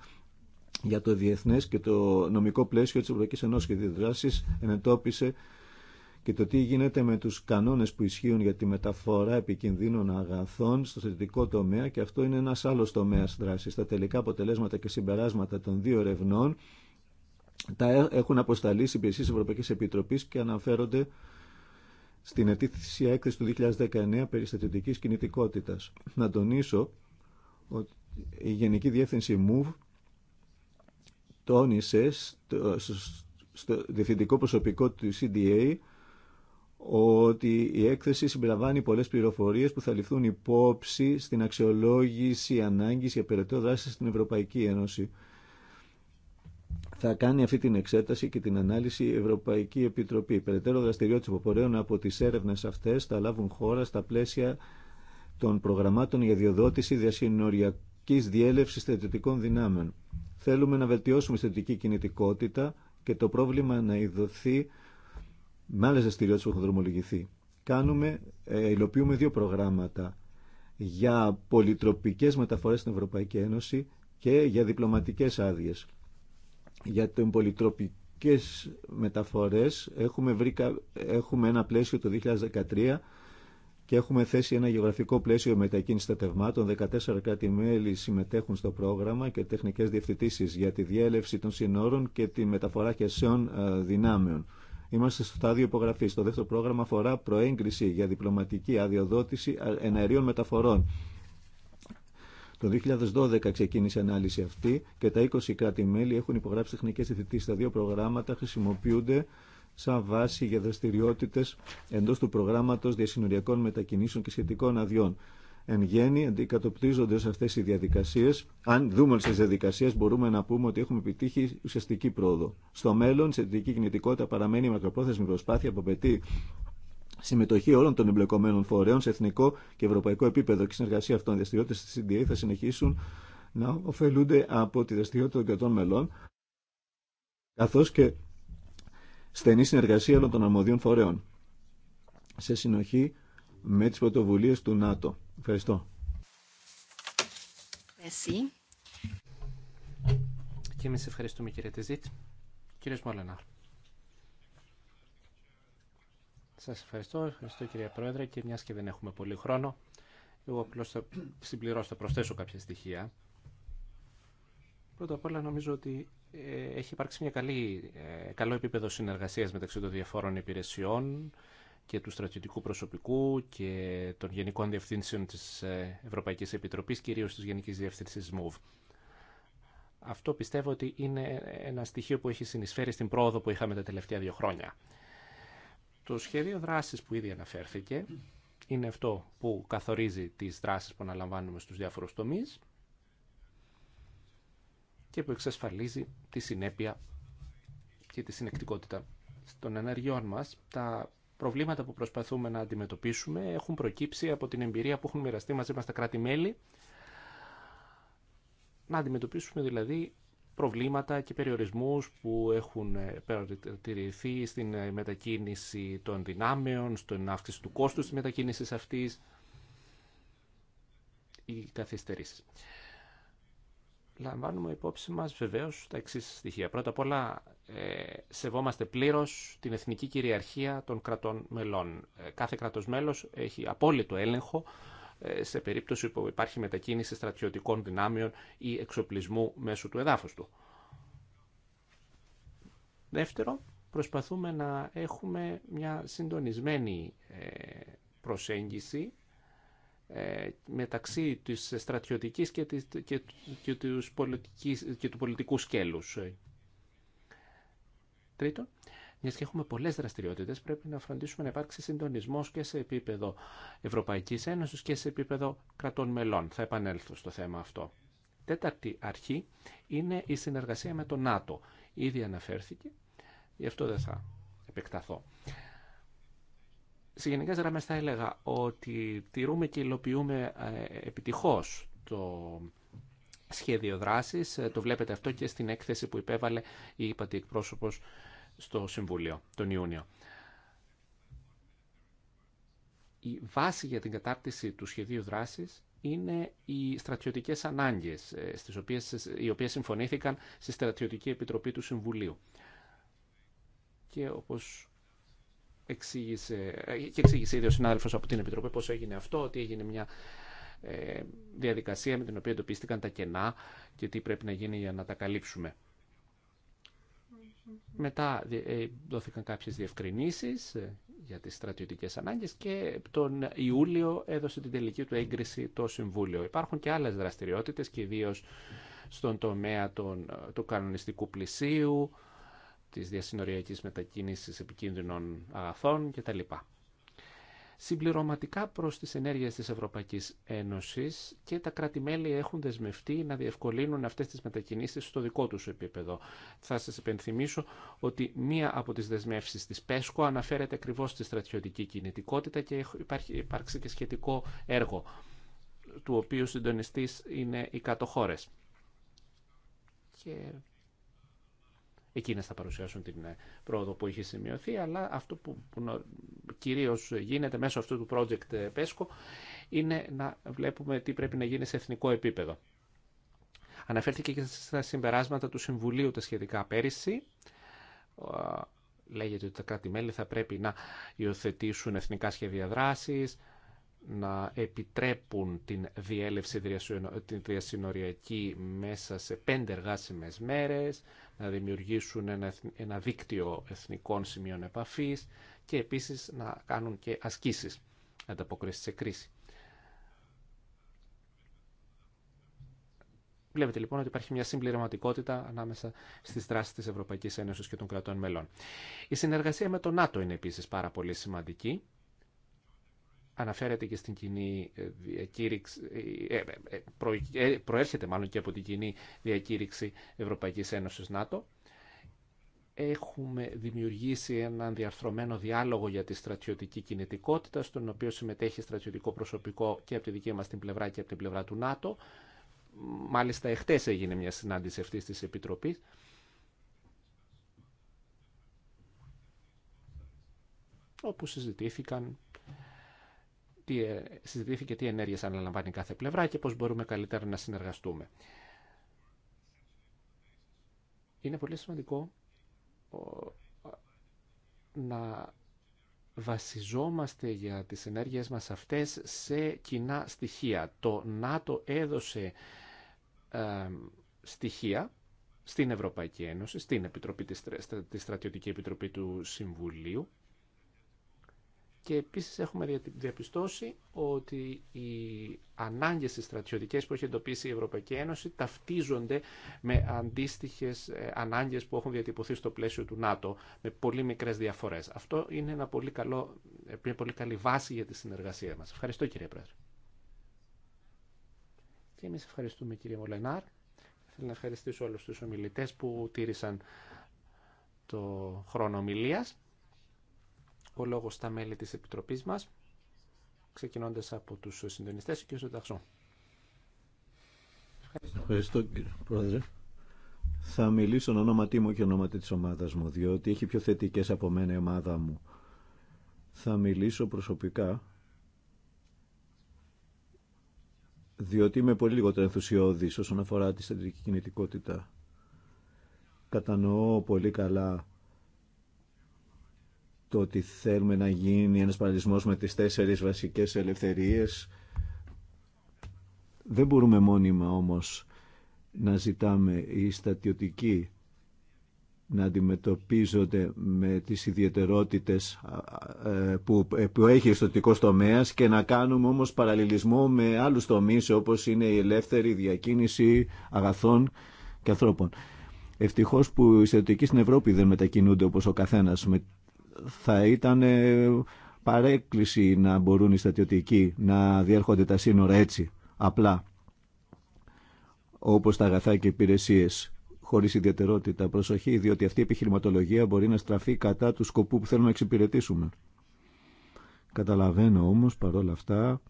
για το διεθνές και το νομικό πλαίσιο της Ευρωπαϊκής Ενώσης και Διδράσης ενετόπισε και το τι γίνεται με τους κανόνες που ισχύουν για τη μεταφορά επικινδύνων αγαθών στο θετικό τομέα και αυτό είναι ένας άλλος τομέας δράσης. Τα τελικά αποτελέσματα και συμπεράσματα των δύο ερευνών τα έχουν αποσταλεί στις υπηρεσίες Ευρωπαϊκής Επιτροπής και αναφέρονται στην ετήσια έκθεση του 2019 περί στατιωτικής κινητικότητας. Να τονίσω ότι η Γενική Διεύθυνση MOVE τόνισε στο, στο διευθυντικό προσωπικό του CDA ότι η έκθεση συμπεραβάνει πολλές πληροφορίες που θα ληφθούν υπόψη στην αξιολόγηση ανάγκης για περαιτέρω δράση στην Ευρωπαϊκή Ένωση θα κάνει αυτή την εξέταση και την ανάλυση η Ευρωπαϊκή Επιτροπή. Περαιτέρω δραστηριότητε που απορρέουν από τι έρευνε αυτέ θα λάβουν χώρα στα πλαίσια των προγραμμάτων για διοδότηση διασυνοριακή διέλευση θετικών δυνάμεων. Θέλουμε να βελτιώσουμε η θετική κινητικότητα και το πρόβλημα να ιδωθεί με άλλε δραστηριότητε που έχουν δρομολογηθεί. Κάνουμε, ε, υλοποιούμε δύο προγράμματα για πολυτροπικές μεταφορές στην Ευρωπαϊκή Ένωση και για διπλωματικές άδειες. Για τον πολυτροπικές μεταφορές έχουμε, βρει, έχουμε ένα πλαίσιο το 2013 και έχουμε θέσει ένα γεωγραφικό πλαίσιο μετακίνηση στατευμάτων. 14 κράτη-μέλη συμμετέχουν στο πρόγραμμα και τεχνικέ διευθυντήσεις για τη διέλευση των συνόρων και τη μεταφορά χερσαίων ε, δυνάμεων. Είμαστε στο στάδιο υπογραφή. Το δεύτερο πρόγραμμα αφορά προέγκριση για διπλωματική αδειοδότηση ε, εναερίων μεταφορών. Το 2012 ξεκίνησε η ανάλυση αυτή και τα 20 κράτη-μέλη έχουν υπογράψει τεχνικέ διευθυντήσει. Τα δύο προγράμματα χρησιμοποιούνται σαν βάση για δραστηριότητε εντό του προγράμματο διασυνοριακών μετακινήσεων και σχετικών αδειών. Εν γέννη, αντικατοπτρίζονται σε αυτέ οι διαδικασίε. Αν δούμε όλε τι διαδικασίε, μπορούμε να πούμε ότι έχουμε επιτύχει ουσιαστική πρόοδο. Στο μέλλον, η σχετική κινητικότητα παραμένει η μακροπρόθεσμη προσπάθεια που απαιτεί Συμμετοχή όλων των εμπλεκομένων φορέων σε εθνικό και ευρωπαϊκό επίπεδο και συνεργασία αυτών. Οι δραστηριότητε τη CDA θα συνεχίσουν να ωφελούνται από τη δραστηριότητα των κρατών μελών, καθώ και στενή συνεργασία όλων των αρμοδίων φορέων. Σε συνοχή με τι πρωτοβουλίε του ΝΑΤΟ. Ευχαριστώ. Εσύ. ευχαριστούμε κύριε Σα ευχαριστώ. Ευχαριστώ κυρία Πρόεδρε και μια και δεν έχουμε πολύ χρόνο. Εγώ απλώ θα συμπληρώσω, θα προσθέσω κάποια στοιχεία. Πρώτα απ' όλα νομίζω ότι ε, έχει υπάρξει μια καλή, ε, καλό επίπεδο συνεργασία μεταξύ των διαφόρων υπηρεσιών και του στρατιωτικού προσωπικού και των γενικών διευθύνσεων τη ε, Ευρωπαϊκή Επιτροπή, κυρίω τη Γενική Διευθύνσης MOVE. Αυτό πιστεύω ότι είναι ένα στοιχείο που έχει συνεισφέρει στην πρόοδο που είχαμε τα τελευταία δύο χρόνια. Το σχέδιο δράσης που ήδη αναφέρθηκε είναι αυτό που καθορίζει τις δράσεις που αναλαμβάνουμε στους διάφορους τομείς και που εξασφαλίζει τη συνέπεια και τη συνεκτικότητα των ενεργειών μας. Τα προβλήματα που προσπαθούμε να αντιμετωπίσουμε έχουν προκύψει από την εμπειρία που έχουν μοιραστεί μαζί μας τα κράτη-μέλη να αντιμετωπίσουμε δηλαδή προβλήματα και περιορισμούς που έχουν ε, παρατηρηθεί στην ε, μετακίνηση των δυνάμεων, στην αύξηση του κόστου της μετακίνησης αυτής ή καθυστερήσεις. Λαμβάνουμε υπόψη μας βεβαίως τα εξής στοιχεία. Πρώτα απ' όλα ε, σεβόμαστε πλήρως την εθνική κυριαρχία των κρατών μελών. Κάθε κράτος μέλος έχει απόλυτο έλεγχο ε, σε περίπτωση που υπάρχει μετακίνηση στρατιωτικών δυνάμεων ή εξοπλισμού μέσω του εδάφους του. Δεύτερο, προσπαθούμε να έχουμε μια συντονισμένη ε, προσέγγιση ε, μεταξύ της στρατιωτικής και, και, και του πολιτικού σκέλους. Τρίτο. Μια και έχουμε πολλέ δραστηριότητε, πρέπει να φροντίσουμε να υπάρξει συντονισμό και σε επίπεδο Ευρωπαϊκή Ένωση και σε επίπεδο κρατών μελών. Θα επανέλθω στο θέμα αυτό. Τέταρτη αρχή είναι η συνεργασία με το ΝΑΤΟ. Ήδη αναφέρθηκε, γι' αυτό δεν θα επεκταθώ. Σε γενικέ γραμμέ θα έλεγα ότι τηρούμε και υλοποιούμε ε, επιτυχώ το σχέδιο δράση. Ε, το βλέπετε αυτό και στην έκθεση που υπέβαλε η υπατή εκπρόσωπο στο Συμβούλιο τον Ιούνιο. Η βάση για την κατάρτιση του σχεδίου δράσης είναι οι στρατιωτικές ανάγκες, ε, στις οποίες, οι οποίες συμφωνήθηκαν στη Στρατιωτική Επιτροπή του Συμβουλίου. Και όπως εξήγησε, και εξήγησε ήδη ο συνάδελφος από την Επιτροπή πώς έγινε αυτό, ότι έγινε μια ε, διαδικασία με την οποία εντοπίστηκαν τα κενά και τι πρέπει να γίνει για να τα καλύψουμε. Μετά ε, δόθηκαν κάποιες διευκρινήσεις ε, για τις στρατιωτικές ανάγκες και τον Ιούλιο έδωσε την τελική του έγκριση το Συμβούλιο. Υπάρχουν και άλλες δραστηριότητες και ιδίω στον τομέα των, ε, του κανονιστικού πλησίου, της διασυνοριακής μετακίνησης επικίνδυνων αγαθών κτλ συμπληρωματικά προς τις ενέργειες της Ευρωπαϊκής Ένωσης και τα κράτη-μέλη έχουν δεσμευτεί να διευκολύνουν αυτές τις μετακινήσεις στο δικό τους επίπεδο. Θα σας υπενθυμίσω ότι μία από τις δεσμεύσεις της ΠΕΣΚΟ αναφέρεται ακριβώς στη στρατιωτική κινητικότητα και υπάρχει υπάρξει και σχετικό έργο του οποίου συντονιστής είναι οι κατοχώρες. Και εκείνες θα παρουσιάσουν την ε, πρόοδο που είχε σημειωθεί, αλλά αυτό που κυρίως γίνεται μέσω αυτού του project PESCO ε, είναι να βλέπουμε τι πρέπει να γίνει σε εθνικό επίπεδο. Αναφέρθηκε και στα συμπεράσματα του Συμβουλίου τα σχετικά πέρυσι. Λέγεται ότι τα κράτη-μέλη θα πρέπει να υιοθετήσουν εθνικά σχέδια δράσης, να επιτρέπουν την διέλευση την διασυνοριακή μέσα σε πέντε εργάσιμες μέρες, να δημιουργήσουν ένα, ένα δίκτυο εθνικών σημείων επαφής και επίσης να κάνουν και ασκήσεις ανταποκρίσεις σε κρίση. Βλέπετε λοιπόν ότι υπάρχει μια συμπληρωματικότητα ανάμεσα στις δράσεις της Ευρωπαϊκής Ένωσης και των κρατών μελών. Η συνεργασία με το ΝΑΤΟ είναι επίσης πάρα πολύ σημαντική. Αναφέρεται και στην κοινή ε, διακήρυξη, ε, ε, προέρχεται μάλλον και από την κοινή διακήρυξη Ευρωπαϊκής Ένωσης ΝΑΤΟ έχουμε δημιουργήσει έναν διαρθρωμένο διάλογο για τη στρατιωτική κινητικότητα, στον οποίο συμμετέχει στρατιωτικό προσωπικό και από τη δική μας την πλευρά και από την πλευρά του ΝΑΤΟ. Μάλιστα, εχθές έγινε μια συνάντηση αυτής της Επιτροπής. όπου συζητήθηκαν τι, συζητήθηκε τι ενέργειες αναλαμβάνει κάθε πλευρά και πώς μπορούμε καλύτερα να συνεργαστούμε. Είναι πολύ σημαντικό να βασιζόμαστε για τις ενέργειες μας αυτές σε κοινά στοιχεία. Το ΝΑΤΟ έδωσε ε, στοιχεία στην Ευρωπαϊκή Ένωση, στην Επιτροπή, τη Στρατιωτική Επιτροπή του Συμβουλίου και επίσης έχουμε διαπιστώσει ότι οι ανάγκες στις στρατιωτικές που έχει εντοπίσει η Ευρωπαϊκή Ένωση ταυτίζονται με αντίστοιχες ε, ανάγκες που έχουν διατυπωθεί στο πλαίσιο του ΝΑΤΟ με πολύ μικρές διαφορές. Αυτό είναι πολύ καλό, ε, μια πολύ καλή βάση για τη συνεργασία μας. Ευχαριστώ κύριε Πρόεδρε. Και εμείς ευχαριστούμε κύριε Μολενάρ. Θέλω να ευχαριστήσω όλους τους ομιλητές που τήρησαν το χρόνο ομιλίας ο λόγος στα μέλη της Επιτροπής μας, ξεκινώντας από τους συντονιστές και ο Ταξό. Ευχαριστώ. κύριε Πρόεδρε. Θα μιλήσω ονόματί μου και ονόματι της ομάδας μου, διότι έχει πιο θετικές από μένα η ομάδα μου. Θα μιλήσω προσωπικά, διότι είμαι πολύ λιγότερο ενθουσιώδης όσον αφορά τη στρατηγική κινητικότητα. Κατανοώ πολύ καλά το ότι θέλουμε να γίνει ένας παραλυσμός με τις τέσσερις βασικές ελευθερίες. Δεν μπορούμε μόνιμα όμως να ζητάμε οι στατιωτικοί να αντιμετωπίζονται με τις ιδιαιτερότητες ε, ε, που, έχει ο στατιωτικός τομέας και να κάνουμε όμως παραλληλισμό με άλλους τομείς όπως είναι η ελεύθερη διακίνηση αγαθών και ανθρώπων. Ευτυχώς που οι στρατιωτικοί στην Ευρώπη δεν μετακινούνται όπως ο καθένας με θα ήταν ε, παρέκκληση να μπορούν οι στατιωτικοί να διέρχονται τα σύνορα έτσι, απλά, όπως τα αγαθά και υπηρεσίες, χωρίς ιδιαιτερότητα. Προσοχή, διότι αυτή η επιχειρηματολογία μπορεί να στραφεί κατά του σκοπού που θέλουμε να εξυπηρετήσουμε. Καταλαβαίνω όμως, παρόλα αυτά,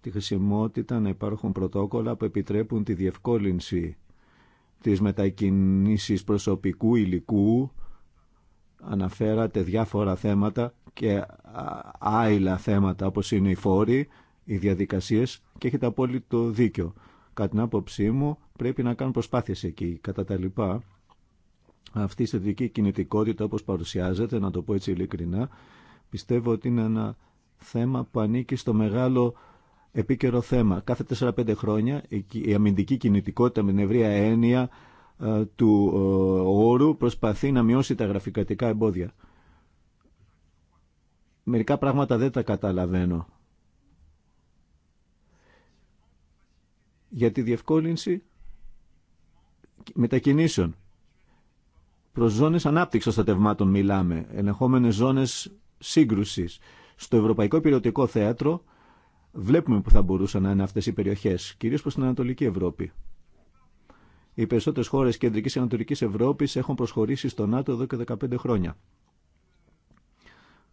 τη χρησιμότητα να υπάρχουν πρωτόκολλα που επιτρέπουν τη διευκόλυνση της μετακινήσης προσωπικού υλικού αναφέρατε διάφορα θέματα και άειλα θέματα όπως είναι οι φόροι, οι διαδικασίες και έχετε απόλυτο δίκιο. Κατά την άποψή μου πρέπει να κάνουν προσπάθειες εκεί. Κατά τα λοιπά, αυτή η στρατηγική κινητικότητα όπως παρουσιάζεται, να το πω έτσι ειλικρινά, πιστεύω ότι είναι ένα θέμα που ανήκει στο μεγάλο επίκαιρο θέμα. Κάθε 4-5 χρόνια η αμυντική κινητικότητα με την έννοια ε, του ε, όρου προσπαθεί να μειώσει τα γραφικατικά εμπόδια. Μερικά πράγματα δεν τα καταλαβαίνω. Για τη διευκόλυνση μετακινήσεων. Προς ζώνες ανάπτυξης στατευμάτων μιλάμε, ενεχόμενες ζώνες σύγκρουσης. Στο Ευρωπαϊκό Υπηρετικό Θέατρο βλέπουμε που θα μπορούσαν να είναι αυτές οι περιοχές, κυρίως προς την Ανατολική Ευρώπη. Οι περισσότερε χώρε κεντρική και ανατολική Ευρώπη έχουν προσχωρήσει στο ΝΑΤΟ εδώ και 15 χρόνια.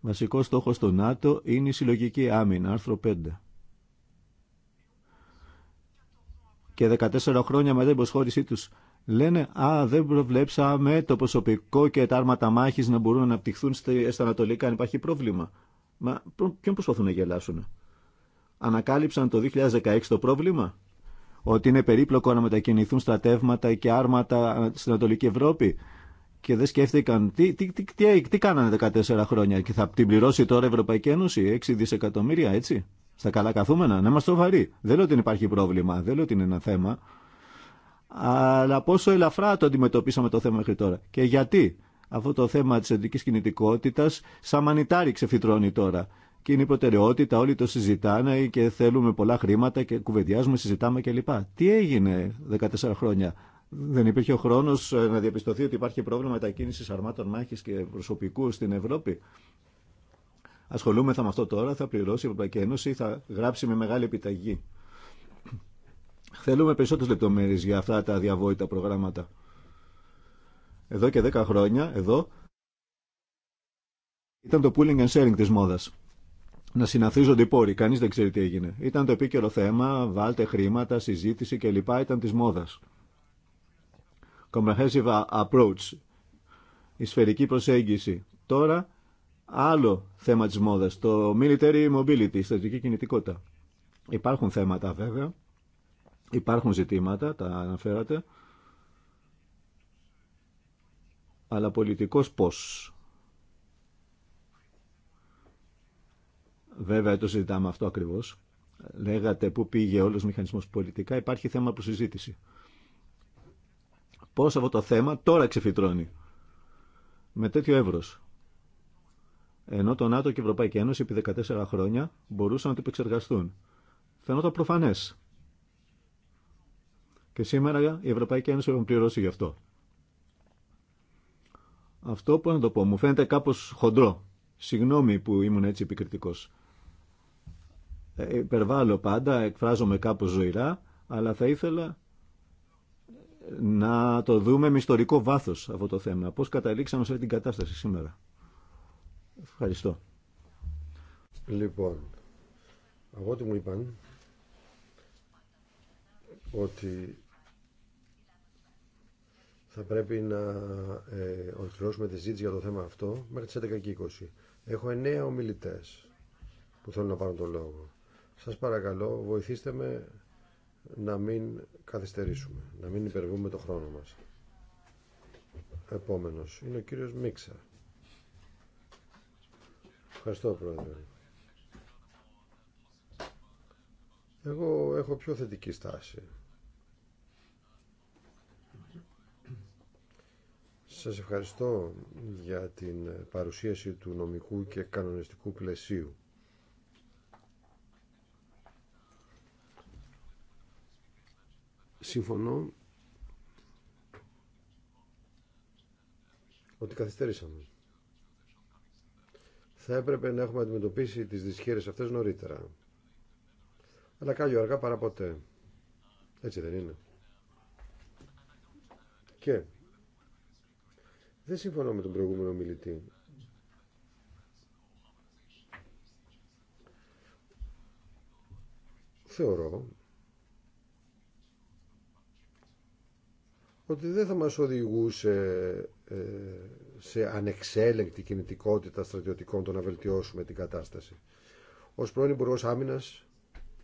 Βασικό στόχο του ΝΑΤΟ είναι η συλλογική άμυνα, άρθρο 5. Και 14 χρόνια μετά την προσχώρησή του λένε Α, δεν προβλέψαμε το προσωπικό και τα άρματα μάχη να μπορούν να αναπτυχθούν στα Ανατολικά αν υπάρχει πρόβλημα. Μα ποιον προσπαθούν να γελάσουν. Ανακάλυψαν το 2016 το πρόβλημα ότι είναι περίπλοκο να μετακινηθούν στρατεύματα και άρματα ε, στην Ανατολική Ευρώπη και δεν σκέφτηκαν τι, τι, τι, τι, τι κάνανε 14 χρόνια και θα την πληρώσει τώρα η Ευρωπαϊκή Ένωση 6 δισεκατομμύρια έτσι. Στα καλά καθούμενα, να είμαστε σοβαροί. Δεν λέω ότι υπάρχει πρόβλημα, δεν λέω ότι είναι ένα θέμα. Αλλά πόσο ελαφρά το αντιμετωπίσαμε το θέμα μέχρι τώρα. Και γιατί αυτό το θέμα τη εντικής κινητικότητας σαν μανιτάρι ξεφυτρώνει τώρα και είναι η προτεραιότητα, όλοι το συζητάνε και θέλουμε πολλά χρήματα και κουβεντιάζουμε, συζητάμε κλπ. Τι έγινε 14 χρόνια. Δεν υπήρχε ο χρόνο ε, να διαπιστωθεί ότι υπάρχει πρόβλημα μετακίνηση αρμάτων μάχη και προσωπικού στην Ευρώπη. Ασχολούμεθα με αυτό τώρα, θα πληρώσει η Ευρωπαϊκή Ένωση, θα γράψει με μεγάλη επιταγή. Θέλουμε περισσότερε λεπτομέρειε για αυτά τα διαβόητα προγράμματα. Εδώ και 10 χρόνια, εδώ, ήταν το pooling and sharing της μόδας να συναθίζονται οι πόροι. Κανεί δεν ξέρει τι έγινε. Ήταν το επίκαιρο θέμα, βάλτε χρήματα, συζήτηση κλπ. Ήταν τη μόδα. Comprehensive approach. Η σφαιρική προσέγγιση. Τώρα άλλο θέμα της μόδας, το military mobility, η στρατηγική κινητικότητα. Υπάρχουν θέματα βέβαια, υπάρχουν ζητήματα, τα αναφέρατε, αλλά πολιτικός πώς. Βέβαια το συζητάμε αυτό ακριβώς. Λέγατε πού πήγε ακριβώ. πολιτικά. Υπάρχει θέμα που πηγε όλο ο μηχανισμος Πώς συζητηση πω αυτο το θέμα τώρα ξεφυτρώνει. Με τέτοιο εύρο. Ενώ το ΝΑΤΟ και η Ευρωπαϊκή Ένωση επί 14 χρόνια μπορούσαν να το επεξεργαστούν. Φαινόταν προφανέ. Και σήμερα η Ευρωπαϊκή Ένωση έχουν πληρώσει γι' αυτό. Αυτό που να το πω, μου φαίνεται κάπως χοντρό. Συγγνώμη που ήμουν έτσι επικριτικός υπερβάλλω πάντα, εκφράζομαι κάπως ζωηρά, αλλά θα ήθελα να το δούμε με ιστορικό βάθος αυτό το θέμα. Πώς καταλήξαμε σε αυτή την κατάσταση σήμερα. Ευχαριστώ. Λοιπόν, από ό,τι μου είπαν ότι θα πρέπει να ε, ολοκληρώσουμε τη ζήτηση για το θέμα αυτό μέχρι τις 11.20. Έχω 9 ομιλητές που θέλουν να πάρουν το λόγο. Σας παρακαλώ, βοηθήστε με να μην καθυστερήσουμε, να μην υπερβούμε το χρόνο μας. Επόμενος είναι ο κύριος Μίξα. Ευχαριστώ, Πρόεδρε. Εγώ έχω πιο θετική στάση. Σας ευχαριστώ για την παρουσίαση του νομικού και κανονιστικού πλαισίου. Συμφωνώ ότι καθυστερήσαμε. Θα έπρεπε να έχουμε αντιμετωπίσει τις δυσχέρες αυτές νωρίτερα. Αλλά κάλλιο αργά παρά ποτέ. Έτσι δεν είναι. Και δεν συμφωνώ με τον προηγούμενο μιλητή. Θεωρώ ότι δεν θα μας οδηγούσε ε, σε ανεξέλεγκτη κινητικότητα στρατιωτικών το να βελτιώσουμε την κατάσταση. Ως πρώην Υπουργός Άμυνας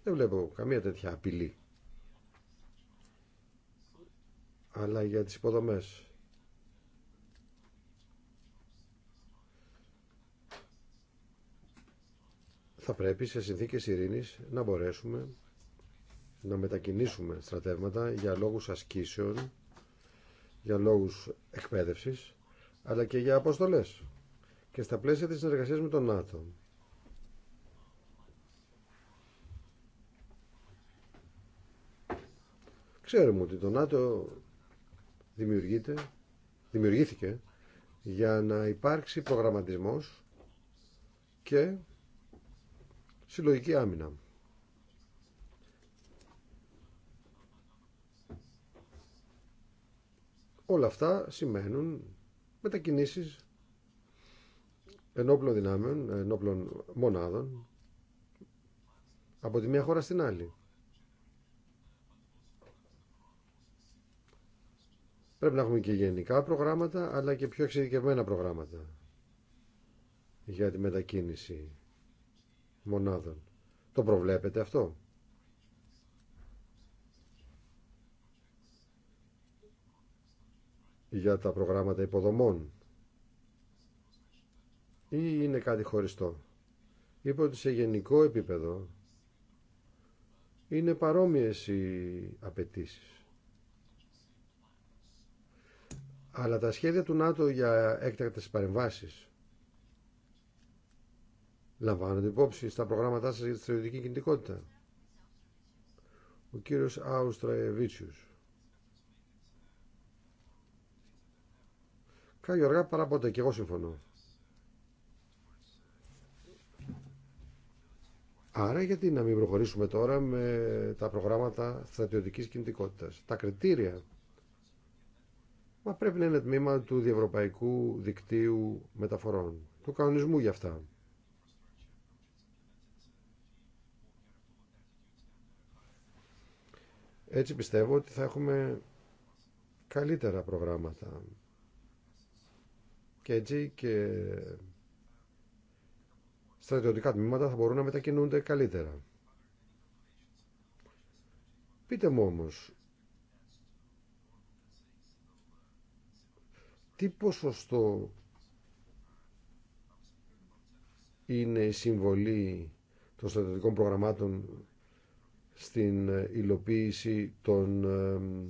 δεν βλέπω καμία τέτοια απειλή. Αλλά για τις υποδομές. Θα πρέπει σε συνθήκες ειρήνης να μπορέσουμε να μετακινήσουμε στρατεύματα για λόγους ασκήσεων για λόγους εκπαίδευσης, αλλά και για αποστολές και στα πλαίσια της συνεργασίας με τον ΝΑΤΟ. Ξέρουμε ότι το ΝΑΤΟ δημιουργείται, δημιουργήθηκε για να υπάρξει προγραμματισμός και συλλογική άμυνα. Όλα αυτά σημαίνουν μετακινήσεις ενόπλων δυνάμεων, ενόπλων μονάδων από τη μία χώρα στην άλλη. Πρέπει να έχουμε και γενικά προγράμματα αλλά και πιο εξειδικευμένα προγράμματα για τη μετακίνηση μονάδων. Το προβλέπετε αυτό. για τα προγράμματα υποδομών ή είναι κάτι χωριστό. Είπε ότι σε γενικό επίπεδο είναι παρόμοιες οι απαιτήσει. Αλλά τα σχέδια του ΝΑΤΟ για έκτακτες παρεμβάσεις λαμβάνονται υπόψη στα προγράμματά σας για τη στρατιωτική κινητικότητα. Ο κύριος Άουστρα Κάγιο αργά παρά ποτέ και εγώ συμφωνώ. Άρα γιατί να μην προχωρήσουμε τώρα με τα προγράμματα στρατιωτικής κινητικότητας. Τα κριτήρια μα πρέπει να είναι τμήμα του διευρωπαϊκού δικτύου μεταφορών, του κανονισμού για αυτά. Έτσι πιστεύω ότι θα έχουμε καλύτερα προγράμματα και έτσι και στρατιωτικά τμήματα θα μπορούν να μετακινούνται καλύτερα. Πείτε μου όμως, τι ποσοστό είναι η συμβολή των στρατιωτικών προγραμμάτων στην υλοποίηση των ε,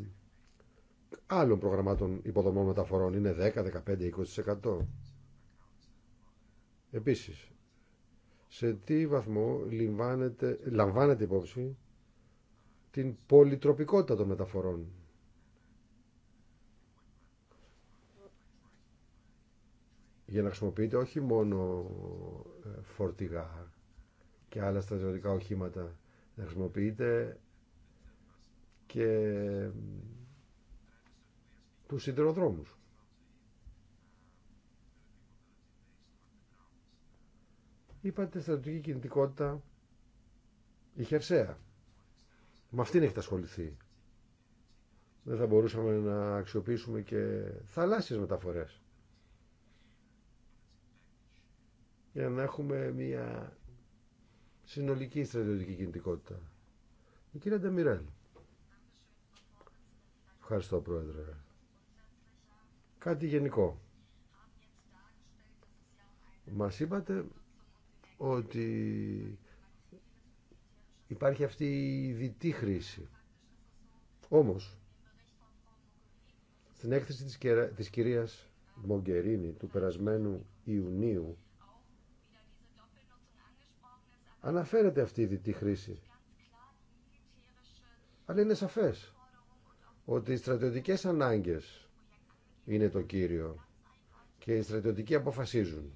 άλλων προγραμμάτων υποδομών μεταφορών. Είναι 10, 15, 20%. Επίσης, σε τι βαθμό λαμβάνεται, υπόψη την πολυτροπικότητα των μεταφορών. Για να χρησιμοποιείτε όχι μόνο ε, φορτηγά και άλλα στρατιωτικά οχήματα, να χρησιμοποιείτε και τους σιδηροδρόμου. Είπατε στρατιωτική κινητικότητα η χερσαία. Με αυτήν έχετε ασχοληθεί. Δεν θα μπορούσαμε να αξιοποιήσουμε και θαλάσσιες μεταφορές. Για να έχουμε μια συνολική στρατιωτική κινητικότητα. Η κυρία Ντεμιρέλ. Ευχαριστώ πρόεδρε. Κάτι γενικό. Μας είπατε ότι υπάρχει αυτή η διτή χρήση. Όμως, στην έκθεση της, της κυρίας Μογκερίνη του περασμένου Ιουνίου αναφέρεται αυτή η διτή χρήση. Αλλά είναι σαφές ότι οι στρατιωτικές ανάγκες είναι το κύριο και οι στρατιωτικοί αποφασίζουν.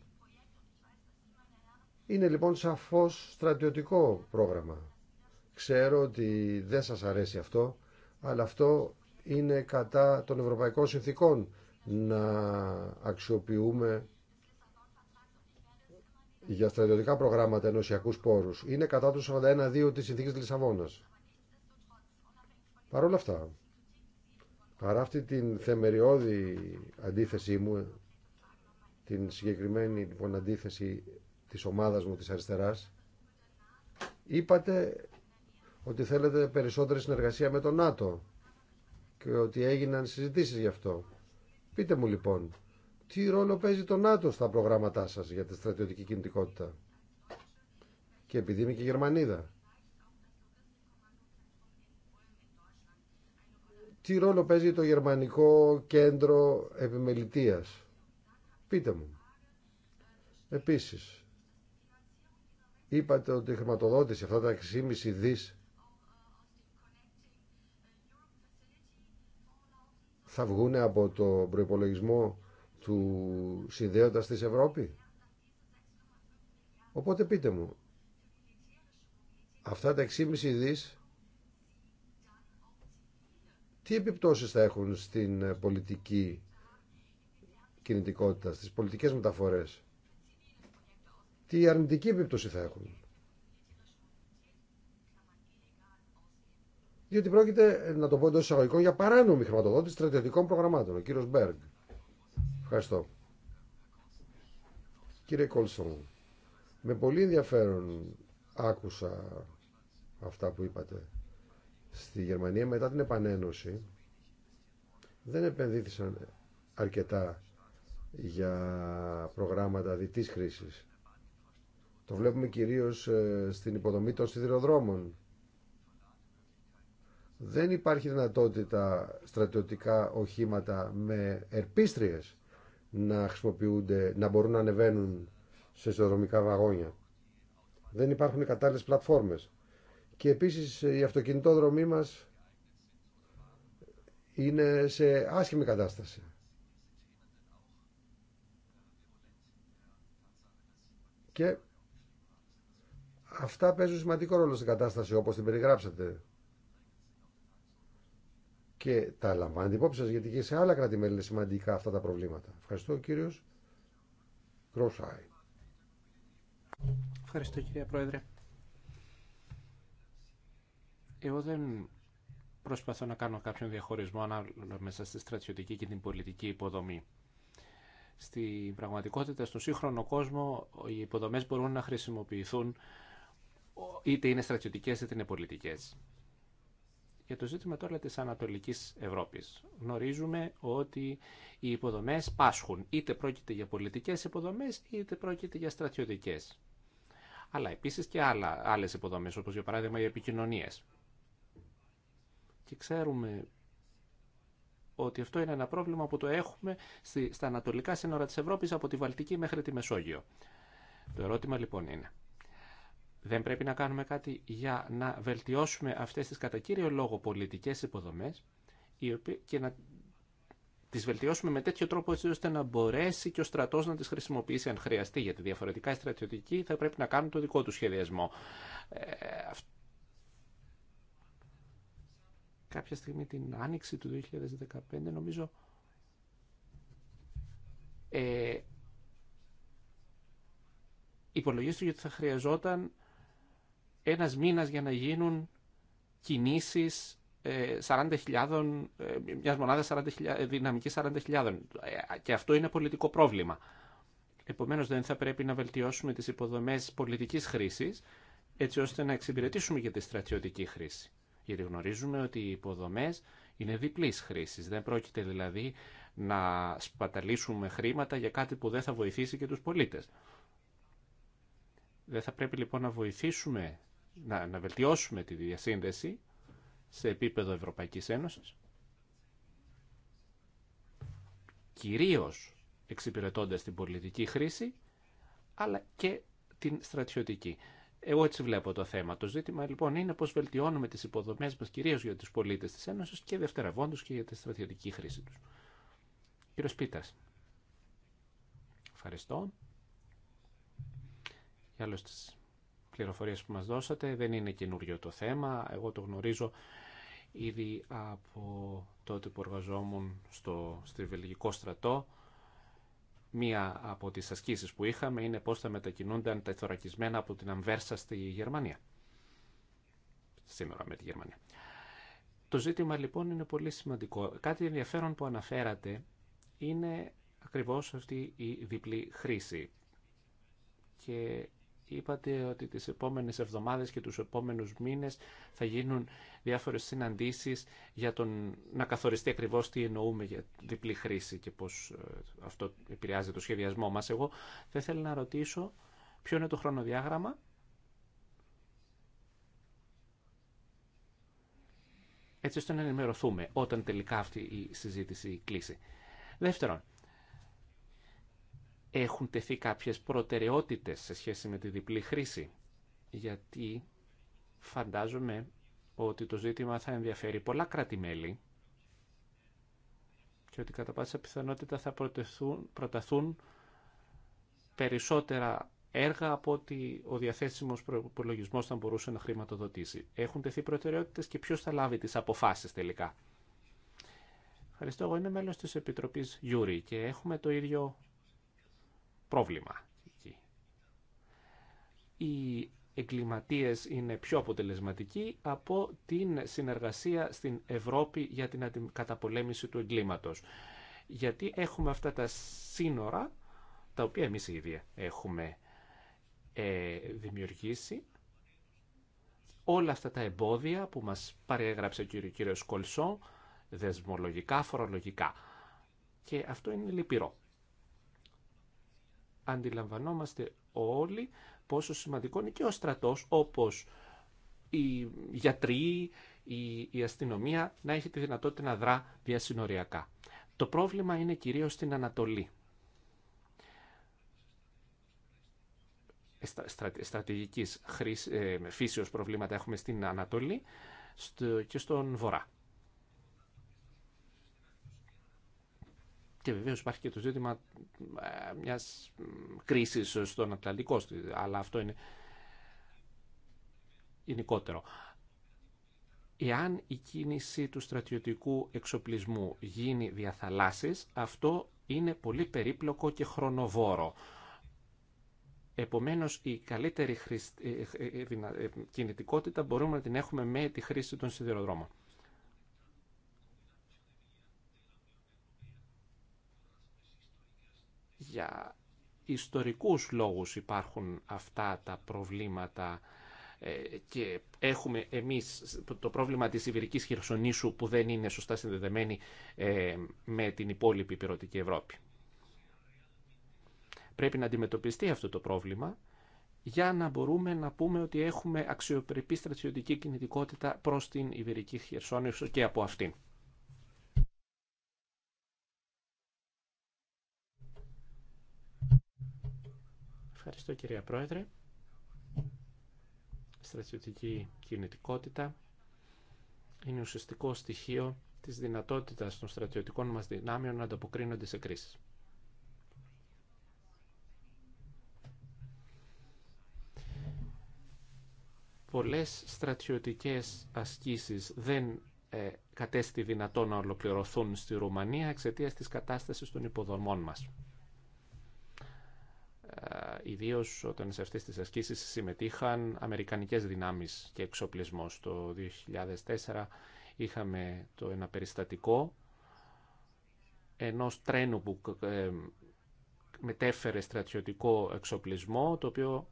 Είναι λοιπόν σαφώς στρατιωτικό πρόγραμμα. Ξέρω ότι δεν σας αρέσει αυτό, αλλά αυτό είναι κατά των ευρωπαϊκών συνθήκων να αξιοποιούμε για στρατιωτικά προγράμματα ενωσιακούς πόρους. Είναι κατά του 41-2 τη συνθήκη Λισαβόνας. Παρ' όλα αυτά, Παρά αυτή την θεμεριώδη αντίθεσή μου, την συγκεκριμένη λοιπόν αντίθεση της ομάδας μου της αριστεράς, είπατε ότι θέλετε περισσότερη συνεργασία με τον ΝΑΤΟ και ότι έγιναν συζητήσεις γι' αυτό. Πείτε μου λοιπόν, τι ρόλο παίζει το ΝΑΤΟ στα προγράμματά σας για τη στρατιωτική κινητικότητα. Και επειδή είμαι και Γερμανίδα, τι ρόλο παίζει το Γερμανικό Κέντρο Επιμελητίας. Πείτε μου. Επίσης, είπατε ότι η χρηματοδότηση αυτά τα 6,5 δις θα βγούνε από το προϋπολογισμό του συνδέοντας της Ευρώπη. Οπότε πείτε μου, αυτά τα 6,5 δις τι επιπτώσεις θα έχουν στην ε, πολιτική κινητικότητα, στις πολιτικές μεταφορές. Τι αρνητική επίπτωση θα έχουν. Διότι πρόκειται, ε, να το πω εντό εισαγωγικών, για παράνομη χρηματοδότηση στρατιωτικών προγραμμάτων. Ο κύριο Μπέργκ. Ευχαριστώ. Κύριε Κόλσον, με πολύ ενδιαφέρον άκουσα αυτά που είπατε στη Γερμανία μετά την επανένωση δεν επενδύθησαν αρκετά για προγράμματα διτής χρήσης. Το βλέπουμε κυρίως ε, στην υποδομή των σιδηροδρόμων. Δεν υπάρχει δυνατότητα στρατιωτικά οχήματα με ερπίστριες να χρησιμοποιούνται, να μπορούν να ανεβαίνουν σε σιδηροδρομικά βαγόνια. Δεν υπάρχουν κατάλληλες πλατφόρμες. Και επίσης η αυτοκινητόδρομή μας είναι σε άσχημη κατάσταση. Και αυτά παίζουν σημαντικό ρόλο στην κατάσταση όπως την περιγράψατε. Και τα λαμβάνετε υπόψη σας γιατί και σε άλλα κρατημέλη είναι σημαντικά αυτά τα προβλήματα. Ευχαριστώ κύριος Κρόσάι. Ευχαριστώ κύριε Πρόεδρε. Εγώ δεν προσπαθώ να κάνω κάποιον διαχωρισμό ανάμεσα στη στρατιωτική και την πολιτική υποδομή. Στην πραγματικότητα, στον σύγχρονο κόσμο, οι υποδομέ μπορούν να χρησιμοποιηθούν είτε είναι στρατιωτικέ είτε είναι πολιτικέ. Για το ζήτημα τώρα της Ανατολικής Ευρώπης. Γνωρίζουμε ότι οι υποδομές πάσχουν. Είτε πρόκειται για πολιτικές υποδομές, είτε πρόκειται για στρατιωτικές. Αλλά επίσης και άλλα, άλλες υποδομές, όπως για παράδειγμα οι επικοινωνίες και ξέρουμε ότι αυτό είναι ένα πρόβλημα που το έχουμε στα ανατολικά σύνορα της Ευρώπης από τη Βαλτική μέχρι τη Μεσόγειο. Το ερώτημα λοιπόν είναι, δεν πρέπει να κάνουμε κάτι για να βελτιώσουμε αυτές τις κατά κύριο λόγο πολιτικές υποδομές και να τις βελτιώσουμε με τέτοιο τρόπο έτσι ώστε να μπορέσει και ο στρατός να τις χρησιμοποιήσει αν χρειαστεί, γιατί διαφορετικά οι στρατιωτικοί θα πρέπει να κάνουν το δικό του σχεδιασμό. Ε, κάποια στιγμή την άνοιξη του 2015 νομίζω ε, υπολογίστηκε ότι θα χρειαζόταν ένας μήνας για να γίνουν κινήσεις 40.000, ε, ε, μιας μονάδας 40.000, ε, δυναμικής 40.000. Και αυτό είναι πολιτικό πρόβλημα. Επομένως δεν θα πρέπει να βελτιώσουμε τις υποδομές πολιτικής χρήσης, έτσι ώστε να εξυπηρετήσουμε και τη στρατιωτική χρήση. Γιατί γνωρίζουμε ότι οι υποδομές είναι διπλής χρήσης. Δεν πρόκειται δηλαδή να σπαταλήσουμε χρήματα για κάτι που δεν θα βοηθήσει και τους πολίτες. Δεν θα πρέπει λοιπόν να βοηθήσουμε, να, να βελτιώσουμε τη διασύνδεση σε επίπεδο Ευρωπαϊκής Ένωσης, κυρίως εξυπηρετώντας την πολιτική χρήση, αλλά και την στρατιωτική. Εγώ έτσι βλέπω το θέμα. Το ζήτημα λοιπόν είναι πώ βελτιώνουμε τι υποδομέ μα κυρίω για του πολίτε τη Ένωση και δευτεραβόντω και για τη στρατιωτική χρήση του. Κύριο Πίτα. Ευχαριστώ. Για άλλε τι πληροφορίε που μα δώσατε, δεν είναι καινούριο το θέμα. Εγώ το γνωρίζω ήδη από τότε που εργαζόμουν στο, στο στρατό Μία από τις ασκήσεις που είχαμε είναι πώς θα μετακινούνταν τα θωρακισμένα από την Αμβέρσα στη Γερμανία. σήμερα με τη Γερμανία. Το ζήτημα λοιπόν είναι πολύ σημαντικό. Κάτι ενδιαφέρον που αναφέρατε είναι ακριβώς αυτή η διπλή χρήση. Και Είπατε ότι τις επόμενες εβδομάδες και τους επόμενους μήνες θα γίνουν διάφορες συναντήσεις για τον, να καθοριστεί ακριβώς τι εννοούμε για διπλή χρήση και πώς ε, αυτό επηρεάζει το σχεδιασμό μας. Εγώ θα ήθελα να ρωτήσω ποιο είναι το χρονοδιάγραμμα έτσι ώστε να ενημερωθούμε όταν τελικά αυτή η συζήτηση κλείσει. Δεύτερον, έχουν τεθεί κάποιες προτεραιότητες σε σχέση με τη διπλή χρήση, γιατί φαντάζομαι ότι το ζήτημα θα ενδιαφέρει πολλά κράτη-μέλη και ότι κατά πάσα πιθανότητα θα προταθούν περισσότερα έργα από ότι ο διαθέσιμος προπολογισμό θα μπορούσε να χρηματοδοτήσει. Έχουν τεθεί προτεραιότητες και ποιος θα λάβει τις αποφάσεις τελικά. Ευχαριστώ. Εγώ είμαι μέλος της Επιτροπής Γιούρη και έχουμε το ίδιο πρόβλημα. Οι εγκληματίες είναι πιο αποτελεσματικοί από την συνεργασία στην Ευρώπη για την καταπολέμηση του εγκλήματος. Γιατί έχουμε αυτά τα σύνορα, τα οποία εμείς ήδη έχουμε ε, δημιουργήσει, όλα αυτά τα εμπόδια που μας παρέγραψε ο κύριος Κολσό, δεσμολογικά, φορολογικά. Και αυτό είναι λυπηρό αντιλαμβανόμαστε όλοι πόσο σημαντικό είναι και ο στρατός όπως οι γιατροί, η αστυνομία να έχει τη δυνατότητα να δρά διασυνοριακά. Το πρόβλημα είναι κυρίως στην Ανατολή. Στρατηγικής ε, φύσεως προβλήματα έχουμε στην Ανατολή και στον Βορρά. Και βεβαίω υπάρχει και το ζήτημα ε, μια κρίση στον Ατλαντικό, αλλά αυτό είναι γενικότερο. Εάν η κίνηση του στρατιωτικού εξοπλισμού γίνει θαλάσσης, αυτό είναι πολύ περίπλοκο και χρονοβόρο. Επομένως, η καλύτερη ε, ε, κινητικότητα μπορούμε να την έχουμε με τη χρήση των σιδηροδρόμων. για ιστορικούς λόγους υπάρχουν αυτά τα προβλήματα ε, και έχουμε εμείς το πρόβλημα της Ιβηρικής Χερσονήσου που δεν είναι σωστά συνδεδεμένη ε, με την υπόλοιπη πυρωτική Ευρώπη. Πρέπει να αντιμετωπιστεί αυτό το πρόβλημα για να μπορούμε να πούμε ότι έχουμε αξιοπρεπή στρατιωτική κινητικότητα προς την Ιβυρική Χερσόνησο και από αυτήν. Ευχαριστώ κυρία Πρόεδρε. Στρατιωτική κινητικότητα είναι ουσιαστικό στοιχείο της δυνατότητας των στρατιωτικών μας δυνάμεων να ανταποκρίνονται σε κρίσεις. Πολλές στρατιωτικές ασκήσεις δεν ε, κατέστη δυνατόν να ολοκληρωθούν στη Ρουμανία εξαιτίας της κατάστασης των υποδομών μας. Ε, Ιδίω όταν σε αυτέ τι ασκήσει συμμετείχαν αμερικανικές δυνάμεις και εξοπλισμός. Το 2004 είχαμε το ένα περιστατικό ενό τρένου που ε, μετέφερε στρατιωτικό εξοπλισμό, το οποίο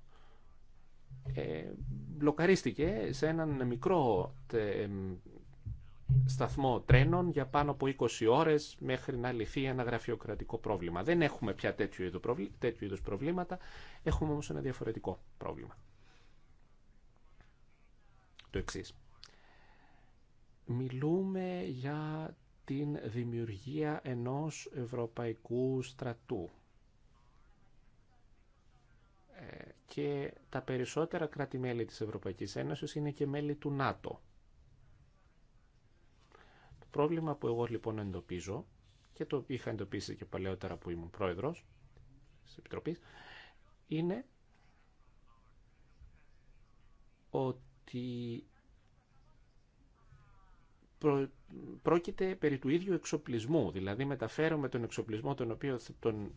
ε, μπλοκαρίστηκε σε έναν μικρό σταθμό τρένων για πάνω από 20 ώρες μέχρι να λυθεί ένα γραφειοκρατικό πρόβλημα. Δεν έχουμε πια τέτοιου είδους προβλήματα, έχουμε όμως ένα διαφορετικό πρόβλημα. Το εξή. Μιλούμε για την δημιουργία ενός ευρωπαϊκού στρατού. Ε, και τα περισσότερα κράτη-μέλη της Ευρωπαϊκής Ένωσης είναι και μέλη του ΝΑΤΟ πρόβλημα που εγώ λοιπόν εντοπίζω και το είχα εντοπίσει και παλαιότερα που ήμουν πρόεδρος της Επιτροπής είναι ότι πρόκειται περί του ίδιου εξοπλισμού, δηλαδή μεταφέρουμε τον εξοπλισμό τον οποίο τον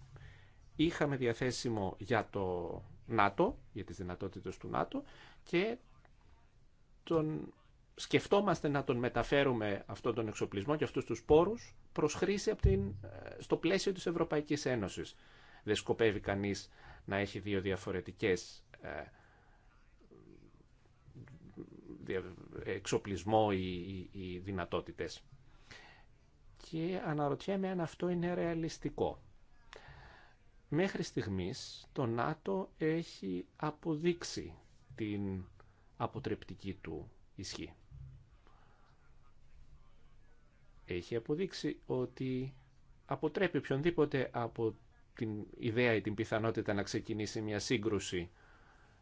είχαμε διαθέσιμο για το ΝΑΤΟ, για τις δυνατότητες του ΝΑΤΟ και τον σκεφτόμαστε να τον μεταφέρουμε αυτόν τον εξοπλισμό και αυτούς τους πόρους προς χρήση από την, ε, στο πλαίσιο της Ευρωπαϊκής Ένωσης. Δεν σκοπεύει κανείς να έχει δύο διαφορετικές ε, εξοπλισμό ή δυνατότητες. Και αναρωτιέμαι αν αυτό είναι ρεαλιστικό. Μέχρι στιγμής το ΝΑΤΟ έχει αποδείξει την αποτρεπτική του ισχύ έχει αποδείξει ότι αποτρέπει οποιονδήποτε από την ιδέα ή την πιθανότητα να ξεκινήσει μια σύγκρουση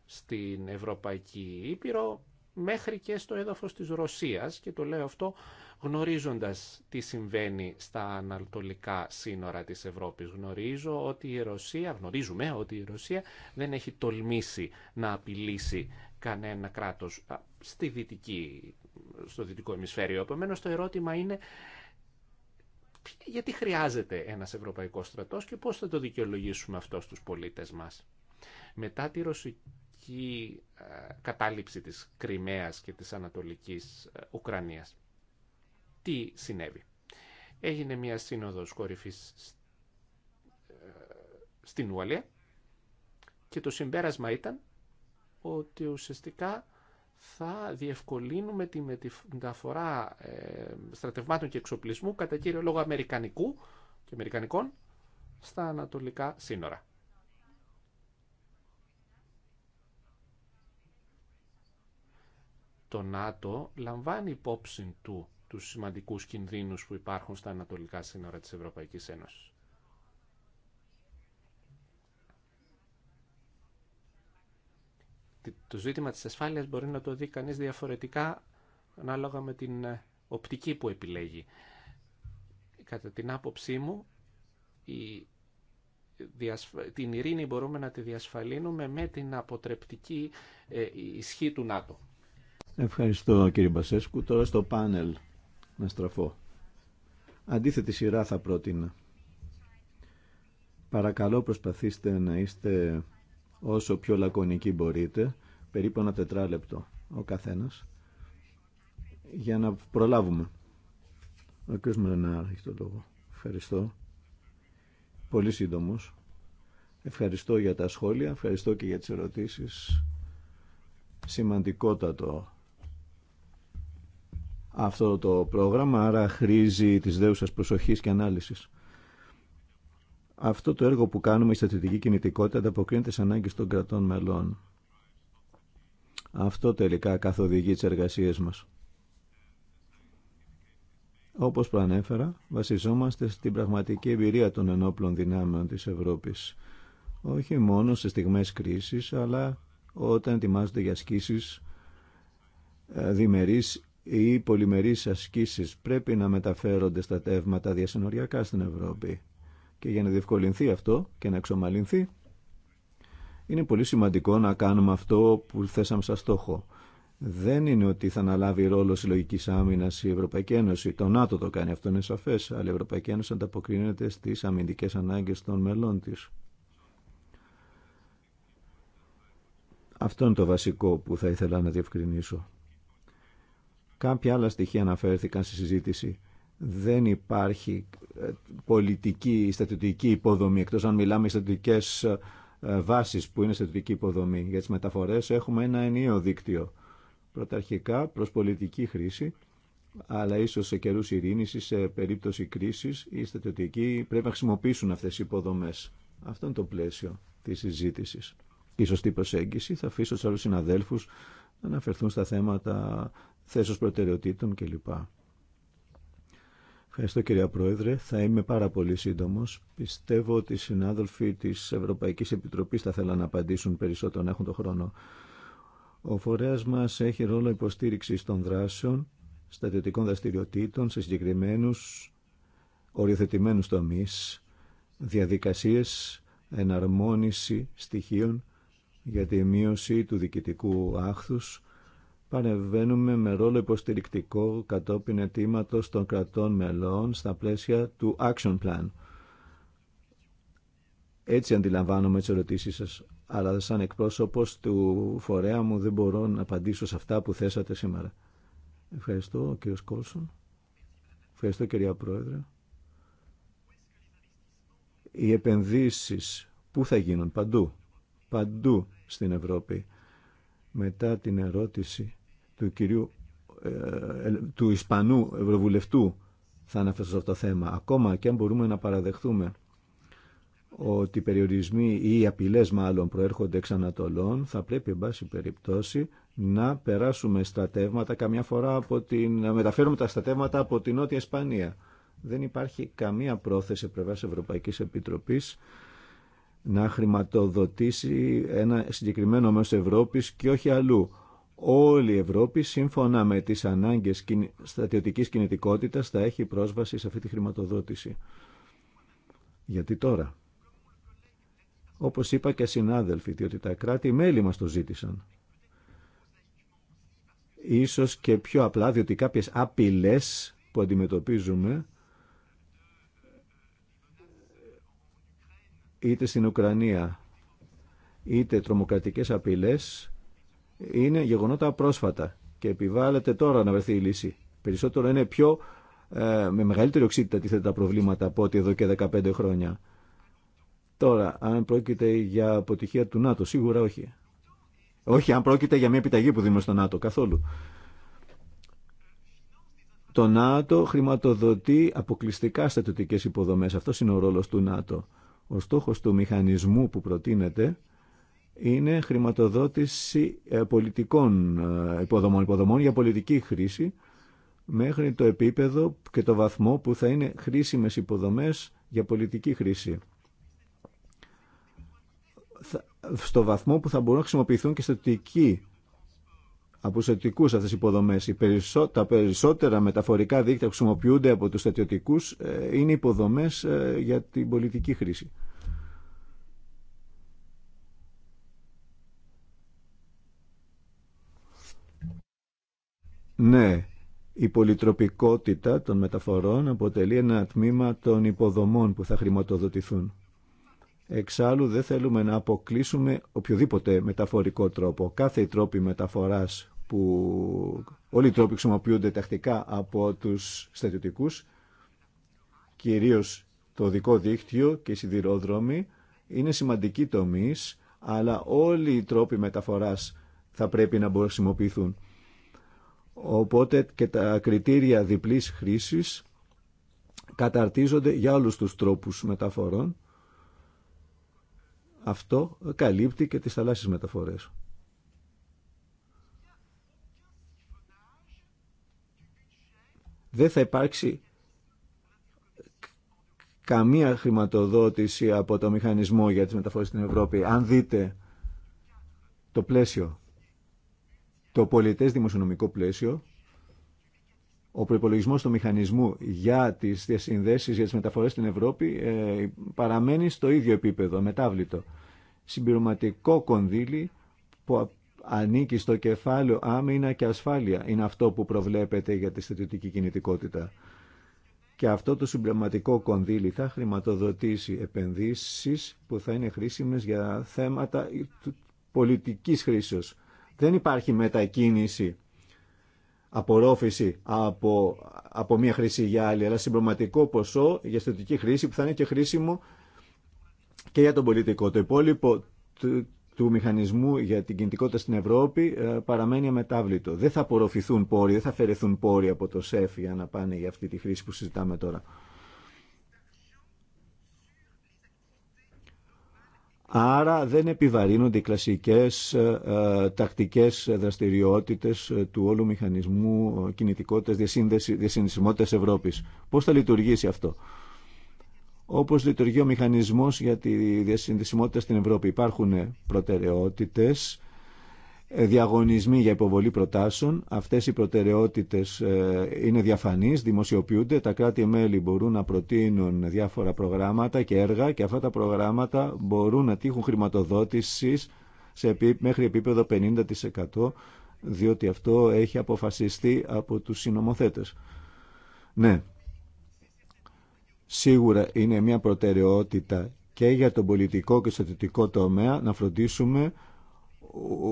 στην Ευρωπαϊκή Ήπειρο μέχρι και στο έδαφος της Ρωσίας και το λέω αυτό γνωρίζοντας τι συμβαίνει στα ανατολικά σύνορα της Ευρώπης. Γνωρίζω ότι η Ρωσία, γνωρίζουμε ότι η Ρωσία δεν έχει τολμήσει να απειλήσει κανένα κράτος στη δυτική στο δυτικό ημισφαίριο. Επομένω, το ερώτημα είναι γιατί χρειάζεται ένας ευρωπαϊκός στρατός και πώς θα το δικαιολογήσουμε αυτό στους πολίτες μας. Μετά τη ρωσική κατάληψη της Κρυμαίας και της Ανατολικής Ουκρανίας, τι συνέβη. Έγινε μια σύνοδος κορυφής στην Ουαλία και το συμπέρασμα ήταν ότι ουσιαστικά θα διευκολύνουμε τη μεταφορά ε, στρατευμάτων και εξοπλισμού κατά κύριο λόγο αμερικανικού και αμερικανικών στα ανατολικά σύνορα. Το ΝΑΤΟ λαμβάνει υπόψη του τους σημαντικούς κινδύνους που υπάρχουν στα ανατολικά σύνορα της Ευρωπαϊκής Ένωσης. το ζήτημα της ασφάλειας μπορεί να το δει κανείς διαφορετικά ανάλογα με την ε, οπτική που επιλέγει. Κατά την άποψή μου, την ειρήνη μπορούμε να τη διασφαλίνουμε με την αποτρεπτική ε, ισχύ του ΝΑΤΟ. Ευχαριστώ κύριε Μπασέσκου. Τώρα στο πάνελ να στραφώ. Αντίθετη σειρά θα πρότεινα. Παρακαλώ προσπαθήστε να είστε όσο πιο λακωνική μπορείτε, περίπου ένα τετράλεπτο ο καθένας, για να προλάβουμε. Ο κ. έχει το λόγο. Ευχαριστώ. Πολύ σύντομος. Ευχαριστώ για τα σχόλια, ευχαριστώ και για τις ερωτήσεις. Σημαντικότατο αυτό το πρόγραμμα, άρα χρήζει της δέουσας προσοχής και ανάλυσης. Αυτό το έργο που κάνουμε, η στατιωτική κινητικότητα, ανταποκρίνεται στι ανάγκε των κρατών μελών. Αυτό τελικά καθοδηγεί τις εργασίες μας. Όπως προανέφερα, βασιζόμαστε στην πραγματική εμπειρία των ενόπλων δυνάμεων της Ευρώπης. Όχι μόνο σε στιγμές κρίσης, αλλά όταν ετοιμάζονται για ασκήσει, ε, διμερεί ή πολυμερεί ασκήσει πρέπει να μεταφέρονται στα τεύματα διασυνοριακά στην Ευρώπη. Και για να διευκολυνθεί αυτό και να εξομαλυνθεί, είναι πολύ σημαντικό να κάνουμε αυτό που θέσαμε σαν στόχο. Δεν είναι ότι θα αναλάβει ρόλο συλλογική άμυνα η Ευρωπαϊκή Ένωση. Το ΝΑΤΟ το κάνει αυτό, είναι σαφέ. Αλλά η Ευρωπαϊκή Ένωση ανταποκρίνεται στι αμυντικέ ανάγκε των μελών τη. Αυτό είναι το βασικό που θα ήθελα να διευκρινίσω. Κάποια άλλα στοιχεία αναφέρθηκαν στη συζήτηση δεν υπάρχει ε, πολιτική, ή στατιωτική υποδομή, εκτός αν μιλάμε στατιωτικέ ε, βάσεις που είναι στατιωτική υποδομή. Για τις μεταφορές έχουμε ένα ενίο δίκτυο, πρωταρχικά προς πολιτική χρήση, αλλά ίσως σε καιρούς ειρήνης ή σε περίπτωση κρίσης οι στατιωτικοί πρέπει να χρησιμοποιήσουν αυτές οι υποδομές. Αυτό είναι το πλαίσιο της συζήτηση. σωστή προσέγγιση θα αφήσω του άλλου συναδέλφου να αναφερθούν στα θέματα θέσεως προτεραιοτήτων κλπ. Ευχαριστώ κύριε Πρόεδρε. Θα είμαι πάρα πολύ σύντομο. Πιστεύω ότι οι συνάδελφοι της Ευρωπαϊκής Επιτροπής θα θέλουν να απαντήσουν περισσότερο να έχουν τον χρόνο. Ο φορέας μας έχει ρόλο υποστήριξη των δράσεων, στατιωτικών δραστηριοτήτων σε συγκεκριμένους οριοθετημένους τομείς, διαδικασίες, εναρμόνιση στοιχείων για τη μείωση του διοικητικού άχθους, Παρεμβαίνουμε με ρόλο υποστηρικτικό κατόπιν αιτήματο των κρατών μελών στα πλαίσια του Action Plan. Έτσι αντιλαμβάνομαι τι ερωτήσει σα, αλλά σαν εκπρόσωπο του φορέα μου δεν μπορώ να απαντήσω σε αυτά που θέσατε σήμερα. Ευχαριστώ, κύριο Κόλσον. Ευχαριστώ, κυρία Πρόεδρε. Οι επενδύσεις πού θα γίνουν παντού, παντού στην Ευρώπη. Μετά την ερώτηση του κυρίου ε, ε, του Ισπανού Ευρωβουλευτού θα αναφερθώ σε αυτό το θέμα. Ακόμα και αν μπορούμε να παραδεχθούμε ότι οι περιορισμοί ή οι απειλές μάλλον προέρχονται εξ Ανατολών, θα πρέπει εν πάση περιπτώσει να περάσουμε στρατεύματα καμιά φορά από την... να μεταφέρουμε τα στρατεύματα από την Νότια Ισπανία. Δεν υπάρχει καμία πρόθεση πλευρά Ευρωπαϊκή Επιτροπή να χρηματοδοτήσει ένα συγκεκριμένο μέσο Ευρώπης και όχι αλλού όλη η Ευρώπη σύμφωνα με τις ανάγκες στρατιωτικής κινητικότητας θα έχει πρόσβαση σε αυτή τη χρηματοδότηση. Γιατί τώρα. Όπως είπα και συνάδελφοι, διότι τα κράτη-μέλη μας το ζήτησαν. Ίσως και πιο απλά, διότι κάποιες απειλές που αντιμετωπίζουμε είτε στην Ουκρανία είτε τρομοκρατικές απειλές είναι γεγονότα πρόσφατα και επιβάλλεται τώρα να βρεθεί η λύση. Περισσότερο είναι πιο ε, με μεγαλύτερη οξύτητα τίθεται τα προβλήματα από ό,τι εδώ και 15 χρόνια. Τώρα, αν πρόκειται για αποτυχία του ΝΑΤΟ, σίγουρα όχι. Όχι, αν πρόκειται για μια επιταγή που δίνουμε στο ΝΑΤΟ, καθόλου. Το ΝΑΤΟ χρηματοδοτεί αποκλειστικά στατιωτικές υποδομές. Αυτό είναι ο ρόλος του ΝΑΤΟ. Ο στόχος του μηχανισμού που προτείνεται είναι χρηματοδότηση ε, πολιτικών ε, υποδομών, υποδομών για πολιτική χρήση μέχρι το επίπεδο και το βαθμό που θα είναι χρήσιμες υποδομές για πολιτική χρήση. Στο βαθμό που θα μπορούν να χρησιμοποιηθούν και στατικοί από στατιωτικού αυτέ οι υποδομέ. Τα περισσότερα μεταφορικά δίκτυα που χρησιμοποιούνται από του στατιωτικού ε, είναι υποδομέ για την πολιτική χρήση. Ναι, η πολυτροπικότητα των μεταφορών αποτελεί ένα τμήμα των υποδομών που θα χρηματοδοτηθούν. Εξάλλου δεν θέλουμε να αποκλείσουμε οποιοδήποτε μεταφορικό τρόπο. Κάθε τρόποι μεταφοράς που όλοι οι τρόποι χρησιμοποιούνται τακτικά από τους στρατιωτικούς, κυρίως το δικό δίκτυο και οι σιδηρόδρομοι, είναι σημαντικοί τομής, αλλά όλοι οι τρόποι μεταφοράς θα πρέπει να χρησιμοποιηθούν. Οπότε και τα κριτήρια διπλής χρήσης καταρτίζονται για όλους τους τρόπους μεταφορών. Αυτό καλύπτει και τις θαλάσσιες μεταφορές. Δεν θα υπάρξει καμία χρηματοδότηση από το μηχανισμό για τις μεταφορές στην Ευρώπη, αν δείτε το πλαίσιο το πολιτές δημοσιονομικό πλαίσιο, ο προπολογισμό του μηχανισμού για τι διασυνδέσει, για τι μεταφορέ στην Ευρώπη ε, παραμένει στο ίδιο επίπεδο, μετάβλητο. Συμπληρωματικό κονδύλι που ανήκει στο κεφάλαιο άμυνα και ασφάλεια είναι αυτό που προβλέπεται για τη στρατιωτική κινητικότητα. Και αυτό το συμπληρωματικό κονδύλι θα χρηματοδοτήσει επενδύσεις που θα είναι χρήσιμες για θέματα πολιτικής χρήσεως δεν υπάρχει μετακίνηση, απορρόφηση από, από μία χρήση για άλλη, αλλά συμπροματικό ποσό για αισθητική χρήση που θα είναι και χρήσιμο και για τον πολιτικό. Το υπόλοιπο του, του μηχανισμού για την κινητικότητα στην Ευρώπη ε, παραμένει αμετάβλητο. Δεν θα απορροφηθούν πόροι, δεν θα αφαιρεθούν πόροι από το ΣΕΦ για να πάνε για αυτή τη χρήση που συζητάμε τώρα. Άρα δεν επιβαρύνονται οι κλασικές ε, ε, τακτικές δραστηριότητες ε, του όλου μηχανισμού κινητικότητας διασυνδεσιμότητας Ευρώπης. Πώς θα λειτουργήσει αυτό. Όπως λειτουργεί ο μηχανισμός για τη διασυνδεσιμότητα στην Ευρώπη. Υπάρχουν προτεραιότητες διαγωνισμοί για υποβολή προτάσεων. Αυτές οι προτεραιότητες ε, είναι διαφανείς, δημοσιοποιούνται. Τα κράτη-μέλη μπορούν να προτείνουν διάφορα προγράμματα και έργα και αυτά τα προγράμματα μπορούν να τύχουν χρηματοδότησης σε, μέχρι επίπεδο 50% διότι αυτό έχει αποφασιστεί από τους συνομοθέτες. Ναι, σίγουρα είναι μια προτεραιότητα και για τον πολιτικό και στατιωτικό τομέα να φροντίσουμε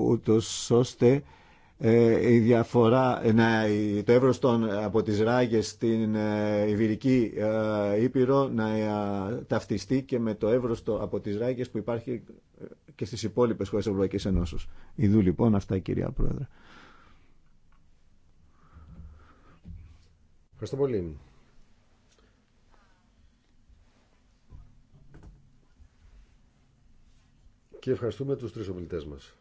ούτως ώστε ε, η διαφορά, να, το εύρος των, από τις ράγες στην ε, Ιβηρική ε, Ήπειρο να ταυτιστεί και με το εύρος το, από τις ράγες που υπάρχει και στις υπόλοιπες χώρες Ευρωπαϊκής Ενώσεως. Ιδού λοιπόν αυτά κυρία Πρόεδρε. Ευχαριστώ πολύ. Και ευχαριστούμε τους τρεις ομιλητές μας.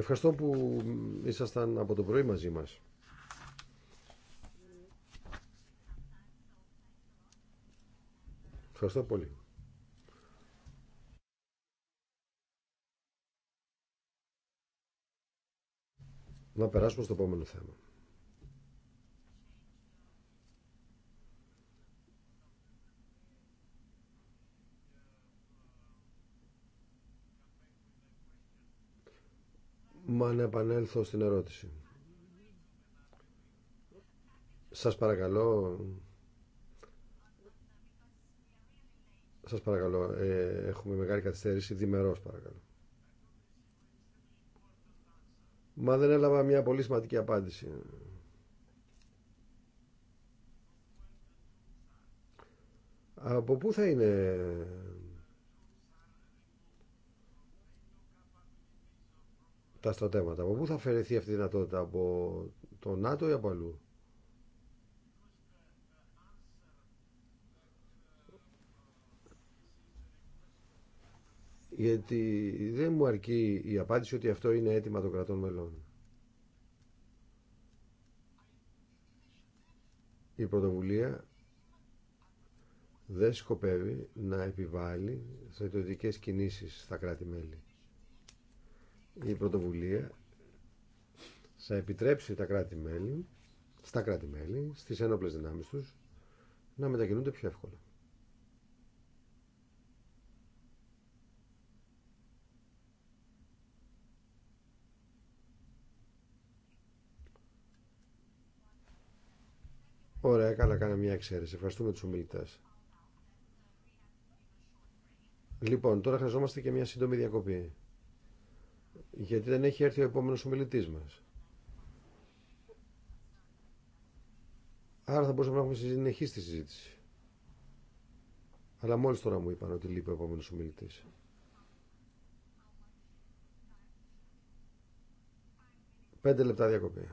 Ευχαριστώ που ήσασταν από το πρωί μαζί μας. Ευχαριστώ πολύ. Να περάσουμε στο επόμενο θέμα. Μα να επανέλθω στην ερώτηση. Σας παρακαλώ... Σας παρακαλώ, ε, έχουμε μεγάλη καθυστέρηση, διμερός παρακαλώ. Μα δεν έλαβα μια πολύ σημαντική απάντηση. Από πού θα είναι τα στρατεύματα. Από πού θα αφαιρεθεί αυτή η δυνατότητα, από το ΝΑΤΟ ή από αλλού. Γιατί δεν μου αρκεί η απάντηση ότι αυτό είναι αίτημα των κρατών μελών. Η πρωτοβουλία δεν σκοπεύει να επιβάλλει στρατιωτικές κινήσεις στα κράτη-μέλη η πρωτοβουλία θα επιτρέψει τα κρατη στα κράτη-μέλη, στις ένοπλες δυνάμεις τους, να μετακινούνται πιο εύκολα. Ωραία, καλά κάνα μια εξαίρεση. Ευχαριστούμε τους ομιλητές. Λοιπόν, τώρα χρειαζόμαστε και μια σύντομη διακοπή γιατί δεν έχει έρθει ο επόμενος ομιλητής μας. Άρα θα μπορούσαμε να έχουμε συνεχίσει τη συζήτηση. Αλλά μόλις τώρα μου είπαν ότι λείπει ο επόμενος ομιλητής. Πέντε λεπτά διακοπή.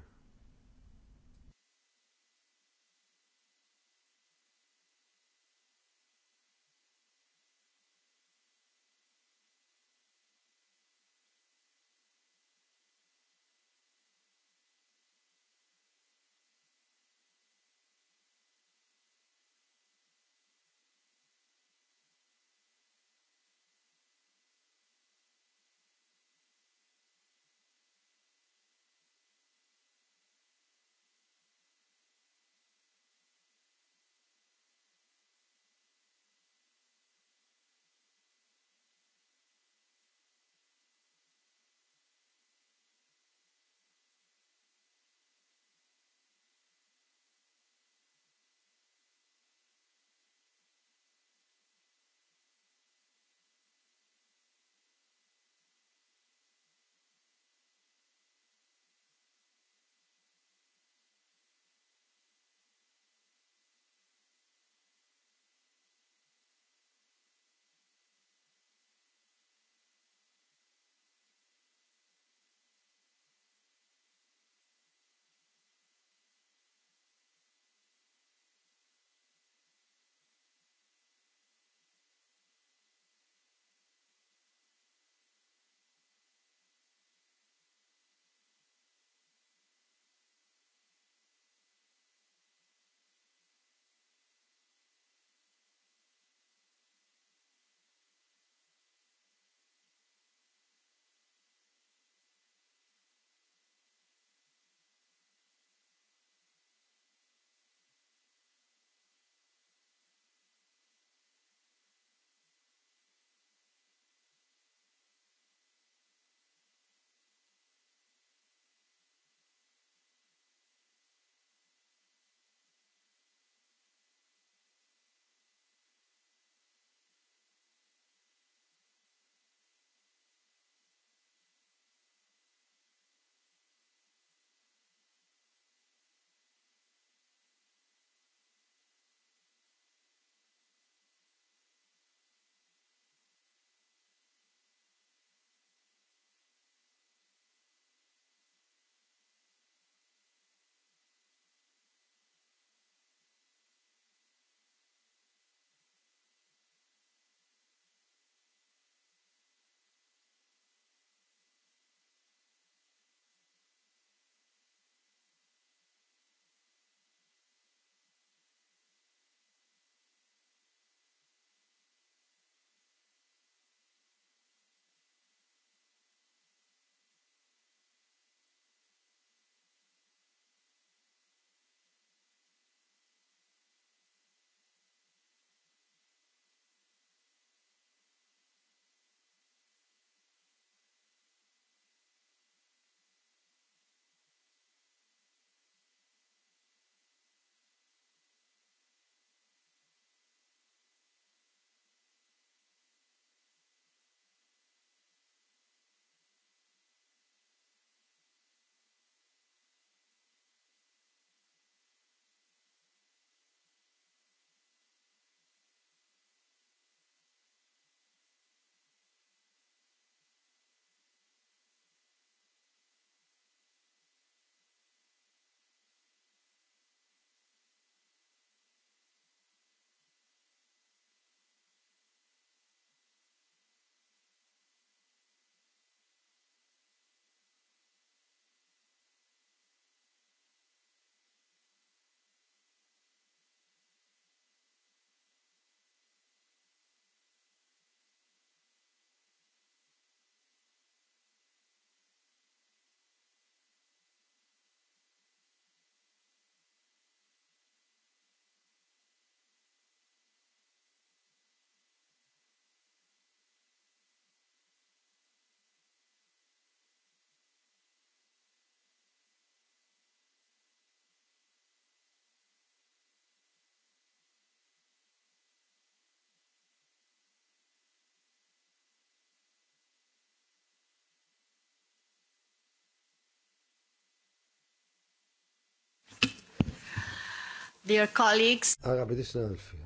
Dear colleagues. Αγαπητοί συνάδελφοι,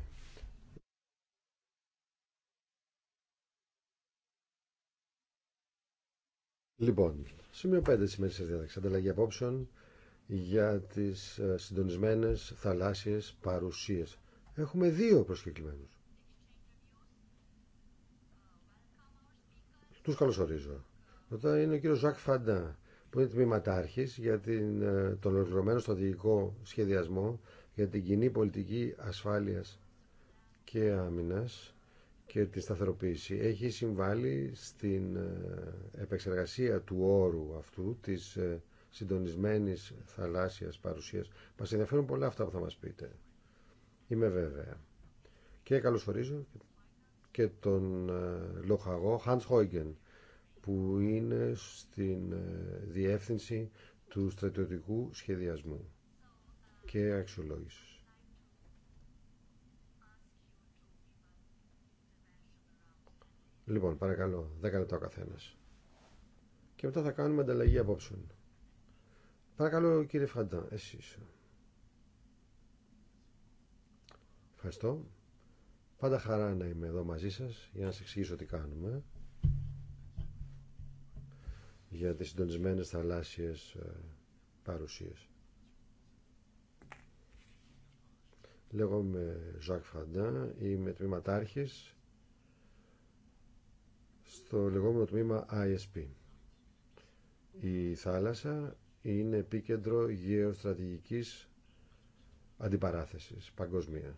Λοιπόν, σημείο 5 τη ημερήσια διάταξη. Ανταλλαγή απόψεων για τι ε, συντονισμένε θαλάσσιε παρουσίε. Έχουμε δύο προσκεκλημένου. Του καλωσορίζω. Όταν είναι ο κύριο Ζακ Φαντά, που είναι τμήματάρχη για την, ε, τον ολοκληρωμένο στρατηγικό σχεδιασμό για την κοινή πολιτική ασφάλειας και άμυνας και τη σταθεροποίηση έχει συμβάλει στην ε, επεξεργασία του όρου αυτού της ε, συντονισμένης θαλάσσιας παρουσίας. Μας ενδιαφέρουν πολλά αυτά που θα μας πείτε. Είμαι βέβαια. Και καλωσορίζω και τον ε, λοχαγό Hans Huygen που είναι στην διεύθυνση του στρατιωτικού σχεδιασμού και αξιολόγηση. Λοιπόν, παρακαλώ, 10 λεπτά ο καθένας. Και μετά θα κάνουμε ανταλλαγή απόψεων. Παρακαλώ κύριε Φαντά, εσείς. Ευχαριστώ. Πάντα χαρά να είμαι εδώ μαζί σα για να σα εξηγήσω τι κάνουμε για τις συντονισμένες θαλάσσιες ε, παρουσίες. Λέγομαι Ζακ Φαντά, είμαι τμήματάρχης στο λεγόμενο τμήμα ISP. Η θάλασσα είναι επίκεντρο γεωστρατηγικής αντιπαράθεσης παγκοσμία.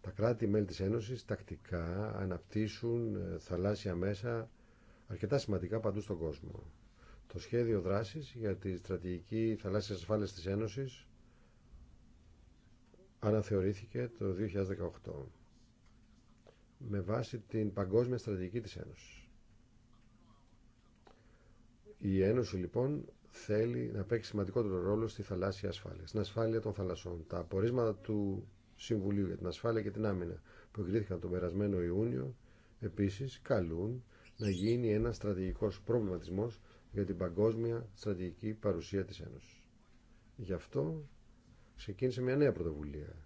Τα κράτη-μέλη της Ένωσης τακτικά αναπτύσσουν ε, θαλάσσια μέσα αρκετά σημαντικά παντού στον κόσμο. Το σχέδιο δράσης για τη στρατηγική θαλάσσιας ασφάλεια της Ένωσης αναθεωρήθηκε το 2018 με βάση την παγκόσμια στρατηγική της Ένωσης. Η Ένωση λοιπόν θέλει να παίξει σημαντικότερο ρόλο στη θαλάσσια ασφάλεια, στην ασφάλεια των θαλασσών. Τα απορίσματα του Συμβουλίου για την Ασφάλεια και την Άμυνα που εγκρίθηκαν τον περασμένο Ιούνιο επίσης καλούν να γίνει ένα στρατηγικός προβληματισμός για την παγκόσμια στρατηγική παρουσία της Ένωσης. Γι' αυτό ξεκίνησε μια νέα πρωτοβουλία.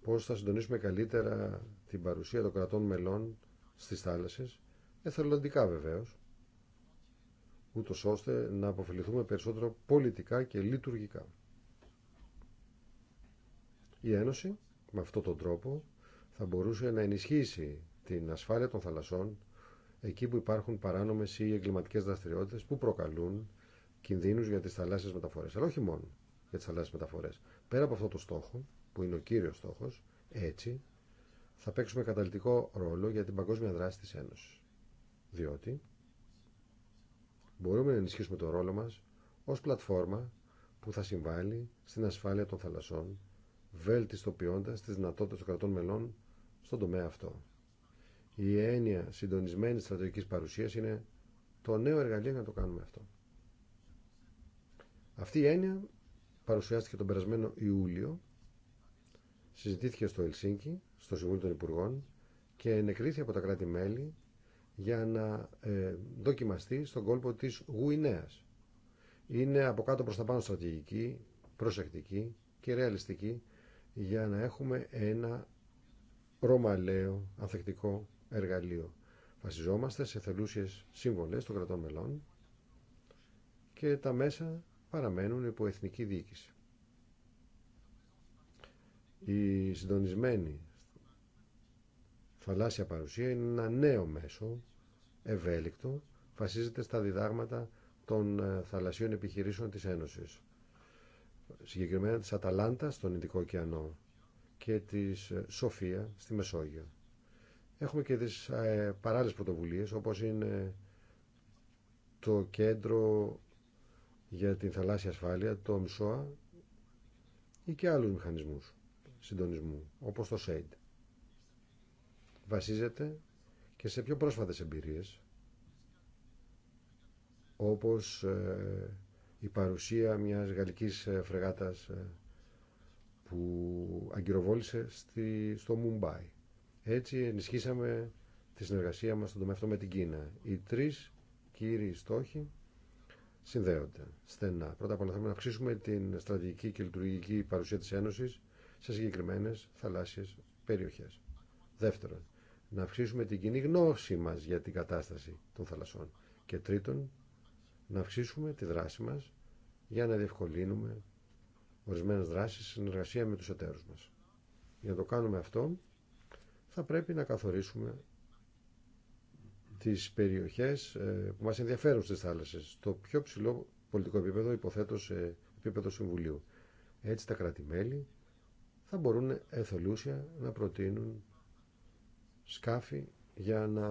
Πώς θα συντονίσουμε καλύτερα την παρουσία των κρατών μελών στις θάλασσε εθελοντικά βεβαίω. ούτω ώστε να αποφεληθούμε περισσότερο πολιτικά και λειτουργικά. Η Ένωση με αυτόν τον τρόπο θα μπορούσε να ενισχύσει την ασφάλεια των θαλασσών εκεί που υπάρχουν παράνομες ή εγκληματικές δραστηριότητες που προκαλούν κινδύνους για τις θαλάσσιες μεταφορές. Αλλά όχι μόνο για τι μεταφορές. Πέρα από αυτό το στόχο, που είναι ο κύριος στόχος, έτσι θα παίξουμε καταλητικό ρόλο για την παγκόσμια δράση τη Ένωσης. Διότι μπορούμε να ενισχύσουμε το ρόλο μας ως πλατφόρμα που θα συμβάλλει στην ασφάλεια των θαλασσών, βέλτιστοποιώντα τι δυνατότητε των κρατών μελών στον τομέα αυτό. Η έννοια συντονισμένη στρατηγική παρουσία είναι το νέο εργαλείο για να το κάνουμε αυτό. Αυτή η έννοια παρουσιάστηκε τον περασμένο Ιούλιο, συζητήθηκε στο Ελσίνκι, στο Συμβούλιο των Υπουργών και ενεκρίθη από τα κράτη-μέλη για να ε, δοκιμαστεί στον κόλπο της Γουινέας. Είναι από κάτω προς τα πάνω στρατηγική, προσεκτική και ρεαλιστική για να έχουμε ένα ρωμαλαίο ανθεκτικό εργαλείο. Βασιζόμαστε σε θελούσιες σύμβολες των κρατών μελών και τα μέσα παραμένουν υπό εθνική διοίκηση. Η συντονισμένη θαλάσσια παρουσία είναι ένα νέο μέσο, ευέλικτο, βασίζεται στα διδάγματα των ε, θαλασσίων επιχειρήσεων της Ένωσης. Συγκεκριμένα της Αταλάντα στον Ινδικό ωκεανό και της ε, Σοφία στη Μεσόγειο. Έχουμε και τις ε, παράλληλες πρωτοβουλίες όπως είναι το κέντρο για την θαλάσσια ασφάλεια, το ΜΣΟΑ ή και άλλους μηχανισμούς συντονισμού, όπως το ΣΕΙΤ. Βασίζεται και σε πιο πρόσφατες εμπειρίες, όπως ε, η παρουσία μιας γαλλικής ε, φρεγάτας ε, που αγκυροβόλησε στη, στο Μουμπάι. Έτσι ενισχύσαμε τη συνεργασία μας στον τομέα αυτό με την Κίνα. Οι τρεις κύριοι στόχοι συνδέονται στενά. Πρώτα απ' όλα θέλουμε να αυξήσουμε την στρατηγική και λειτουργική παρουσία της Ένωσης σε συγκεκριμένες θαλάσσιες περιοχές. Δεύτερον, να αυξήσουμε την κοινή γνώση μας για την κατάσταση των θαλασσών. Και τρίτον, να αυξήσουμε τη δράση μας για να διευκολύνουμε ορισμένες δράσεις σε συνεργασία με τους εταίρους μας. Για να το κάνουμε αυτό, θα πρέπει να καθορίσουμε τις περιοχές ε, που μας ενδιαφέρουν στις θάλασσες, το πιο ψηλό πολιτικό επίπεδο, υποθέτω επίπεδο Συμβουλίου. Έτσι τα κρατη θα μπορούν εθελούσια να προτείνουν σκάφη για να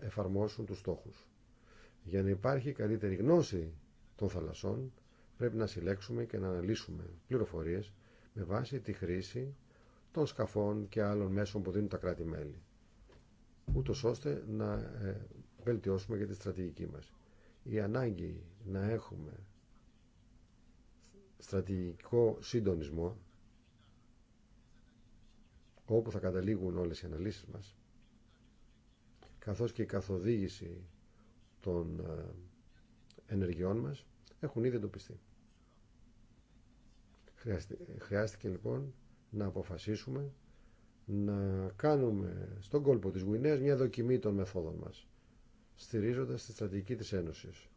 εφαρμόσουν τους στόχους. Για να υπάρχει καλύτερη γνώση των θαλασσών, πρέπει να συλλέξουμε και να αναλύσουμε πληροφορίες με βάση τη χρήση των σκαφών και άλλων μέσων που δίνουν τα κράτη-μέλη ούτως ώστε να ε, βελτιώσουμε και τη στρατηγική μας. Η ανάγκη να έχουμε στρατηγικό συντονισμό όπου θα καταλήγουν όλες οι αναλύσεις μας καθώς και η καθοδήγηση των ε, ενεργειών μας έχουν ήδη εντοπιστεί. Ε, χρειάστηκε λοιπόν να αποφασίσουμε να κάνουμε στον κόλπο της Γουινέας μια δοκιμή των μεθόδων μας, στηρίζοντας τη στρατηγική της Ένωσης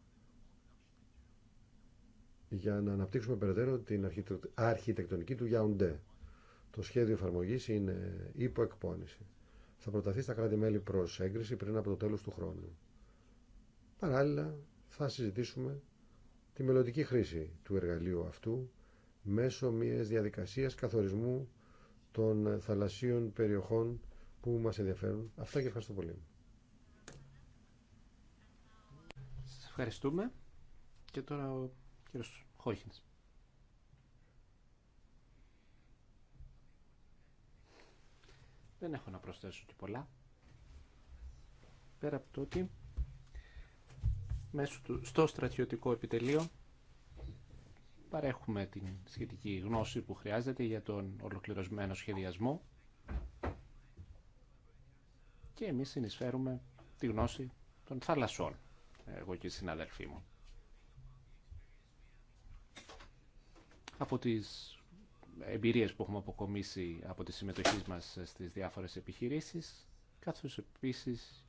για να αναπτύξουμε περαιτέρω την αρχιτεκτονική του Γιαουντέ. Το σχέδιο εφαρμογή είναι υπό Θα προταθεί στα κράτη-μέλη προ έγκριση πριν από το τέλο του χρόνου. Παράλληλα, θα συζητήσουμε τη μελλοντική χρήση του εργαλείου αυτού μέσω μιας διαδικασίας καθορισμού των θαλασσίων περιοχών που μας ενδιαφέρουν. Αυτά και ευχαριστώ πολύ. Σας ευχαριστούμε. Και τώρα ο κύριος Χόχινς. Δεν έχω να προσθέσω και πολλά. Πέρα από το ότι μέσω του, στο στρατιωτικό επιτελείο παρέχουμε την σχετική γνώση που χρειάζεται για τον ολοκληρωσμένο σχεδιασμό και εμείς συνεισφέρουμε τη γνώση των θαλασσών, εγώ και οι συναδελφοί μου. Από τις εμπειρίες που έχουμε αποκομίσει από τη συμμετοχή μας στις διάφορες επιχειρήσεις, καθώς επίσης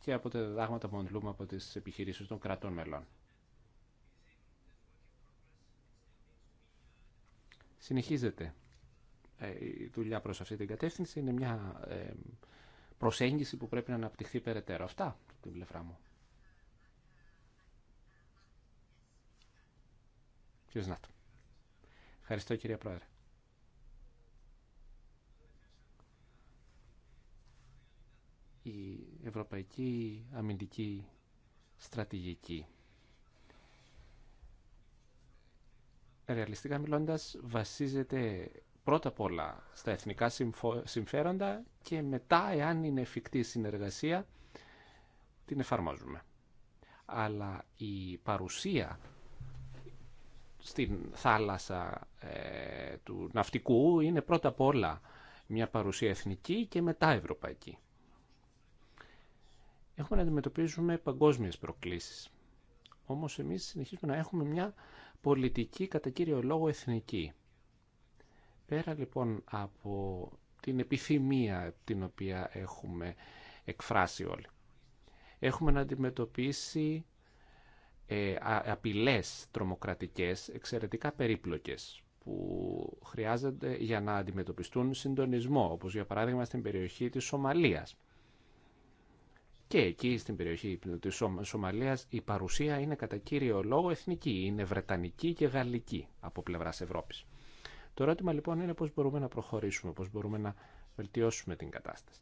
και από τα διδάγματα που αντλούμε από τις επιχειρήσεις των κρατών μελών. συνεχίζεται ε, η δουλειά προς αυτή την κατεύθυνση. Είναι μια ε, προσέγγιση που πρέπει να αναπτυχθεί περαιτέρω. Αυτά από την πλευρά μου. Ευχαριστώ κυρία Πρόεδρε. Η Ευρωπαϊκή Αμυντική Στρατηγική ρεαλιστικά μιλώντας, βασίζεται πρώτα απ' όλα στα εθνικά συμφέροντα και μετά, εάν είναι εφικτή συνεργασία, την εφαρμόζουμε. Αλλά η παρουσία στην θάλασσα ε, του ναυτικού είναι πρώτα απ' όλα μια παρουσία εθνική και μετά ευρωπαϊκή. Έχουμε να αντιμετωπίζουμε παγκόσμιες προκλήσεις. Όμως εμείς συνεχίζουμε να έχουμε μια πολιτική κατά κύριο λόγο εθνική. Πέρα λοιπόν από την επιθυμία την οποία έχουμε εκφράσει όλοι. Έχουμε να αντιμετωπίσει ε, απειλές τρομοκρατικές εξαιρετικά περίπλοκες που χρειάζονται για να αντιμετωπιστούν συντονισμό, όπως για παράδειγμα στην περιοχή της Σομαλίας. Και εκεί στην περιοχή της Σομαλίας η παρουσία είναι κατά κύριο λόγο εθνική, είναι βρετανική και γαλλική από πλευράς Ευρώπης. Το ερώτημα λοιπόν είναι πώς μπορούμε να προχωρήσουμε, πώς μπορούμε να βελτιώσουμε την κατάσταση.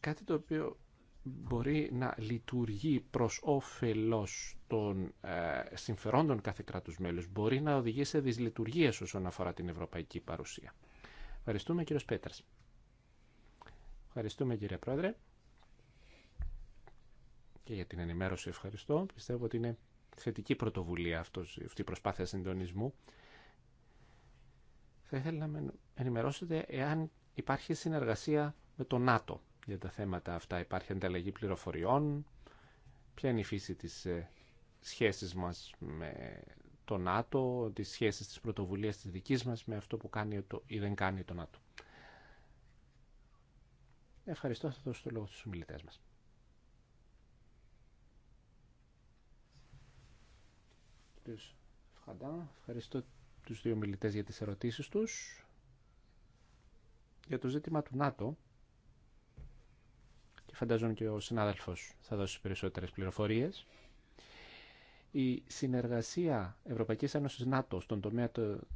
Κάτι το οποίο μπορεί να λειτουργεί προς όφελος των ε, συμφερόντων κάθε κράτους μέλους, μπορεί να οδηγεί σε δυσλειτουργίες όσον αφορά την ευρωπαϊκή παρουσία. Ευχαριστούμε κύριο Πέτρας. Ευχαριστούμε κύριε Πρόεδρε και για την ενημέρωση ευχαριστώ. Πιστεύω ότι είναι θετική πρωτοβουλία αυτός, αυτή η προσπάθεια συντονισμού. Θα ήθελα να με ενημερώσετε εάν υπάρχει συνεργασία με το ΝΑΤΟ για τα θέματα αυτά. Υπάρχει ανταλλαγή πληροφοριών, ποια είναι η φύση της ε, σχέσης μας με το ΝΑΤΟ, τις σχέσεις της πρωτοβουλίας της δικής μας με αυτό που κάνει το, ή δεν κάνει το ΝΑΤΟ. Ευχαριστώ, θα δώσω το λόγο στους ομιλητέ μας. Ευχαριστώ τους δύο μιλητές για τις ερωτήσεις τους. Για το ζήτημα του ΝΑΤΟ και φαντάζομαι και ο συνάδελφος θα δώσει περισσότερες πληροφορίες η συνεργασία Ευρωπαϊκής Ένωσης ΝΑΤΟ στον τομέα του,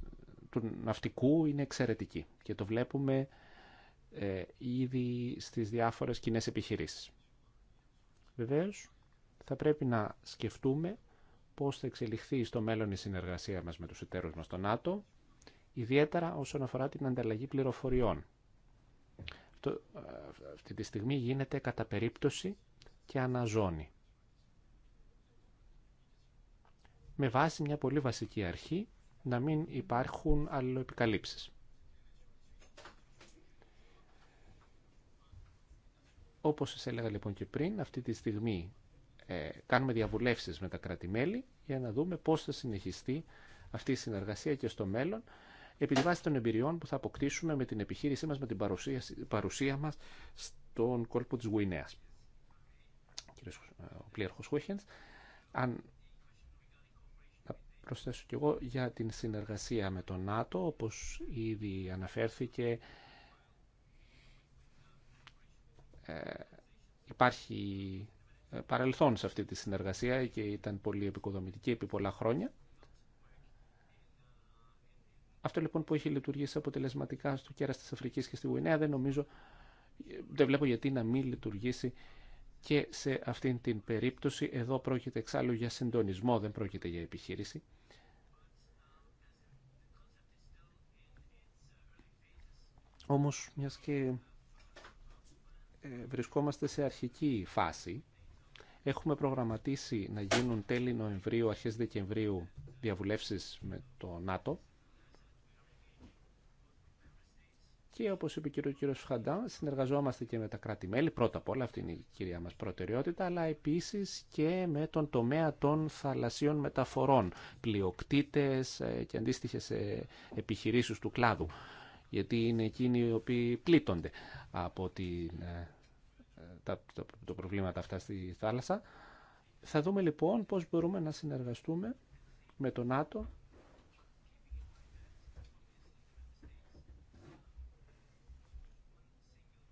ναυτικού είναι εξαιρετική και το βλέπουμε ε, ήδη στις διάφορες κοινέ επιχειρήσεις. Βεβαίως, θα πρέπει να σκεφτούμε πώς θα εξελιχθεί στο μέλλον η συνεργασία μας με τους εταίρους μας στο ΝΑΤΟ, ιδιαίτερα όσον αφορά την ανταλλαγή πληροφοριών. Ε, αυτή τη στιγμή γίνεται κατά περίπτωση και αναζώνει. με βάση μια πολύ βασική αρχή να μην υπάρχουν αλληλοεπικαλύψεις. Όπως σας έλεγα λοιπόν και πριν, αυτή τη στιγμή ε, κάνουμε διαβουλεύσεις με τα κράτη-μέλη για να δούμε πώς θα συνεχιστεί αυτή η συνεργασία και στο μέλλον επί τη βάση των εμπειριών που θα αποκτήσουμε με την επιχείρησή μας, με την παρουσία, παρουσία μας στον κόλπο της Γουινέας. Ε, αν προσθέσω κι εγώ για την συνεργασία με τον ΝΑΤΟ, όπως ήδη αναφέρθηκε. Ε, υπάρχει ε, παρελθόν σε αυτή τη συνεργασία και ήταν πολύ επικοδομητική επί πολλά χρόνια. Αυτό λοιπόν που έχει λειτουργήσει αποτελεσματικά στο κέρας της Αφρικής και στη Γουινέα δεν νομίζω, δεν βλέπω γιατί να μην λειτουργήσει και σε αυτήν την περίπτωση εδώ πρόκειται εξάλλου για συντονισμό, δεν πρόκειται για επιχείρηση. Όμως, μιας και ε, βρισκόμαστε σε αρχική φάση, έχουμε προγραμματίσει να γίνουν τέλη Νοεμβρίου, αρχές Δεκεμβρίου διαβουλεύσεις με το ΝΑΤΟ και όπως είπε ο κ. Φχαντά, συνεργαζόμαστε και με τα κράτη-μέλη, πρώτα απ' όλα αυτή είναι η κυρία μας προτεραιότητα, αλλά επίσης και με τον τομέα των θαλασσίων μεταφορών, πλειοκτήτες ε, και αντίστοιχες ε, επιχειρήσεις του κλάδου γιατί είναι εκείνοι οι οποίοι πλήττονται από ε, τα, προβλήματα αυτά στη θάλασσα. Θα δούμε λοιπόν πώς μπορούμε να συνεργαστούμε με τον ΝΑΤΟ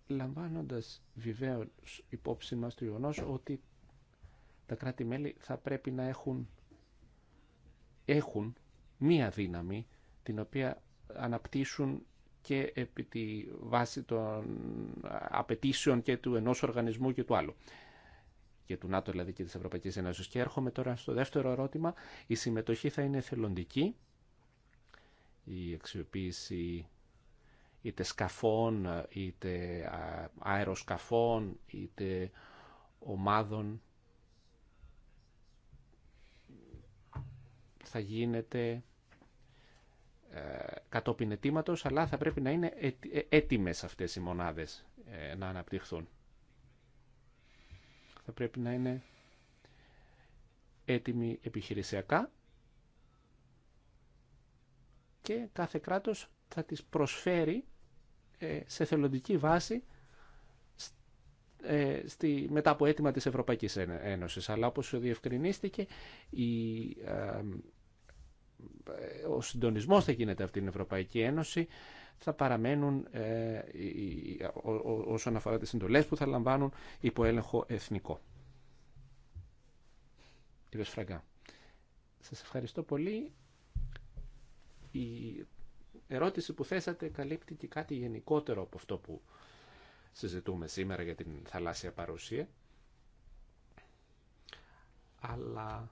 λαμβάνοντας βεβαίω υπόψη μας το γεγονό ότι τα κράτη-μέλη θα πρέπει να έχουν, έχουν μία δύναμη την οποία αναπτύσσουν και επί τη βάση των απαιτήσεων και του ενός οργανισμού και του άλλου. Και του ΝΑΤΟ δηλαδή και της Ευρωπαϊκής Ένωσης. Και έρχομαι τώρα στο δεύτερο ερώτημα. Η συμμετοχή θα είναι θελοντική. Η αξιοποίηση είτε σκαφών, είτε αεροσκαφών, είτε ομάδων θα γίνεται ε, κατόπιν αιτήματο, αλλά θα πρέπει να είναι ε, έτοιμε αυτές οι μονάδες ε, να αναπτυχθούν. Θα πρέπει να είναι έτοιμοι επιχειρησιακά και κάθε κράτος θα τις προσφέρει σε θελοντική βάση στη, μετά από αίτημα της Ευρωπαϊκής Ένωσης. Αλλά όπως διευκρινίστηκε, η ε, ο συντονισμός θα γίνεται από την Ευρωπαϊκή Ένωση θα παραμένουν ε, όσον αφορά τις συντολές που θα λαμβάνουν υπό έλεγχο εθνικό. Κύριε Σφραγκά, σας ευχαριστώ πολύ. Η ερώτηση που θέσατε καλύπτει και κάτι γενικότερο από αυτό που συζητούμε σήμερα για την θαλάσσια παρουσία. Αλλά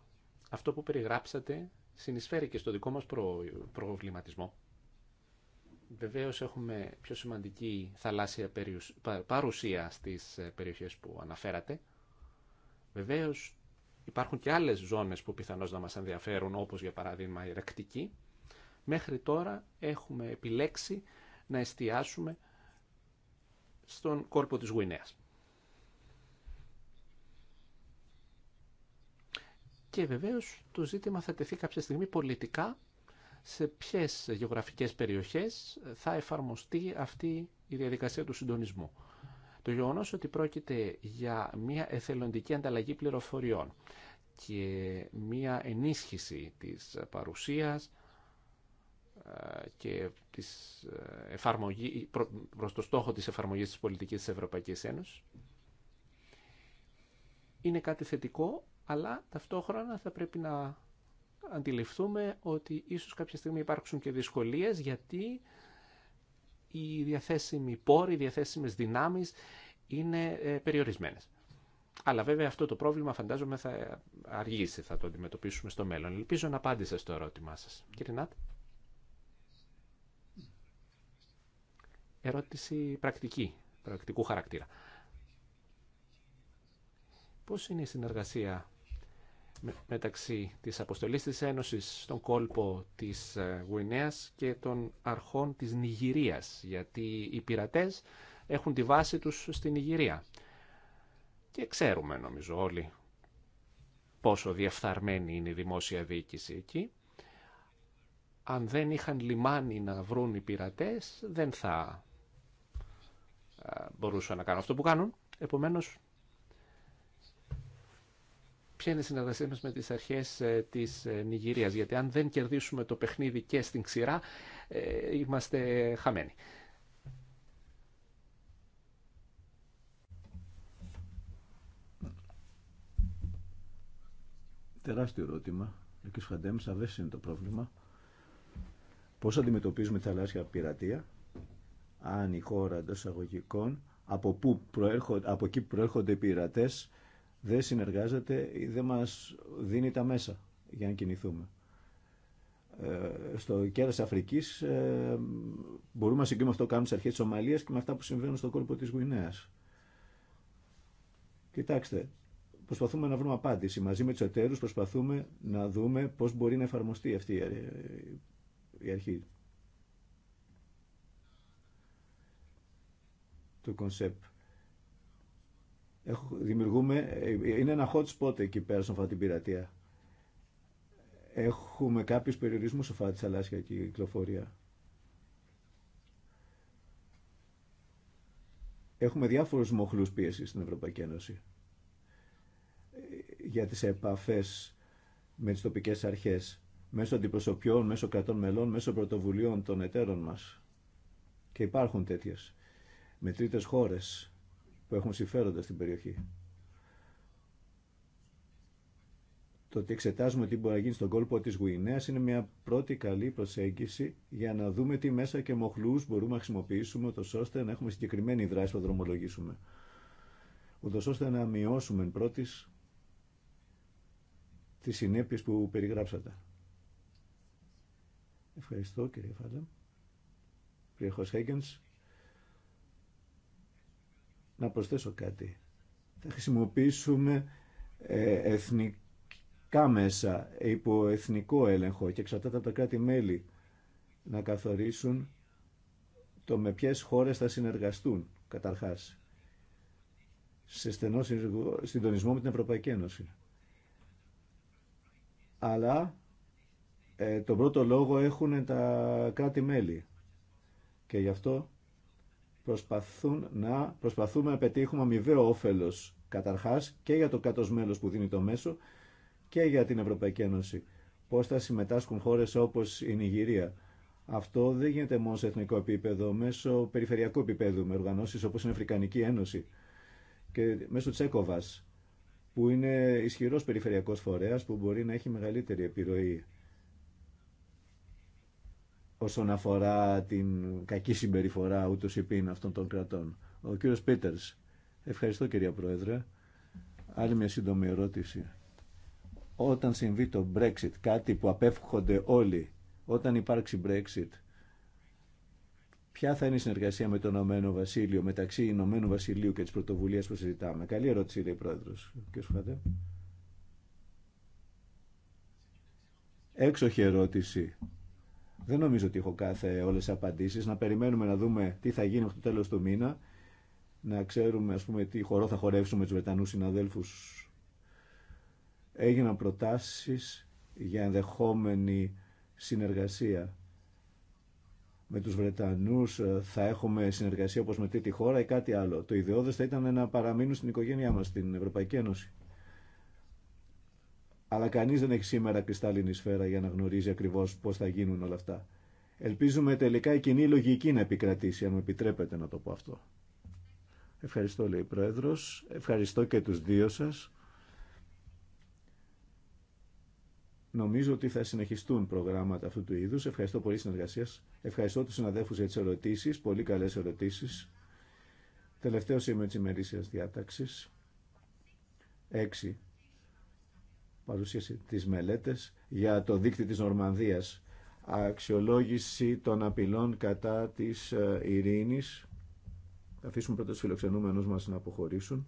αυτό που περιγράψατε συνεισφέρει και στο δικό μας προβληματισμό. Βεβαίως έχουμε πιο σημαντική θαλάσσια παρουσία στις ε, περιοχές που αναφέρατε. Βεβαίως υπάρχουν και άλλες ζώνες που πιθανώς να μας ενδιαφέρουν, όπως για παράδειγμα η ρεκτική. Μέχρι τώρα έχουμε επιλέξει να εστιάσουμε στον κόρπο της Γουινέας. Και βεβαίως το ζήτημα θα τεθεί κάποια στιγμή πολιτικά σε ποιε γεωγραφικές περιοχές θα εφαρμοστεί αυτή η διαδικασία του συντονισμού. Το γεγονό ότι πρόκειται για μια εθελοντική ανταλλαγή πληροφοριών και μια ενίσχυση της παρουσίας ε, και της ε, εφαρμογή, προς το στόχο της εφαρμογής της πολιτικής της Ευρωπαϊκής Ένωσης είναι κάτι θετικό αλλά ταυτόχρονα θα πρέπει να αντιληφθούμε ότι ίσως κάποια στιγμή υπάρξουν και δυσκολίες γιατί οι διαθέσιμοι πόροι, οι διαθέσιμες δυνάμεις είναι ε, περιορισμένες. Αλλά βέβαια αυτό το πρόβλημα φαντάζομαι θα αργήσει, θα το αντιμετωπίσουμε στο μέλλον. Ελπίζω να απάντησα στο ερώτημά σας. Κύριε Νάτ. Ερώτηση πρακτική, πρακτικού χαρακτήρα. Πώς είναι η συνεργασία μεταξύ της αποστολής της Ένωσης στον κόλπο της ε, Γουινέας και των αρχών της Νιγηρίας, γιατί οι πειρατές έχουν τη βάση τους στην Νιγηρία. Και ξέρουμε νομίζω όλοι πόσο διεφθαρμένη είναι η δημόσια διοίκηση εκεί. Αν δεν είχαν λιμάνι να βρουν οι πειρατές, δεν θα ε, μπορούσαν να κάνουν αυτό που κάνουν. Επομένως, ποια είναι η με τις αρχές ε, της ε, Νιγηρίας. Γιατί αν δεν κερδίσουμε το παιχνίδι και στην ξηρά, ε, είμαστε χαμένοι. Τεράστιο ερώτημα. Εκεί σχαντέμισα, Δεν είναι το πρόβλημα. Πώς αντιμετωπίζουμε τη θαλάσσια πειρατεία, αν η χώρα εντό αγωγικών, από, εισαγωγικών, από εκεί που προέρχονται οι πειρατές, δεν συνεργάζεται ή δεν μας δίνει τα μέσα για να κινηθούμε. Ε, στο κέρας Αφρικής ε, μπορούμε να συγκρίνουμε αυτό που κάνουν στις αρχές της Σομαλίας και με αυτά που συμβαίνουν στον κόλπο της Γουινέας. Κοιτάξτε, προσπαθούμε να βρούμε απάντηση. Μαζί με τους εταίρους προσπαθούμε να δούμε πώς μπορεί να εφαρμοστεί αυτή η αρχή Το κονσέπτ δημιουργούμε, ε, είναι ένα hot spot εκεί πέρα στον αυτή πειρατεία. Έχουμε κάποιους περιορισμούς στον αυτή τη και κυκλοφορία. Έχουμε διάφορους μοχλούς πίεσης στην Ευρωπαϊκή Ένωση ε, για τις επαφές με τις τοπικές αρχές μέσω αντιπροσωπιών, μέσω κρατών μελών, μέσω πρωτοβουλίων των εταίρων μας. Και υπάρχουν τέτοιες με τρίτες χώρες που έχουν συμφέροντα στην περιοχή. Το ότι εξετάζουμε τι μπορεί να γίνει στον κόλπο της Γουινέας είναι μια πρώτη καλή προσέγγιση για να δούμε τι μέσα και μοχλούς μπορούμε να χρησιμοποιήσουμε ώστε να έχουμε συγκεκριμένη δράση που δρομολογήσουμε. Ούτως ώστε να μειώσουμε πρώτης τις συνέπειες που περιγράψατε. Ευχαριστώ κύριε Φάλα. Κύριε να προσθέσω κάτι. Θα χρησιμοποιήσουμε ε, εθνικά μέσα υπό εθνικό έλεγχο και εξαρτάται από τα κράτη-μέλη να καθορίσουν το με ποιες χώρες θα συνεργαστούν καταρχάς σε στενό συντονισμό με την Ευρωπαϊκή Ένωση. Αλλά ε, τον πρώτο λόγο έχουν τα κράτη-μέλη και γι' αυτό Προσπαθούν να, προσπαθούμε να πετύχουμε αμοιβαίο όφελο καταρχάς και για το κάτω μέλο που δίνει το μέσο και για την Ευρωπαϊκή Ένωση. Πώς θα συμμετάσχουν χώρες όπως η Νιγηρία. Αυτό δεν γίνεται μόνο σε εθνικό επίπεδο, μέσω περιφερειακού επίπεδου, με οργανώσει όπως είναι η Αφρικανική Ένωση και μέσω Τσέκοβας, που είναι ισχυρό περιφερειακό φορέα που μπορεί να έχει μεγαλύτερη επιρροή όσον αφορά την κακή συμπεριφορά ούτως υπήν αυτών των κρατών. Ο κύριος Πίτερς. Ευχαριστώ κυρία Πρόεδρε. Άλλη μια σύντομη ερώτηση. Όταν συμβεί το Brexit, κάτι που απέφχονται όλοι, όταν υπάρξει Brexit, ποια θα είναι η συνεργασία με το Ηνωμένο Βασίλειο, μεταξύ Ηνωμένου Βασιλείου και της πρωτοβουλία που συζητάμε. Καλή ερώτηση, λέει Πρόεδρος. Κύριε Σχάτε. Έξοχη ερώτηση. Δεν νομίζω ότι έχω κάθε όλες τις απαντήσεις. Να περιμένουμε να δούμε τι θα γίνει μέχρι το τέλος του μήνα. Να ξέρουμε, ας πούμε, τι χορό θα χορεύσουμε τους Βρετανούς συναδέλφους. Έγιναν προτάσεις για ενδεχόμενη συνεργασία με τους Βρετανούς θα έχουμε συνεργασία όπως με τρίτη χώρα ή κάτι άλλο. Το ιδεώδες θα ήταν να παραμείνουν στην οικογένειά μας, στην Ευρωπαϊκή Ένωση. Αλλά κανείς δεν έχει σήμερα κρυστάλλινη σφαίρα για να γνωρίζει ακριβώς πώς θα γίνουν όλα αυτά. Ελπίζουμε τελικά η κοινή λογική να επικρατήσει, αν μου επιτρέπετε να το πω αυτό. Ευχαριστώ, λέει η Πρόεδρος. Ευχαριστώ και τους δύο σας. Νομίζω ότι θα συνεχιστούν προγράμματα αυτού του είδους. Ευχαριστώ πολύ συνεργασία. Ευχαριστώ τους συναδέλφους για τις ερωτήσεις. Πολύ καλές ερωτήσεις. Τελευταίο σημείο της ημερήσιας διάταξη 6. Παρουσίαση της μελέτες για το δίκτυο της Νορμανδίας, αξιολόγηση των απειλών κατά της ε, ειρήνης. Θα αφήσουμε πρώτα τους φιλοξενούμενους μας να αποχωρήσουν.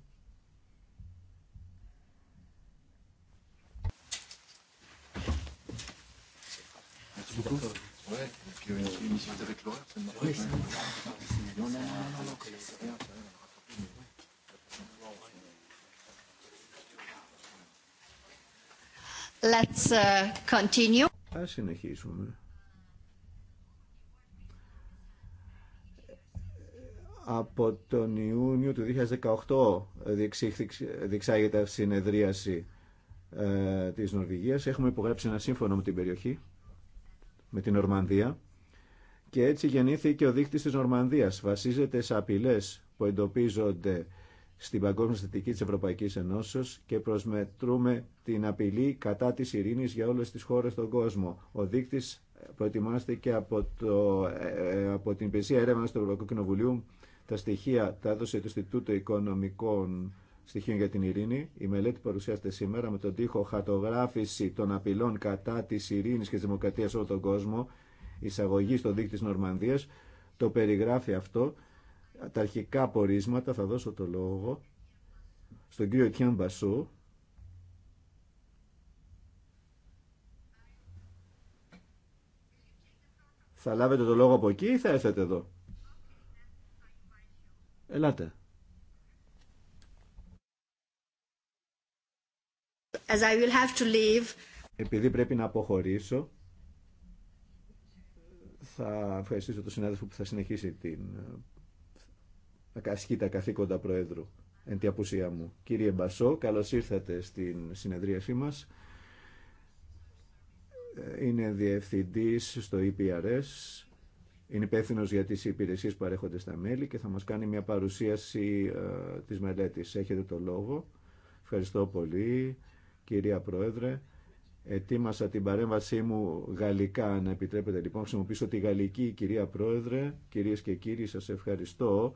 Let's uh, συνεχίσουμε. Από τον Ιούνιο του 2018 διεξάγεται συνεδρίαση ε, της Νορβηγίας. Έχουμε υπογράψει ένα σύμφωνο με την περιοχή, με την Ορμανδία. Και έτσι γεννήθηκε ο δείκτης της Νορμανδίας. Βασίζεται σε απειλές που εντοπίζονται στην παγκόσμια θετική της Ευρωπαϊκής Ενώσεως και προσμετρούμε την απειλή κατά της ειρήνης για όλες τις χώρες στον κόσμο. Ο δείκτης προετοιμάστηκε από, το, ε, ε, από την υπηρεσία έρευνα του Ευρωπαϊκού Κοινοβουλίου. Τα στοιχεία τα έδωσε το Ινστιτούτο Οικονομικών Στοιχείων για την Ειρήνη. Η μελέτη παρουσιάζεται σήμερα με τον τοίχο «Χατογράφηση των απειλών κατά της ειρήνης και της δημοκρατίας σε όλο τον κόσμο» εισαγωγή στο δείκτη της Νορμανδίας. Το περιγράφει αυτό τα αρχικά πορίσματα θα δώσω το λόγο στον κύριο Τιάν Μπασού Θα λάβετε το λόγο από εκεί ή θα έρθετε εδώ. Ελάτε. As I will have to leave. Επειδή πρέπει να αποχωρήσω, θα ευχαριστήσω τον συνάδελφο που θα συνεχίσει την ασκεί τα καθήκοντα Προέδρου εν τη απουσία μου. Κύριε Μπασό, καλώς ήρθατε στην συνεδρίασή μας. Είναι διευθυντής στο EPRS, είναι υπεύθυνο για τις υπηρεσίες που παρέχονται στα μέλη και θα μας κάνει μια παρουσίαση ε, της μελέτης. Έχετε το λόγο. Ευχαριστώ πολύ, κυρία Πρόεδρε. Ετοίμασα την παρέμβασή μου γαλλικά, αν επιτρέπετε λοιπόν. Χρησιμοποιήσω τη γαλλική, κυρία Πρόεδρε. Κυρίες και κύριοι, σας ευχαριστώ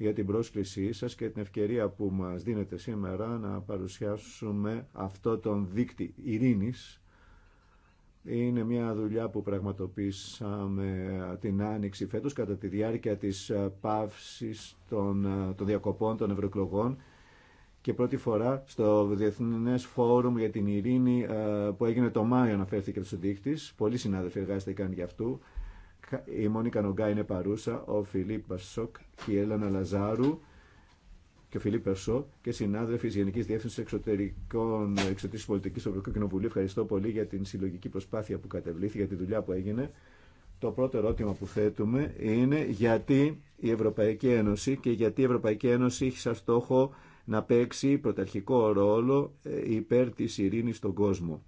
για την πρόσκλησή σας και την ευκαιρία που μας δίνετε σήμερα να παρουσιάσουμε αυτό τον δίκτυ ειρήνης. Είναι μια δουλειά που πραγματοποίησαμε την Άνοιξη φέτος κατά τη διάρκεια της ε, παύσης των, ε, των διακοπών των ευρωεκλογών και πρώτη φορά στο Διεθνές Φόρουμ για την Ειρήνη ε, που έγινε το Μάιο αναφέρθηκε στον δείκτης. Πολλοί συνάδελφοι εργάστηκαν για αυτού η Μόνικα Νογκά είναι παρούσα, ο Φιλίπ Πασόκ και η Έλανα Λαζάρου και ο Φιλίπ Πασό και συνάδελφοι τη Γενική Διεύθυνση Εξωτερικών Εξωτερική Πολιτική του Ευρωπαϊκού Κοινοβουλίου. Ευχαριστώ πολύ για την συλλογική προσπάθεια που κατεβλήθη, για τη δουλειά που έγινε. Το πρώτο ερώτημα που θέτουμε είναι γιατί η Ευρωπαϊκή Ένωση και γιατί η Ευρωπαϊκή Ένωση έχει σαν στόχο να παίξει πρωταρχικό ρόλο ε, υπέρ της ειρήνης στον κόσμο.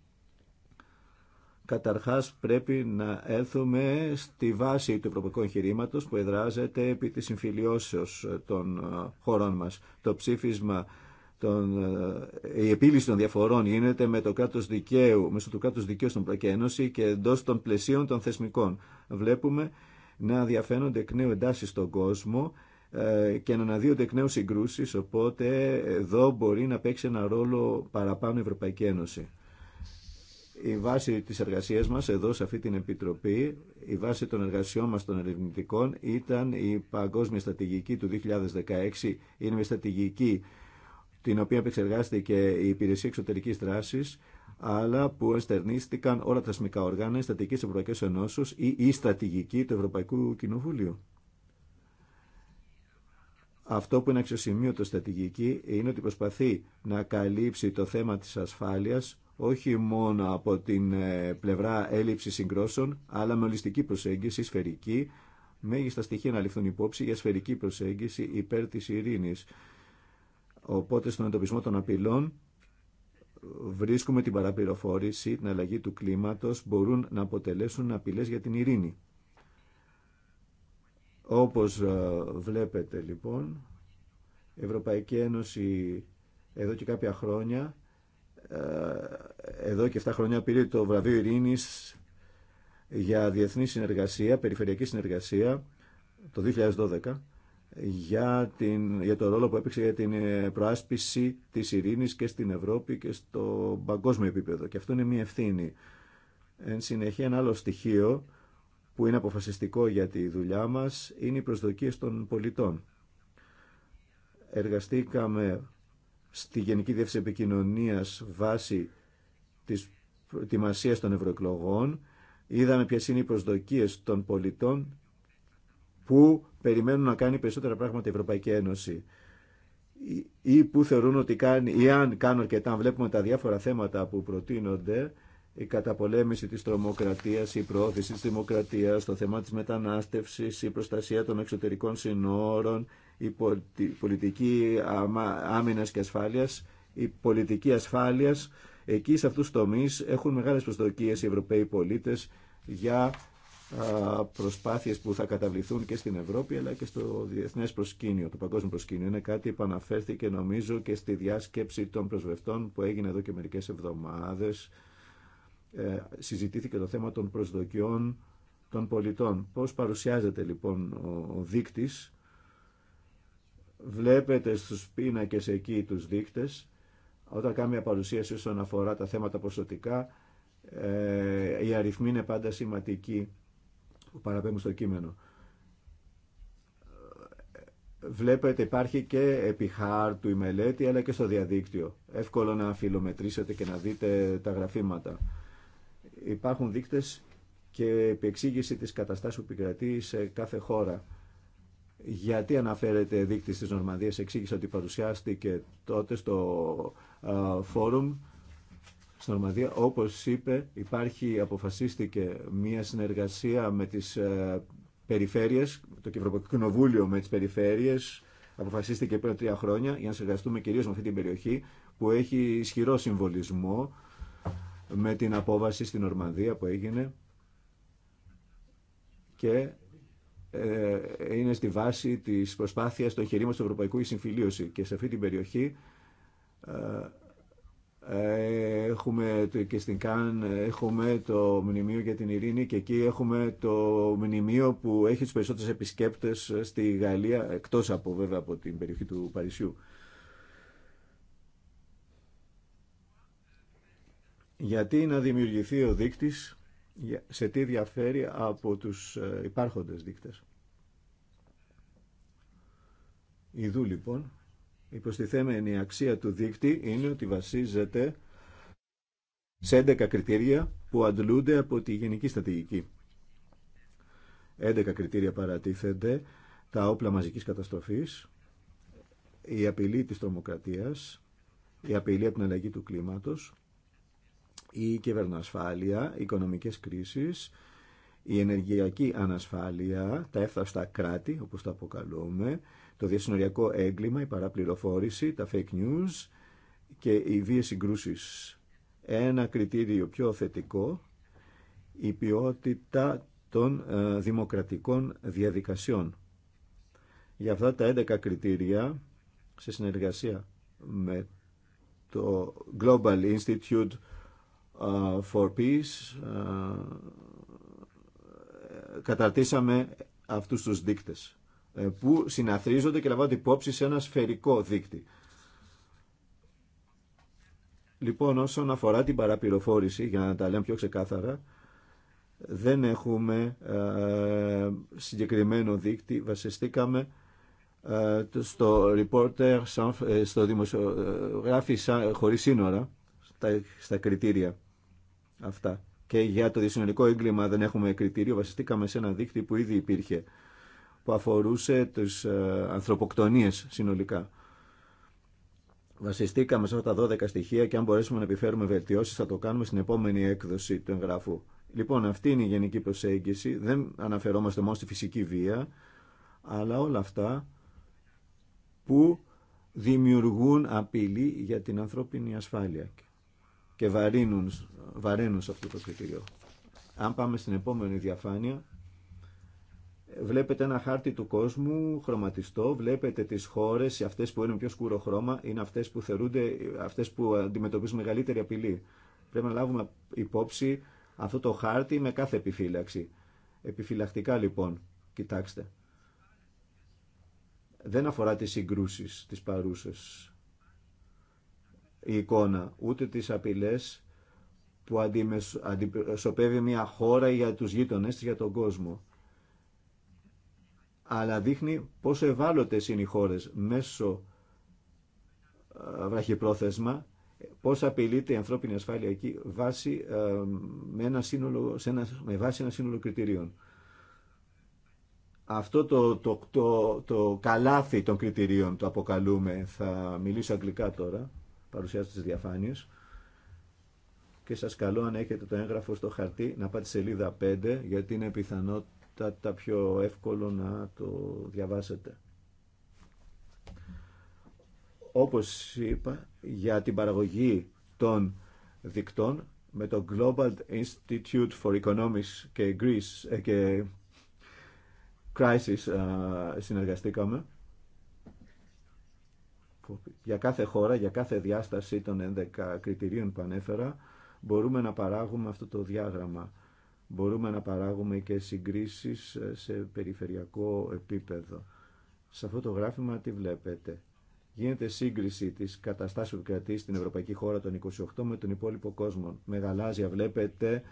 Καταρχάς πρέπει να έλθουμε στη βάση του ευρωπαϊκού εγχειρήματο που εδράζεται επί της συμφιλιώσεως των ε, χωρών μας. Το ψήφισμα, των, ε, η επίλυση των διαφορών γίνεται με το κράτος δικαίου, μέσω του κράτους δικαίου στην Ευρωπαϊκή και εντό των πλαισίων των θεσμικών. Βλέπουμε να διαφαίνονται εκ νέου εντάσει στον κόσμο ε, και να αναδύονται εκ νέου συγκρούσεις, οπότε εδώ μπορεί να παίξει ένα ρόλο παραπάνω η Ευρωπαϊκή Ένωση η βάση της εργασίας μας εδώ σε αυτή την Επιτροπή, η βάση των εργασιών μας των ερευνητικών ήταν η παγκόσμια στρατηγική του 2016. Είναι μια στρατηγική την οποία επεξεργάστηκε η Υπηρεσία Εξωτερικής Δράσης, αλλά που εστερνίστηκαν όλα τα σμικά όργανα, η Στατική Ευρωπαϊκή Ενώσεω ή η Στρατηγική του Ευρωπαϊκού Κοινοβουλίου. Αυτό που είναι αξιοσημείωτο στρατηγική είναι ότι προσπαθεί να καλύψει το θέμα της ασφάλειας όχι μόνο από την ε, πλευρά έλλειψη συγκρόσεων, αλλά με ολιστική προσέγγιση, σφαιρική, μέγιστα στοιχεία να ληφθούν υπόψη για σφαιρική προσέγγιση υπέρ της ειρήνης. Οπότε στον εντοπισμό των απειλών βρίσκουμε την παραπληροφόρηση, την αλλαγή του κλίματος, μπορούν να αποτελέσουν απειλές για την ειρήνη. Όπως ε, βλέπετε λοιπόν, η Ευρωπαϊκή Ένωση εδώ και κάποια χρόνια ε, εδώ και 7 χρόνια πήρε το βραβείο ειρήνη για διεθνή συνεργασία, περιφερειακή συνεργασία το 2012 για, την, για το ρόλο που έπαιξε για την ε, προάσπιση της ειρήνης και στην Ευρώπη και στο παγκόσμιο επίπεδο. Και αυτό είναι μια ευθύνη. Εν συνεχεία ένα άλλο στοιχείο που είναι αποφασιστικό για τη δουλειά μας είναι οι προσδοκίες των πολιτών. Εργαστήκαμε στη Γενική Διεύθυνση επικοινωνία βάσει της προετοιμασία των ευρωεκλογών. Είδαμε ποιε είναι οι προσδοκίε των πολιτών που περιμένουν να κάνει περισσότερα πράγματα η Ευρωπαϊκή Ένωση ή που θεωρούν ότι κάνει ή αν κάνουν αρκετά, αν βλέπουμε τα διάφορα θέματα που προτείνονται, η καταπολέμηση της τρομοκρατίας, η προώθηση της δημοκρατίας, το θέμα της μετανάστευσης, η προστασία των εξωτερικών συνόρων, η πολιτική άμυνας και ασφάλειας, η πολιτική ασφάλειας. Εκεί σε αυτούς τους τομείς έχουν μεγάλες προσδοκίες οι Ευρωπαίοι πολίτες για προσπάθειες που θα καταβληθούν και στην Ευρώπη αλλά και στο διεθνές προσκήνιο, το παγκόσμιο προσκήνιο. Είναι κάτι που αναφέρθηκε νομίζω και στη διάσκεψη των προσβευτών που έγινε εδώ και μερικές εβδομάδες. Ε, συζητήθηκε το θέμα των προσδοκιών των πολιτών. Πώς παρουσιάζεται λοιπόν ο, ο δείκτης Βλέπετε στους πίνακες εκεί τους δείκτες, όταν κάνει μια παρουσίαση όσον αφορά τα θέματα ποσοτικά, ε, οι αριθμοί είναι πάντα σημαντικοί που παραπέμπουν στο κείμενο. Βλέπετε υπάρχει και επί χάρτου η μελέτη αλλά και στο διαδίκτυο. Εύκολο να φιλομετρήσετε και να δείτε τα γραφήματα. Υπάρχουν δείκτες και εξήγηση της καταστάσεις που επικρατεί σε κάθε χώρα. Γιατί αναφέρεται δείκτης της Νορμανδίας, εξήγησε ότι παρουσιάστηκε τότε στο φόρουμ στην Νορμανδία Όπως είπε, υπάρχει, αποφασίστηκε μια συνεργασία με τις ε, περιφέρειες, το Κοινοβούλιο με τις περιφέρειες, αποφασίστηκε πριν τρία χρόνια για να συνεργαστούμε κυρίως με αυτή την περιοχή που έχει ισχυρό συμβολισμό με την απόβαση στην Νορμανδία που έγινε και ε, είναι στη βάση της προσπάθειας των χειρίματος του Ευρωπαϊκού η συμφιλίωση και σε αυτή την περιοχή ε, έχουμε και στην ΚΑΝ έχουμε το μνημείο για την ειρήνη και εκεί έχουμε το μνημείο που έχει τους περισσότερους επισκέπτες στη Γαλλία εκτός από βέβαια από την περιοχή του Παρισιού. Γιατί να δημιουργηθεί ο δείκτης σε τι διαφέρει από τους ε, υπάρχοντες δείκτες. Ιδού λοιπόν, η αξία του δείκτη είναι ότι βασίζεται σε 11 κριτήρια που αντλούνται από τη γενική στρατηγική. 11 κριτήρια παρατίθενται τα όπλα μαζικής καταστροφής, η απειλή της τρομοκρατίας, η απειλή από την αλλαγή του κλίματος, η κυβερνοασφάλεια, οι οικονομικές κρίσεις, η ενεργειακή ανασφάλεια, τα έφταστα κράτη, όπως τα αποκαλούμε, το διασυνοριακό έγκλημα, η παραπληροφόρηση, τα fake news και οι βίες συγκρούσεις. Ένα κριτήριο πιο θετικό, η ποιότητα των ε, δημοκρατικών διαδικασιών. Για αυτά τα 11 κριτήρια, σε συνεργασία με το Global Institute for Peace ε, καταρτήσαμε αυτούς τους δίκτες ε, που συναθρίζονται και λαμβάνονται υπόψη σε ένα σφαιρικό δείκτη. Λοιπόν, όσον αφορά την παραπληροφόρηση, για να τα λέμε πιο ξεκάθαρα, δεν έχουμε ε, συγκεκριμένο δείκτη. Βασιστήκαμε στο reporter, στο δημοσιογράφη χωρίς σύνορα, στα κριτήρια αυτά. Και για το διασυνολικό έγκλημα δεν έχουμε κριτήριο, βασιστήκαμε σε ένα δίκτυο που ήδη υπήρχε, που αφορούσε τις ε, ανθρωποκτονίες συνολικά. Βασιστήκαμε σε αυτά τα 12 στοιχεία και αν μπορέσουμε να επιφέρουμε βελτιώσεις θα το κάνουμε στην επόμενη έκδοση του εγγράφου. Λοιπόν, αυτή είναι η γενική προσέγγιση. Δεν αναφερόμαστε μόνο στη φυσική βία, αλλά όλα αυτά που δημιουργούν απειλή για την ανθρώπινη ασφάλεια και βαρύνουν, βαρύνουν σε αυτό το κριτήριο. Αν πάμε στην επόμενη διαφάνεια, βλέπετε ένα χάρτη του κόσμου χρωματιστό, βλέπετε τις χώρες, αυτές που είναι πιο σκούρο χρώμα, είναι αυτές που θερούνται, αυτές που αντιμετωπίζουν μεγαλύτερη απειλή. Πρέπει να λάβουμε υπόψη αυτό το χάρτη με κάθε επιφύλαξη. Επιφυλακτικά λοιπόν, κοιτάξτε. Δεν αφορά τις συγκρούσεις, τις παρούσες η εικόνα, ούτε τις απειλές που αντιπροσωπεύει μια χώρα για τους γείτονες για τον κόσμο. Αλλά δείχνει πόσο ευάλωτες είναι οι χώρες μέσω ε, βραχυπρόθεσμα, πώς απειλείται η ανθρώπινη ασφάλεια εκεί βάση, ε, με, ένα σύνολο, σε ένα, με βάση ένα σύνολο κριτηρίων. Αυτό το, το, το, το καλάθι των κριτηρίων το αποκαλούμε, θα μιλήσω αγγλικά τώρα, παρουσιάζω τις διαφάνειες και σας καλώ αν έχετε το έγγραφο στο χαρτί να πάτε σελίδα 5 γιατί είναι πιθανότατα πιο εύκολο να το διαβάσετε. Όπως είπα για την παραγωγή των δικτών με το Global Institute for Economics και Greece ε, και Crisis ε, συνεργαστήκαμε για κάθε χώρα, για κάθε διάσταση των 11 κριτηρίων που ανέφερα, μπορούμε να παράγουμε αυτό το διάγραμμα. Μπορούμε να παράγουμε και συγκρίσεις ε, σε περιφερειακό επίπεδο. Σε αυτό το γράφημα τι βλέπετε. Γίνεται σύγκριση της κατάστασης που κρατεί στην Ευρωπαϊκή χώρα των 28 με τον υπόλοιπο κόσμο. Με γαλάζια βλέπετε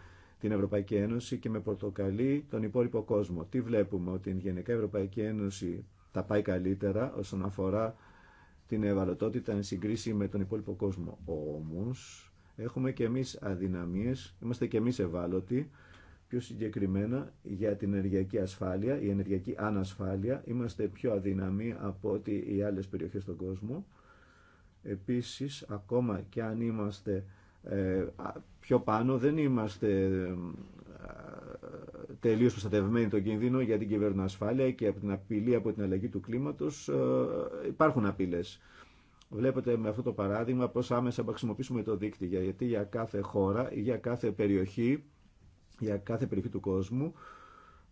την Ευρωπαϊκή Ένωση και με πορτοκαλί τον υπόλοιπο κόσμο. Τι βλέπουμε, ότι η Γενικά Ευρωπαϊκή Ένωση τα πάει καλύτερα όσον αφορά την ευαλωτότητα εν συγκρίση με τον υπόλοιπο κόσμο. Όμως έχουμε και εμείς αδυναμίες, είμαστε και εμείς ευάλωτοι, πιο συγκεκριμένα για την ενεργειακή ασφάλεια, η ενεργειακή ανασφάλεια, είμαστε πιο αδυναμοί από ό,τι οι άλλες περιοχές στον κόσμο. Επίσης, ακόμα και αν είμαστε ε, πιο πάνω, δεν είμαστε ε, τελείως προστατευμένη τον κίνδυνο για την κυβέρνηση ασφάλεια και από την απειλή από την αλλαγή του κλίματος ε, υπάρχουν απειλές. Βλέπετε με αυτό το παράδειγμα πώς άμεσα θα χρησιμοποιήσουμε το δίκτυο, γιατί για κάθε χώρα ή για κάθε περιοχή, για κάθε περιοχή του κόσμου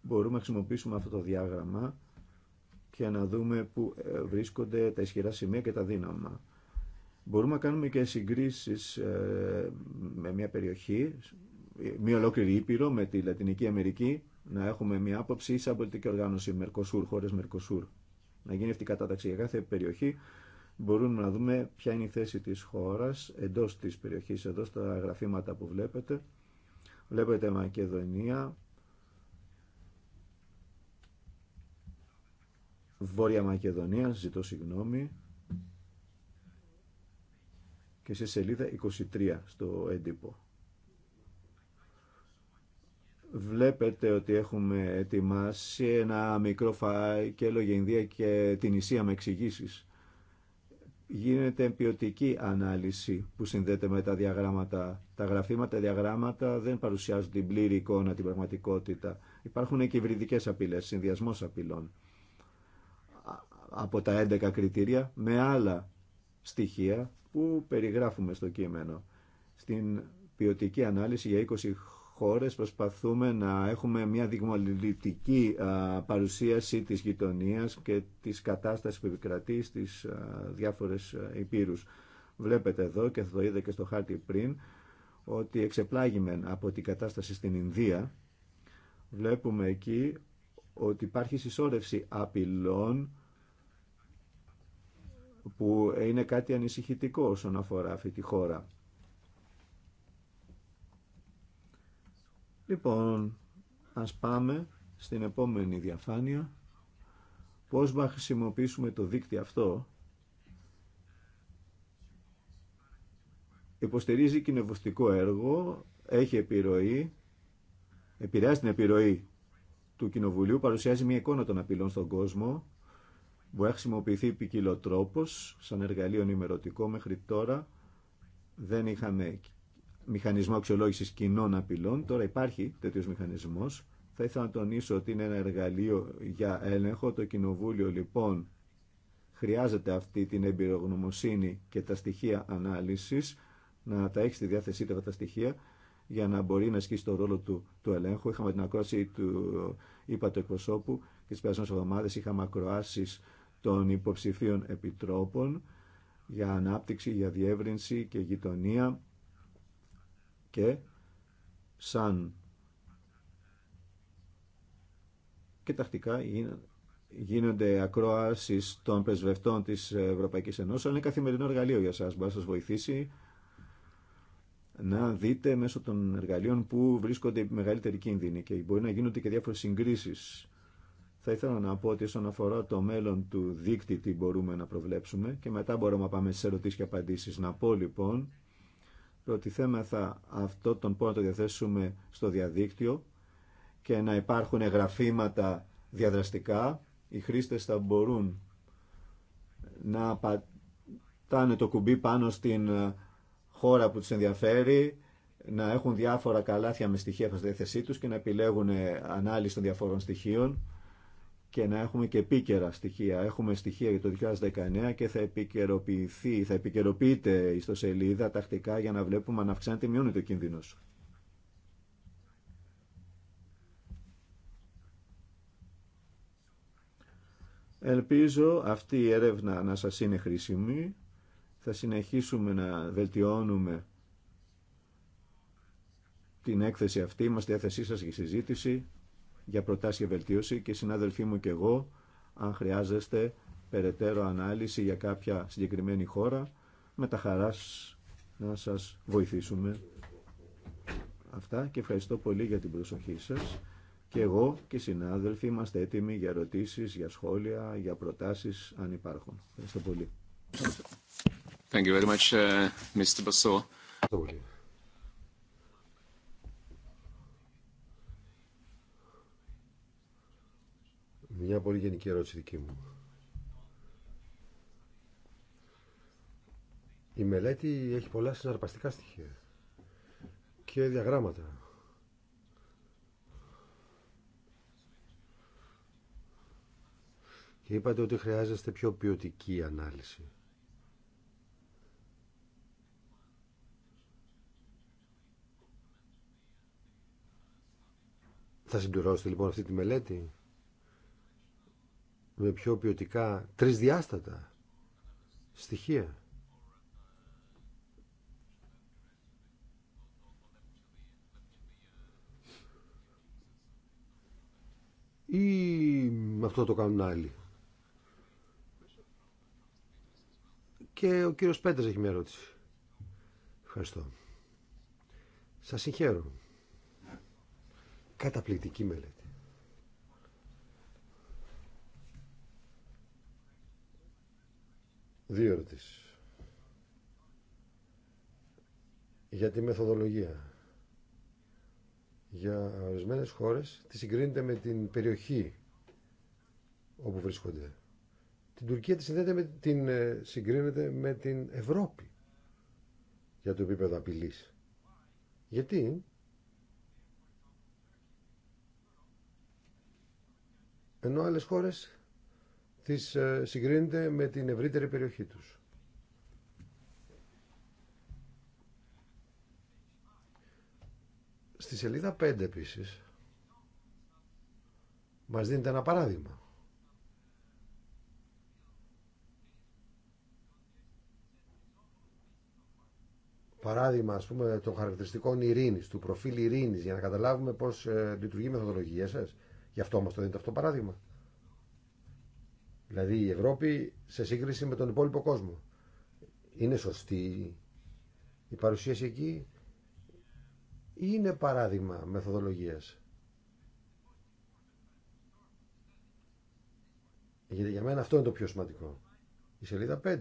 μπορούμε να χρησιμοποιήσουμε αυτό το διάγραμμα και να δούμε που ε, βρίσκονται τα ισχυρά σημεία και τα δύναμα. Μπορούμε να κάνουμε και συγκρίσεις ε, με μια περιοχή μια ολόκληρη Ήπειρο με τη Λατινική Αμερική να έχουμε μια άποψη σαν πολιτική οργάνωση Μερκοσούρ, χώρες Μερκοσούρ. Να γίνει αυτή η κατάταξη για κάθε περιοχή. Μπορούμε να δούμε ποια είναι η θέση της χώρας εντό τη περιοχής, εδώ στα γραφήματα που βλέπετε. Βλέπετε Μακεδονία, Βόρεια Μακεδονία, ζητώ συγγνώμη, και σε σελίδα 23 στο έντυπο. Βλέπετε ότι έχουμε ετοιμάσει ένα μικρό φάκελο για Ινδία και την Ισία με εξηγήσει. Γίνεται ποιοτική ανάλυση που συνδέεται με τα διαγράμματα. Τα γραφήματα, διαγράμματα δεν παρουσιάζουν την πλήρη εικόνα, την πραγματικότητα. Υπάρχουν και υβριδικές απειλές, συνδυασμός απειλών. Από τα 11 κριτήρια με άλλα στοιχεία που περιγράφουμε στο κείμενο. Στην ποιοτική ανάλυση για 20 χρόνια χώρες προσπαθούμε να έχουμε μια δειγμολητική παρουσίαση της γειτονίας και της κατάστασης που επικρατεί στις διάφορες υπήρους. Βλέπετε εδώ και θα το είδα και στο χάρτη πριν ότι εξεπλάγημεν από την κατάσταση στην Ινδία βλέπουμε εκεί ότι υπάρχει συσσόρευση απειλών που είναι κάτι ανησυχητικό όσον αφορά αυτή τη χώρα. Λοιπόν, ας πάμε στην επόμενη διαφάνεια. Πώς θα χρησιμοποιήσουμε το δίκτυο αυτό. Υποστηρίζει κοινευωστικό έργο, έχει επιρροή, επηρεάζει την επιρροή του Κοινοβουλίου, παρουσιάζει μια εικόνα των απειλών στον κόσμο, που έχει χρησιμοποιηθεί ποικιλό σαν εργαλείο ενημερωτικό μέχρι τώρα δεν είχαμε μηχανισμό αξιολόγηση κοινών απειλών. Τώρα υπάρχει τέτοιο μηχανισμό. Θα ήθελα να τονίσω ότι είναι ένα εργαλείο για έλεγχο. Το Κοινοβούλιο λοιπόν χρειάζεται αυτή την εμπειρογνωμοσύνη και τα στοιχεία ανάλυση, να τα έχει στη διάθεσή του αυτά τα στοιχεία για να μπορεί να ασκήσει το ρόλο του, του ελέγχου. Είχαμε την ακρόαση του είπα του εκπροσώπου και τι περασμένε εβδομάδες είχαμε ακροάσει των υποψηφίων επιτρόπων για ανάπτυξη, για διεύρυνση και γειτονία και σαν και τακτικά γίνονται ακροάσεις των πρεσβευτών της Ευρωπαϊκής Ενώσης, αλλά είναι καθημερινό εργαλείο για σας, μπορεί να σας βοηθήσει να δείτε μέσω των εργαλείων που βρίσκονται οι μεγαλύτεροι κίνδυνοι και μπορεί να γίνονται και διάφορες συγκρίσεις. Θα ήθελα να πω ότι όσον αφορά το μέλλον του δίκτυ τι μπορούμε να προβλέψουμε και μετά μπορούμε να πάμε σε ερωτήσεις και απαντήσεις. Να πω λοιπόν θα αυτό τον πόνο να το διαθέσουμε στο διαδίκτυο και να υπάρχουν γραφήματα διαδραστικά. Οι χρήστες θα μπορούν να πατάνε το κουμπί πάνω στην ε, χώρα που τους ενδιαφέρει, να έχουν διάφορα καλάθια με στοιχεία προς τη διάθεσή τους και να επιλέγουν ε, ανάλυση των διαφόρων στοιχείων και να έχουμε και επίκαιρα στοιχεία. Έχουμε στοιχεία για το 2019 και θα επικαιροποιηθεί, θα επικαιροποιείται η ιστοσελίδα τακτικά για να βλέπουμε αν αυξάνεται ή μειώνεται ο κίνδυνο. Ελπίζω αυτή η έρευνα να σας είναι χρήσιμη. Θα συνεχίσουμε να βελτιώνουμε την έκθεση αυτή. Είμαστε διάθεσή σας για συζήτηση για προτάσεις για βελτίωση και συνάδελφοί μου και εγώ, αν χρειάζεστε περαιτέρω ανάλυση για κάποια συγκεκριμένη χώρα, με τα χαράς να σας βοηθήσουμε. Αυτά και ευχαριστώ πολύ για την προσοχή σας. Και εγώ και οι συνάδελφοι είμαστε έτοιμοι για ερωτήσεις, για σχόλια, για προτάσεις, αν υπάρχουν. Ευχαριστώ πολύ. Thank you very much, uh, Mr. Μια πολύ γενική ερώτηση δική μου. Η μελέτη έχει πολλά συναρπαστικά στοιχεία και διαγράμματα. Και είπατε ότι χρειάζεστε πιο ποιοτική ανάλυση. Θα συμπληρώσετε λοιπόν αυτή τη μελέτη με πιο ποιοτικά τρισδιάστατα στοιχεία. Ή αυτό το κάνουν άλλοι. Και ο κύριος Πέτρας έχει μια ερώτηση. Ευχαριστώ. Σας συγχαίρω. Καταπληκτική μελέτη. Δύο ερωτήσεις. Για τη μεθοδολογία. Για ορισμένες χώρες τη συγκρίνεται με την περιοχή όπου βρίσκονται. Την Τουρκία τη συνδέεται την, ε, συγκρίνεται με την Ευρώπη για το επίπεδο απειλή. Γιατί ενώ άλλες χώρες τις ε, συγκρίνεται με την ευρύτερη περιοχή τους. Στη σελίδα 5 επίσης μας δίνεται ένα παράδειγμα. Παράδειγμα, ας πούμε, των χαρακτηριστικών ειρήνης, του προφίλ ειρήνης, για να καταλάβουμε πώς ε, λειτουργεί η μεθοδολογία σας. Γι' αυτό μας το δίνετε αυτό το παράδειγμα. Δηλαδή η Ευρώπη σε σύγκριση με τον υπόλοιπο κόσμο. Είναι σωστή η παρουσίαση εκεί ή είναι παράδειγμα μεθοδολογίας. Γιατί για μένα αυτό είναι το πιο σημαντικό. Η σελίδα 5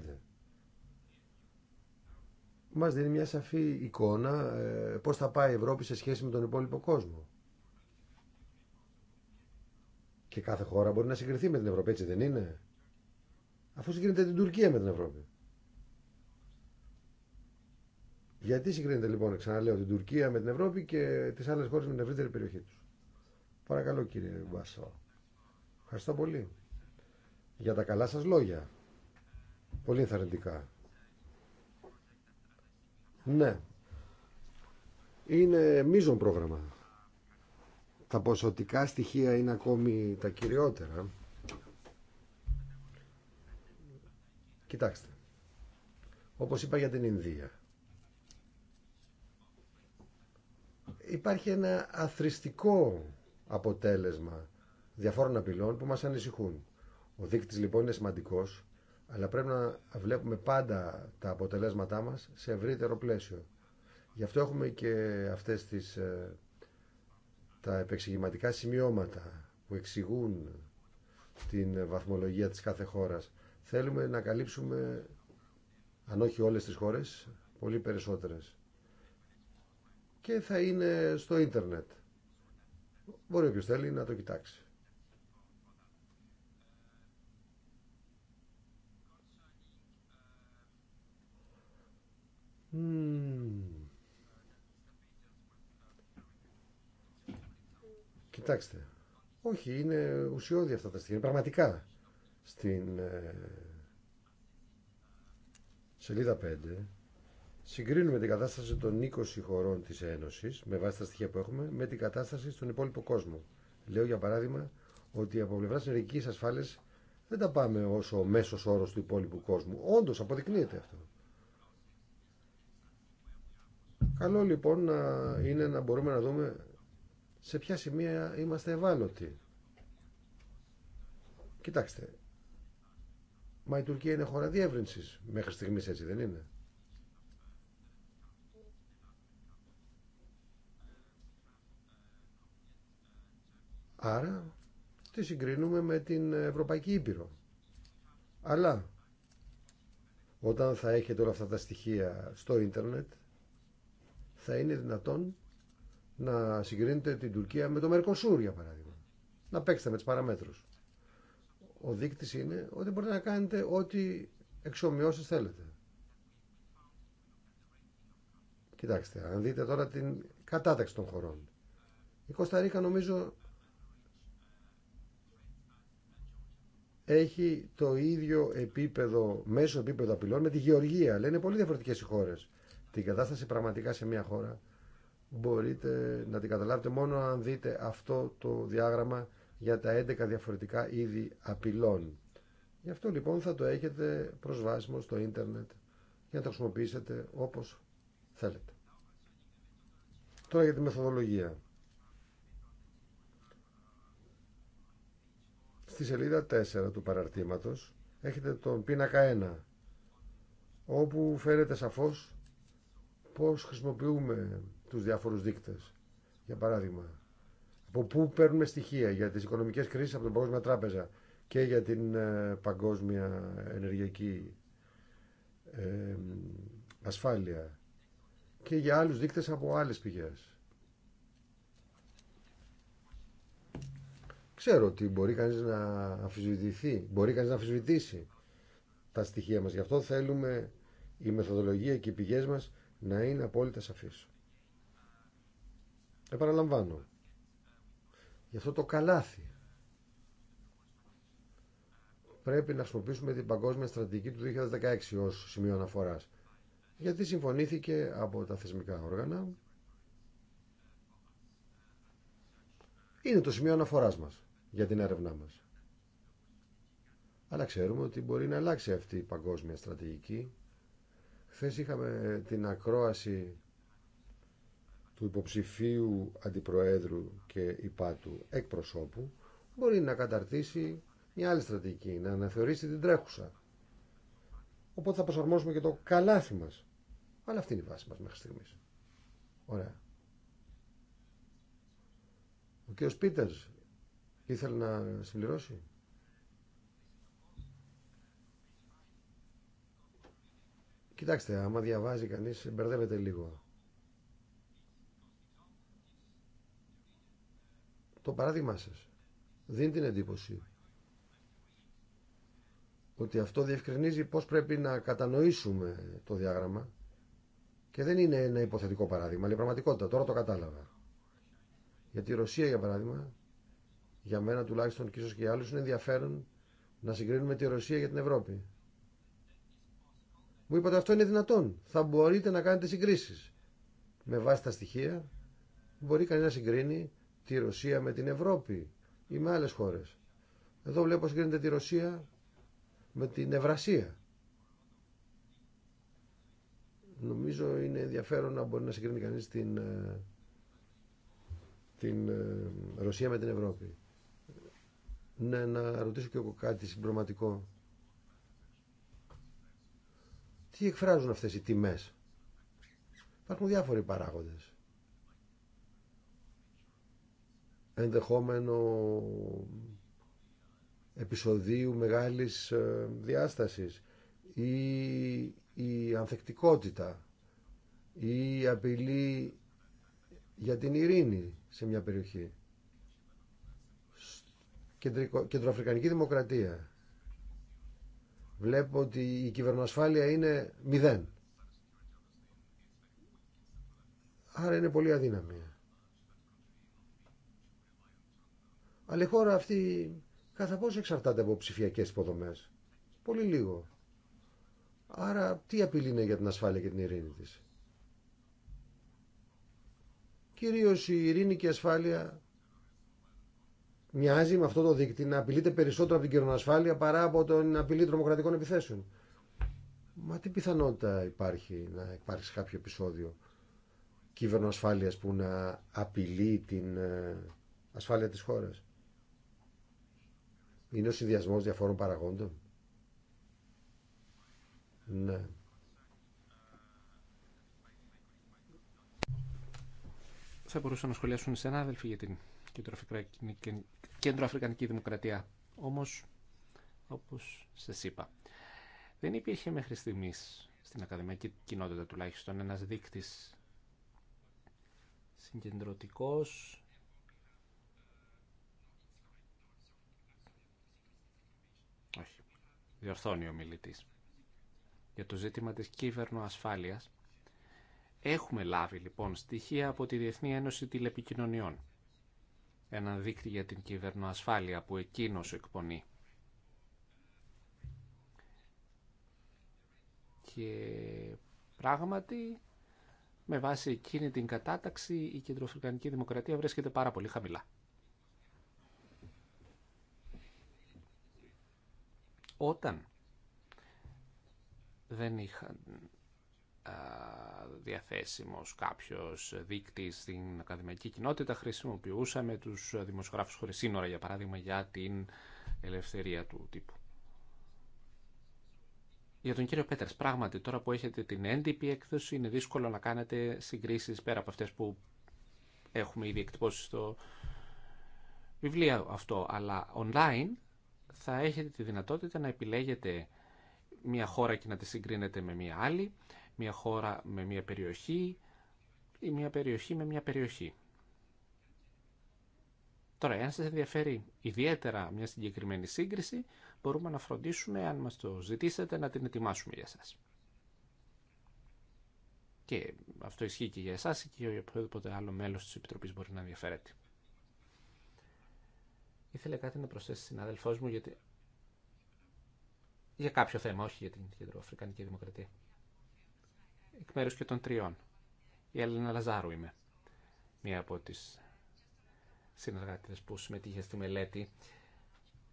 μας δίνει μια σαφή εικόνα ε, πώς θα πάει η Ευρώπη σε σχέση με τον υπόλοιπο κόσμο. Και κάθε χώρα μπορεί να συγκριθεί με την Ευρώπη, έτσι δεν είναι. Αφού συγκρίνεται την Τουρκία με την Ευρώπη. Γιατί συγκρίνεται λοιπόν, ξαναλέω, την Τουρκία με την Ευρώπη και τι άλλε χώρε με την ευρύτερη περιοχή του. Παρακαλώ κύριε Μπάσο. Ευχαριστώ πολύ για τα καλά σας λόγια. Πολύ ενθαρρυντικά. Ναι. Είναι μείζον πρόγραμμα τα ποσοτικά στοιχεία είναι ακόμη τα κυριότερα. Κοιτάξτε, όπως είπα για την Ινδία, υπάρχει ένα αθρηστικό αποτέλεσμα διαφόρων απειλών που μας ανησυχούν. Ο δείκτης λοιπόν είναι σημαντικός, αλλά πρέπει να βλέπουμε πάντα τα αποτελέσματά μας σε ευρύτερο πλαίσιο. Γι' αυτό έχουμε και αυτές τις ε, τα επεξηγηματικά σημειώματα που εξηγούν την βαθμολογία της κάθε χώρας. Θέλουμε να καλύψουμε, αν όχι όλες τις χώρες, πολύ περισσότερες. Και θα είναι στο ίντερνετ. Μπορεί όποιος θέλει να το κοιτάξει. Κοιτάξτε, όχι, είναι ουσιώδη αυτά τα στοιχεία. Πραγματικά, στην ε, σελίδα 5 συγκρίνουμε την κατάσταση των 20 χωρών της Ένωσης με βάση τα στοιχεία που έχουμε με την κατάσταση στον υπόλοιπο κόσμο. Λέω για παράδειγμα ότι από πλευρά ενεργική ασφάλεια δεν τα πάμε όσο ο μέσο όρο του υπόλοιπου κόσμου. Όντω αποδεικνύεται αυτό. Καλό λοιπόν είναι να μπορούμε να δούμε σε ποια σημεία είμαστε ευάλωτοι. Κοιτάξτε, μα η Τουρκία είναι χώρα διεύρυνσης μέχρι στιγμής έτσι δεν είναι. Άρα τη συγκρίνουμε με την Ευρωπαϊκή Ήπειρο. Αλλά όταν θα έχετε όλα αυτά τα στοιχεία στο ίντερνετ θα είναι δυνατόν να συγκρίνετε την Τουρκία με το Μερκοσούρ για παράδειγμα. Να παίξετε με τις παραμέτρους. Ο δείκτης είναι ότι μπορείτε να κάνετε ό,τι εξομοιώσει θέλετε. Κοιτάξτε, αν δείτε τώρα την κατάταξη των χωρών. Η Κωνσταντίνα νομίζω έχει το ίδιο επίπεδο, μέσο επίπεδο απειλών με τη Γεωργία. Λένε πολύ διαφορετικέ οι χώρες. Την κατάσταση πραγματικά σε μια χώρα μπορείτε να την καταλάβετε μόνο αν δείτε αυτό το διάγραμμα για τα 11 διαφορετικά είδη απειλών. Γι' αυτό λοιπόν θα το έχετε προσβάσιμο στο ίντερνετ για να το χρησιμοποιήσετε όπως θέλετε. Τώρα για τη μεθοδολογία. Στη σελίδα 4 του παραρτήματος έχετε τον πίνακα 1 όπου φαίνεται σαφώς πώς χρησιμοποιούμε τους διάφορους δείκτες. Για παράδειγμα, από πού παίρνουμε στοιχεία για τις οικονομικές κρίσεις από την Παγκόσμια Τράπεζα και για την ε, παγκόσμια ενεργειακή ασφάλεια και για άλλους δείκτες από άλλες πηγές. Ξέρω ότι μπορεί κανείς να αφισβητηθεί, μπορεί κανείς να αφισβητήσει τα στοιχεία μας. Γι' αυτό θέλουμε η μεθοδολογία και οι πηγές μας να είναι απόλυτα σαφείς. Επαναλαμβάνω. Γι' αυτό το καλάθι. Πρέπει να χρησιμοποιήσουμε την παγκόσμια στρατηγική του 2016 ως σημείο αναφοράς. Γιατί συμφωνήθηκε από τα θεσμικά όργανα. Είναι το σημείο αναφοράς μας για την έρευνά μας. Αλλά ξέρουμε ότι μπορεί να αλλάξει αυτή η παγκόσμια στρατηγική. Χθε είχαμε την ακρόαση του υποψηφίου αντιπροέδρου και υπάτου εκπροσώπου μπορεί να καταρτήσει μια άλλη στρατηγική, να αναθεωρήσει την τρέχουσα. Οπότε θα προσαρμόσουμε και το καλάθι μας. Αλλά αυτή είναι η βάση μας μέχρι στιγμής. Ωραία. Ο κ. Πίτερς ήθελε να συμπληρώσει. Κοιτάξτε, άμα διαβάζει κανείς, μπερδεύεται λίγο. Το παράδειγμα σας δίνει την εντύπωση ότι αυτό διευκρινίζει πώς πρέπει να κατανοήσουμε το διάγραμμα και δεν είναι ένα υποθετικό παράδειγμα, αλλά η πραγματικότητα. Τώρα το κατάλαβα. Γιατί η Ρωσία, για παράδειγμα, για μένα τουλάχιστον και ίσως και για άλλους, είναι ενδιαφέρον να συγκρίνουμε τη Ρωσία για την Ευρώπη. Μου είπατε αυτό είναι δυνατόν. Θα μπορείτε να κάνετε συγκρίσεις. Με βάση τα στοιχεία μπορεί κανείς να συγκρίνει τη Ρωσία με την Ευρώπη ή με άλλες χώρες. Εδώ βλέπω συγκρίνεται τη Ρωσία με την Ευρασία. Νομίζω είναι ενδιαφέρον να μπορεί να συγκρίνει κανείς την, ε, την ε, Ρωσία με την Ευρώπη. Ναι, να ρωτήσω και εγώ κάτι συμπροματικό. Τι εκφράζουν αυτές οι τιμές. Υπάρχουν διάφοροι παράγοντες. ενδεχόμενο επεισοδίου μεγάλης ε, διάστασης ή η ανθεκτικότητα ή η απειλή για την ειρήνη σε μια περιοχή. Κεντρικο, κεντροαφρικανική δημοκρατία. Βλέπω ότι η κυβερνοασφάλεια είναι μηδέν. Άρα είναι πολύ αδύναμη. Αλλά η χώρα αυτή κατά πόσο εξαρτάται από ψηφιακέ υποδομέ. Πολύ λίγο. Άρα τι απειλή είναι για την ασφάλεια και την ειρήνη της. Κυρίως η ειρήνη και η ασφάλεια μοιάζει με αυτό το δίκτυο να απειλείται περισσότερο από την κυρονασφάλεια παρά από την απειλή τρομοκρατικών επιθέσεων. Μα τι πιθανότητα υπάρχει να υπάρξει κάποιο επεισόδιο κυβερνοασφάλειας που να απειλεί την ε, ασφάλεια της χώρας είναι ο συνδυασμός διαφόρων παραγόντων. Ναι. Θα μπορούσαν να σχολιάσουν οι συνάδελφοι για την Κέντρο Αφρικανική Δημοκρατία. Όμως, όπως σας είπα, δεν υπήρχε μέχρι στιγμής στην ακαδημαϊκή κοινότητα τουλάχιστον ένας δείκτης συγκεντρωτικός όχι, διορθώνει ο μιλητή. για το ζήτημα της κυβερνοασφάλειας, έχουμε λάβει λοιπόν στοιχεία από τη Διεθνή Ένωση Τηλεπικοινωνιών, ένα δίκτυο για την κυβερνοασφάλεια που εκείνος εκπονεί. Και πράγματι, με βάση εκείνη την κατάταξη, η Κεντροφρικανική Δημοκρατία βρίσκεται πάρα πολύ χαμηλά. Όταν δεν είχαν διαθέσιμος κάποιος δείκτη στην ακαδημαϊκή κοινότητα χρησιμοποιούσαμε τους δημοσιογράφους χωρίς σύνορα για παράδειγμα για την ελευθερία του τύπου. Για τον κύριο Πέτερς, πράγματι τώρα που έχετε την έντυπη έκδοση είναι δύσκολο να κάνετε συγκρίσεις πέρα από αυτές που έχουμε ήδη εκτυπώσει στο βιβλίο αυτό, αλλά online θα έχετε τη δυνατότητα να επιλέγετε μια χώρα και να τη συγκρίνετε με μια άλλη, μια χώρα με μια περιοχή ή μια περιοχή με μια περιοχή. Τώρα, εάν σας ενδιαφέρει ιδιαίτερα μια συγκεκριμένη σύγκριση, μπορούμε να φροντίσουμε, αν μας το ζητήσετε, να την ετοιμάσουμε για σας. Και αυτό ισχύει και για εσάς και για οποιοδήποτε άλλο μέλος της Επιτροπής μπορεί να ενδιαφέρεται. Ήθελε κάτι να προσθέσει συνάδελφός μου γιατί... για κάποιο θέμα, όχι για την Κεντροαφρικανική Δημοκρατία. Εκ μέρου και των τριών. Η Έλληνα Λαζάρου είμαι. Μία από τις συνεργάτε που συμμετείχε στη μελέτη.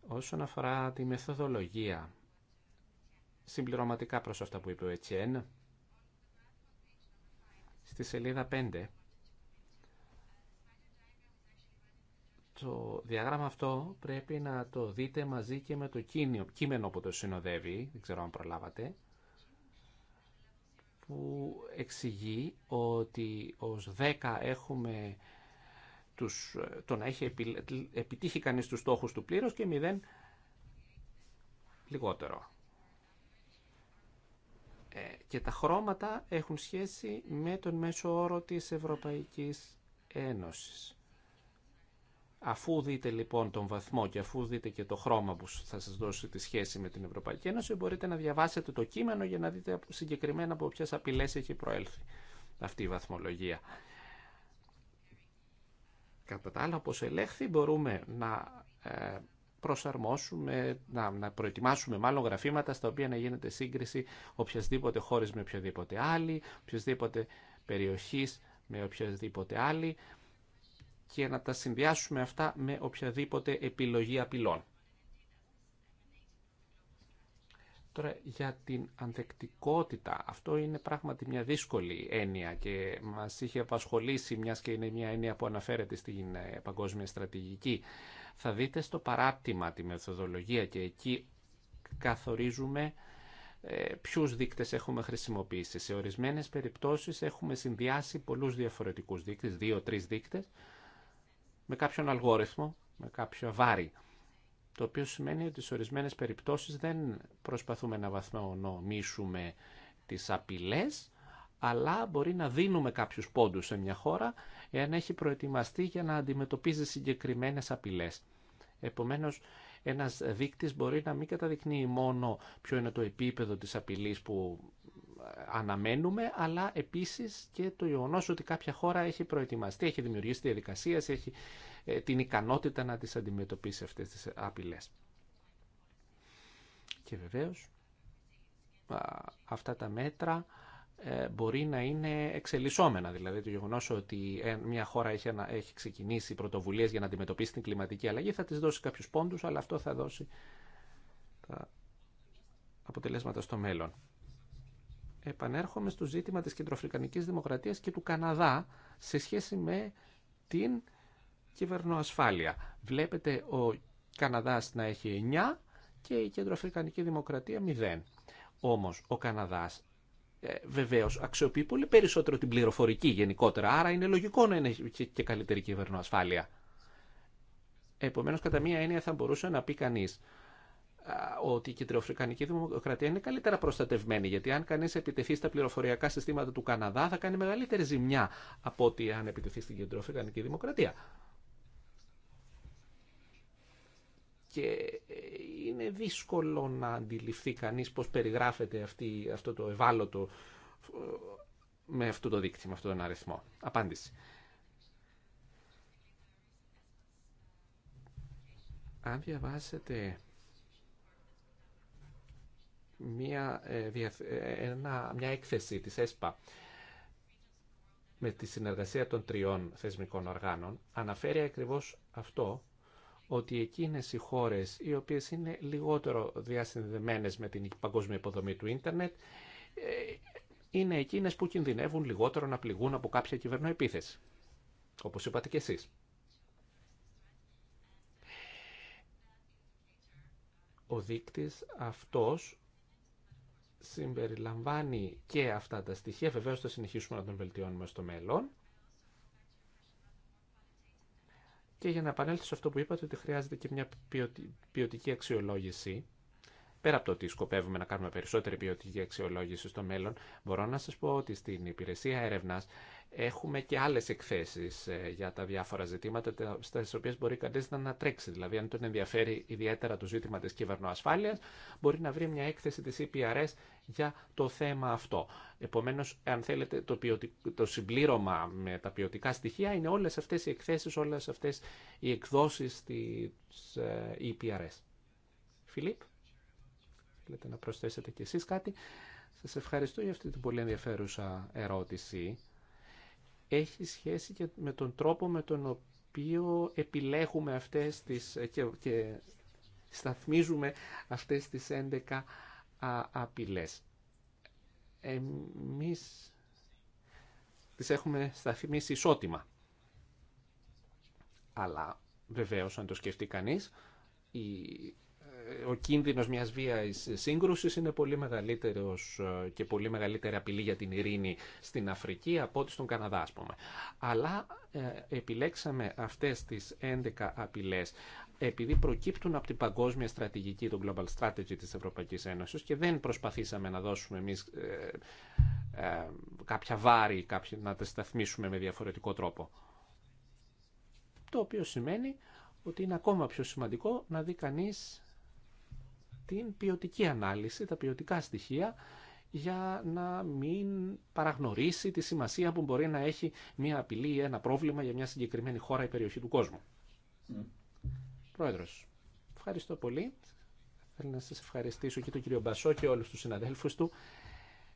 Όσον αφορά τη μεθοδολογία, συμπληρωματικά προ αυτά που είπε ο Ετσιέν, στη σελίδα 5 το διάγραμμα αυτό πρέπει να το δείτε μαζί και με το κείμενο που το συνοδεύει, δεν ξέρω αν προλάβατε, που εξηγεί ότι ως 10 έχουμε τους, το να έχει επιτύχει κανείς τους στόχους του πλήρως και 0 λιγότερο. Ε, και τα χρώματα έχουν σχέση με τον μέσο όρο της Ευρωπαϊκής Ένωσης. Αφού δείτε λοιπόν τον βαθμό και αφού δείτε και το χρώμα που θα σας δώσει τη σχέση με την Ευρωπαϊκή Ένωση, μπορείτε να διαβάσετε το κείμενο για να δείτε συγκεκριμένα από ποιες απειλές έχει προέλθει αυτή η βαθμολογία. Κατά τα άλλα, όπως ελέγχθη, μπορούμε να ε, προσαρμόσουμε, να, να προετοιμάσουμε μάλλον γραφήματα στα οποία να γίνεται σύγκριση οποιασδήποτε χώρες με οποιοδήποτε άλλη, οποιασδήποτε περιοχής με οποιασδήποτε άλλη, και να τα συνδυάσουμε αυτά με οποιαδήποτε επιλογή απειλών. Τώρα για την ανθεκτικότητα, αυτό είναι πράγματι μια δύσκολη έννοια και μας είχε απασχολήσει μιας και είναι μια έννοια που αναφέρεται στην ε, παγκόσμια στρατηγική. Θα δείτε στο παράρτημα τη μεθοδολογία και εκεί καθορίζουμε ε, ποιους δείκτες έχουμε χρησιμοποιήσει. Σε ορισμένες περιπτώσεις έχουμε συνδυάσει πολλούς διαφορετικούς δείκτες, δύο-τρεις δείκτες, με κάποιον αλγόριθμο, με κάποιο βάρη. Το οποίο σημαίνει ότι σε ορισμένε περιπτώσεις δεν προσπαθούμε να βαθμονομήσουμε τις απειλέ, αλλά μπορεί να δίνουμε κάποιου πόντου σε μια χώρα εάν έχει προετοιμαστεί για να αντιμετωπίζει συγκεκριμένε απειλέ. Επομένως, ένας δείκτη μπορεί να μην καταδεικνύει μόνο ποιο είναι το επίπεδο τη απειλή που αναμένουμε, αλλά επίσης και το γεγονό ότι κάποια χώρα έχει προετοιμαστεί, έχει δημιουργήσει διαδικασία, έχει ε, την ικανότητα να τις αντιμετωπίσει αυτές τις απειλές. Και βεβαίως αυτά τα μέτρα ε, μπορεί να είναι εξελισσόμενα. Δηλαδή το γεγονό ότι ε, μια χώρα έχει ξεκινήσει πρωτοβουλίε για να αντιμετωπίσει την κλιματική αλλαγή θα τη δώσει κάποιου πόντου, αλλά αυτό θα δώσει τα αποτελέσματα στο μέλλον επανέρχομαι στο ζήτημα της κεντροαφρικανικής δημοκρατίας και του Καναδά σε σχέση με την κυβερνοασφάλεια. Βλέπετε ο Καναδάς να έχει 9 και η κεντροαφρικανική δημοκρατία 0. Όμως ο Καναδάς ε, Βεβαίω, αξιοποιεί πολύ περισσότερο την πληροφορική γενικότερα, άρα είναι λογικό να είναι και καλύτερη κυβερνοασφάλεια. Επομένω, κατά μία έννοια θα μπορούσε να πει κανεί ότι η κεντροαφρικανική δημοκρατία είναι καλύτερα προστατευμένη, γιατί αν κανεί επιτεθεί στα πληροφοριακά συστήματα του Καναδά, θα κάνει μεγαλύτερη ζημιά από ότι αν επιτεθεί στην κεντροαφρικανική δημοκρατία. Και ε, είναι δύσκολο να αντιληφθεί κανείς πώς περιγράφεται αυτή, αυτό το ευάλωτο ε, με αυτό το δίκτυο, με αυτόν τον αριθμό. Απάντηση. Αν διαβάσετε μια, ε, ε, ένα, μια έκθεση της ΕΣΠΑ με τη συνεργασία των τριών θεσμικών οργάνων αναφέρει ακριβώς αυτό ότι εκείνες οι χώρες οι οποίες είναι λιγότερο διασυνδεμένες με την παγκόσμια υποδομή του ίντερνετ ε, είναι εκείνες που κινδυνεύουν λιγότερο να πληγούν από κάποια κυβερνοεπίθεση, όπως είπατε και εσείς. Ο δείκτης αυτός συμπεριλαμβάνει και αυτά τα στοιχεία. Βεβαίως θα συνεχίσουμε να τον βελτιώνουμε στο μέλλον. Και για να επανέλθω σε αυτό που είπατε ότι χρειάζεται και μια ποιοτική αξιολόγηση. Πέρα από το ότι σκοπεύουμε να κάνουμε περισσότερη ποιοτική αξιολόγηση στο μέλλον, μπορώ να σας πω ότι στην υπηρεσία έρευνας έχουμε και άλλες εκθέσεις ε, για τα διάφορα ζητήματα, στι οποίε μπορεί κανεί να ανατρέξει. Δηλαδή, αν τον ενδιαφέρει ιδιαίτερα το ζήτημα τη κυβερνοασφάλεια, μπορεί να βρει μια έκθεση τη EPRS για το θέμα αυτό. Επομένω, αν θέλετε, το, ποιοτικ... το συμπλήρωμα με τα ποιοτικά στοιχεία είναι όλε αυτέ οι εκθέσει, όλε αυτέ οι εκδόσεις της EPRS. Ε, Φιλίπ, θέλετε να προσθέσετε κι εσεί κάτι. Σας ευχαριστώ για αυτή την πολύ ενδιαφέρουσα ερώτηση έχει σχέση και με τον τρόπο με τον οποίο επιλέγουμε αυτές τις και, σταθμίζουμε αυτές τις 11 α, απειλές. Εμείς τις έχουμε σταθμίσει ισότιμα. Αλλά βεβαίως αν το σκεφτεί κανείς, η ε, ο κίνδυνος μιας βίας σύγκρουσης είναι πολύ μεγαλύτερος ε, και πολύ μεγαλύτερη απειλή για την ειρήνη στην Αφρική από ό,τι στον Καναδά, ας πούμε. Αλλά ε, επιλέξαμε αυτές τις 11 απειλές επειδή προκύπτουν από την παγκόσμια στρατηγική, του Global Strategy της Ευρωπαϊκής Ένωσης και δεν προσπαθήσαμε να δώσουμε εμείς κάποια βάρη, κάποια, να τα σταθμίσουμε με διαφορετικό τρόπο. Το οποίο σημαίνει ότι είναι ακόμα πιο σημαντικό να δει κανείς την ποιοτική ανάλυση, τα ποιοτικά στοιχεία, για να μην παραγνωρίσει τη σημασία που μπορεί να έχει μια απειλή ή ένα πρόβλημα για μια συγκεκριμένη χώρα ή περιοχή του κόσμου. Mm. Πρόεδρος, ευχαριστώ πολύ. Θέλω να σας ευχαριστήσω και τον κύριο Μπασό και όλους τους συναδέλφους του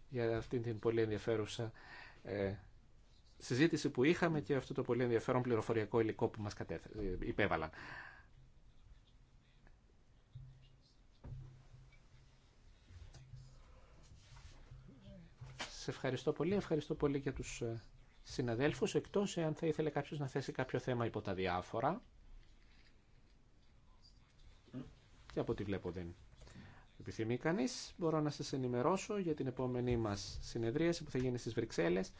για αυτή την πολύ ενδιαφέρουσα ε, συζήτηση που είχαμε και αυτό το πολύ ενδιαφέρον πληροφοριακό υλικό που μας ε, υπέβαλαν. ευχαριστώ πολύ. Ευχαριστώ πολύ για τους ε, συναδέλφους, εκτός εάν θα ήθελε κάποιος να θέσει κάποιο θέμα υπό τα διάφορα. Και από ό,τι βλέπω δεν επιθυμεί κανείς. Μπορώ να σας ενημερώσω για την επόμενή μας συνεδρίαση που θα γίνει στις Βρυξέλλες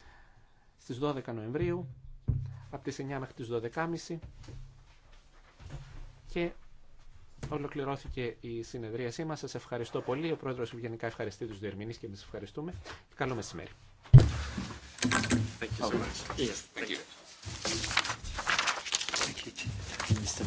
στις 12 Νοεμβρίου από τις 9 μέχρι τις 12.30 και Ολοκληρώθηκε η συνεδρίασή μας. Σας ευχαριστώ πολύ. Ο Πρόεδρος γενικά ευχαριστεί τους διερμηνείς και εμεί ευχαριστούμε. Καλό μεσημέρι. Thank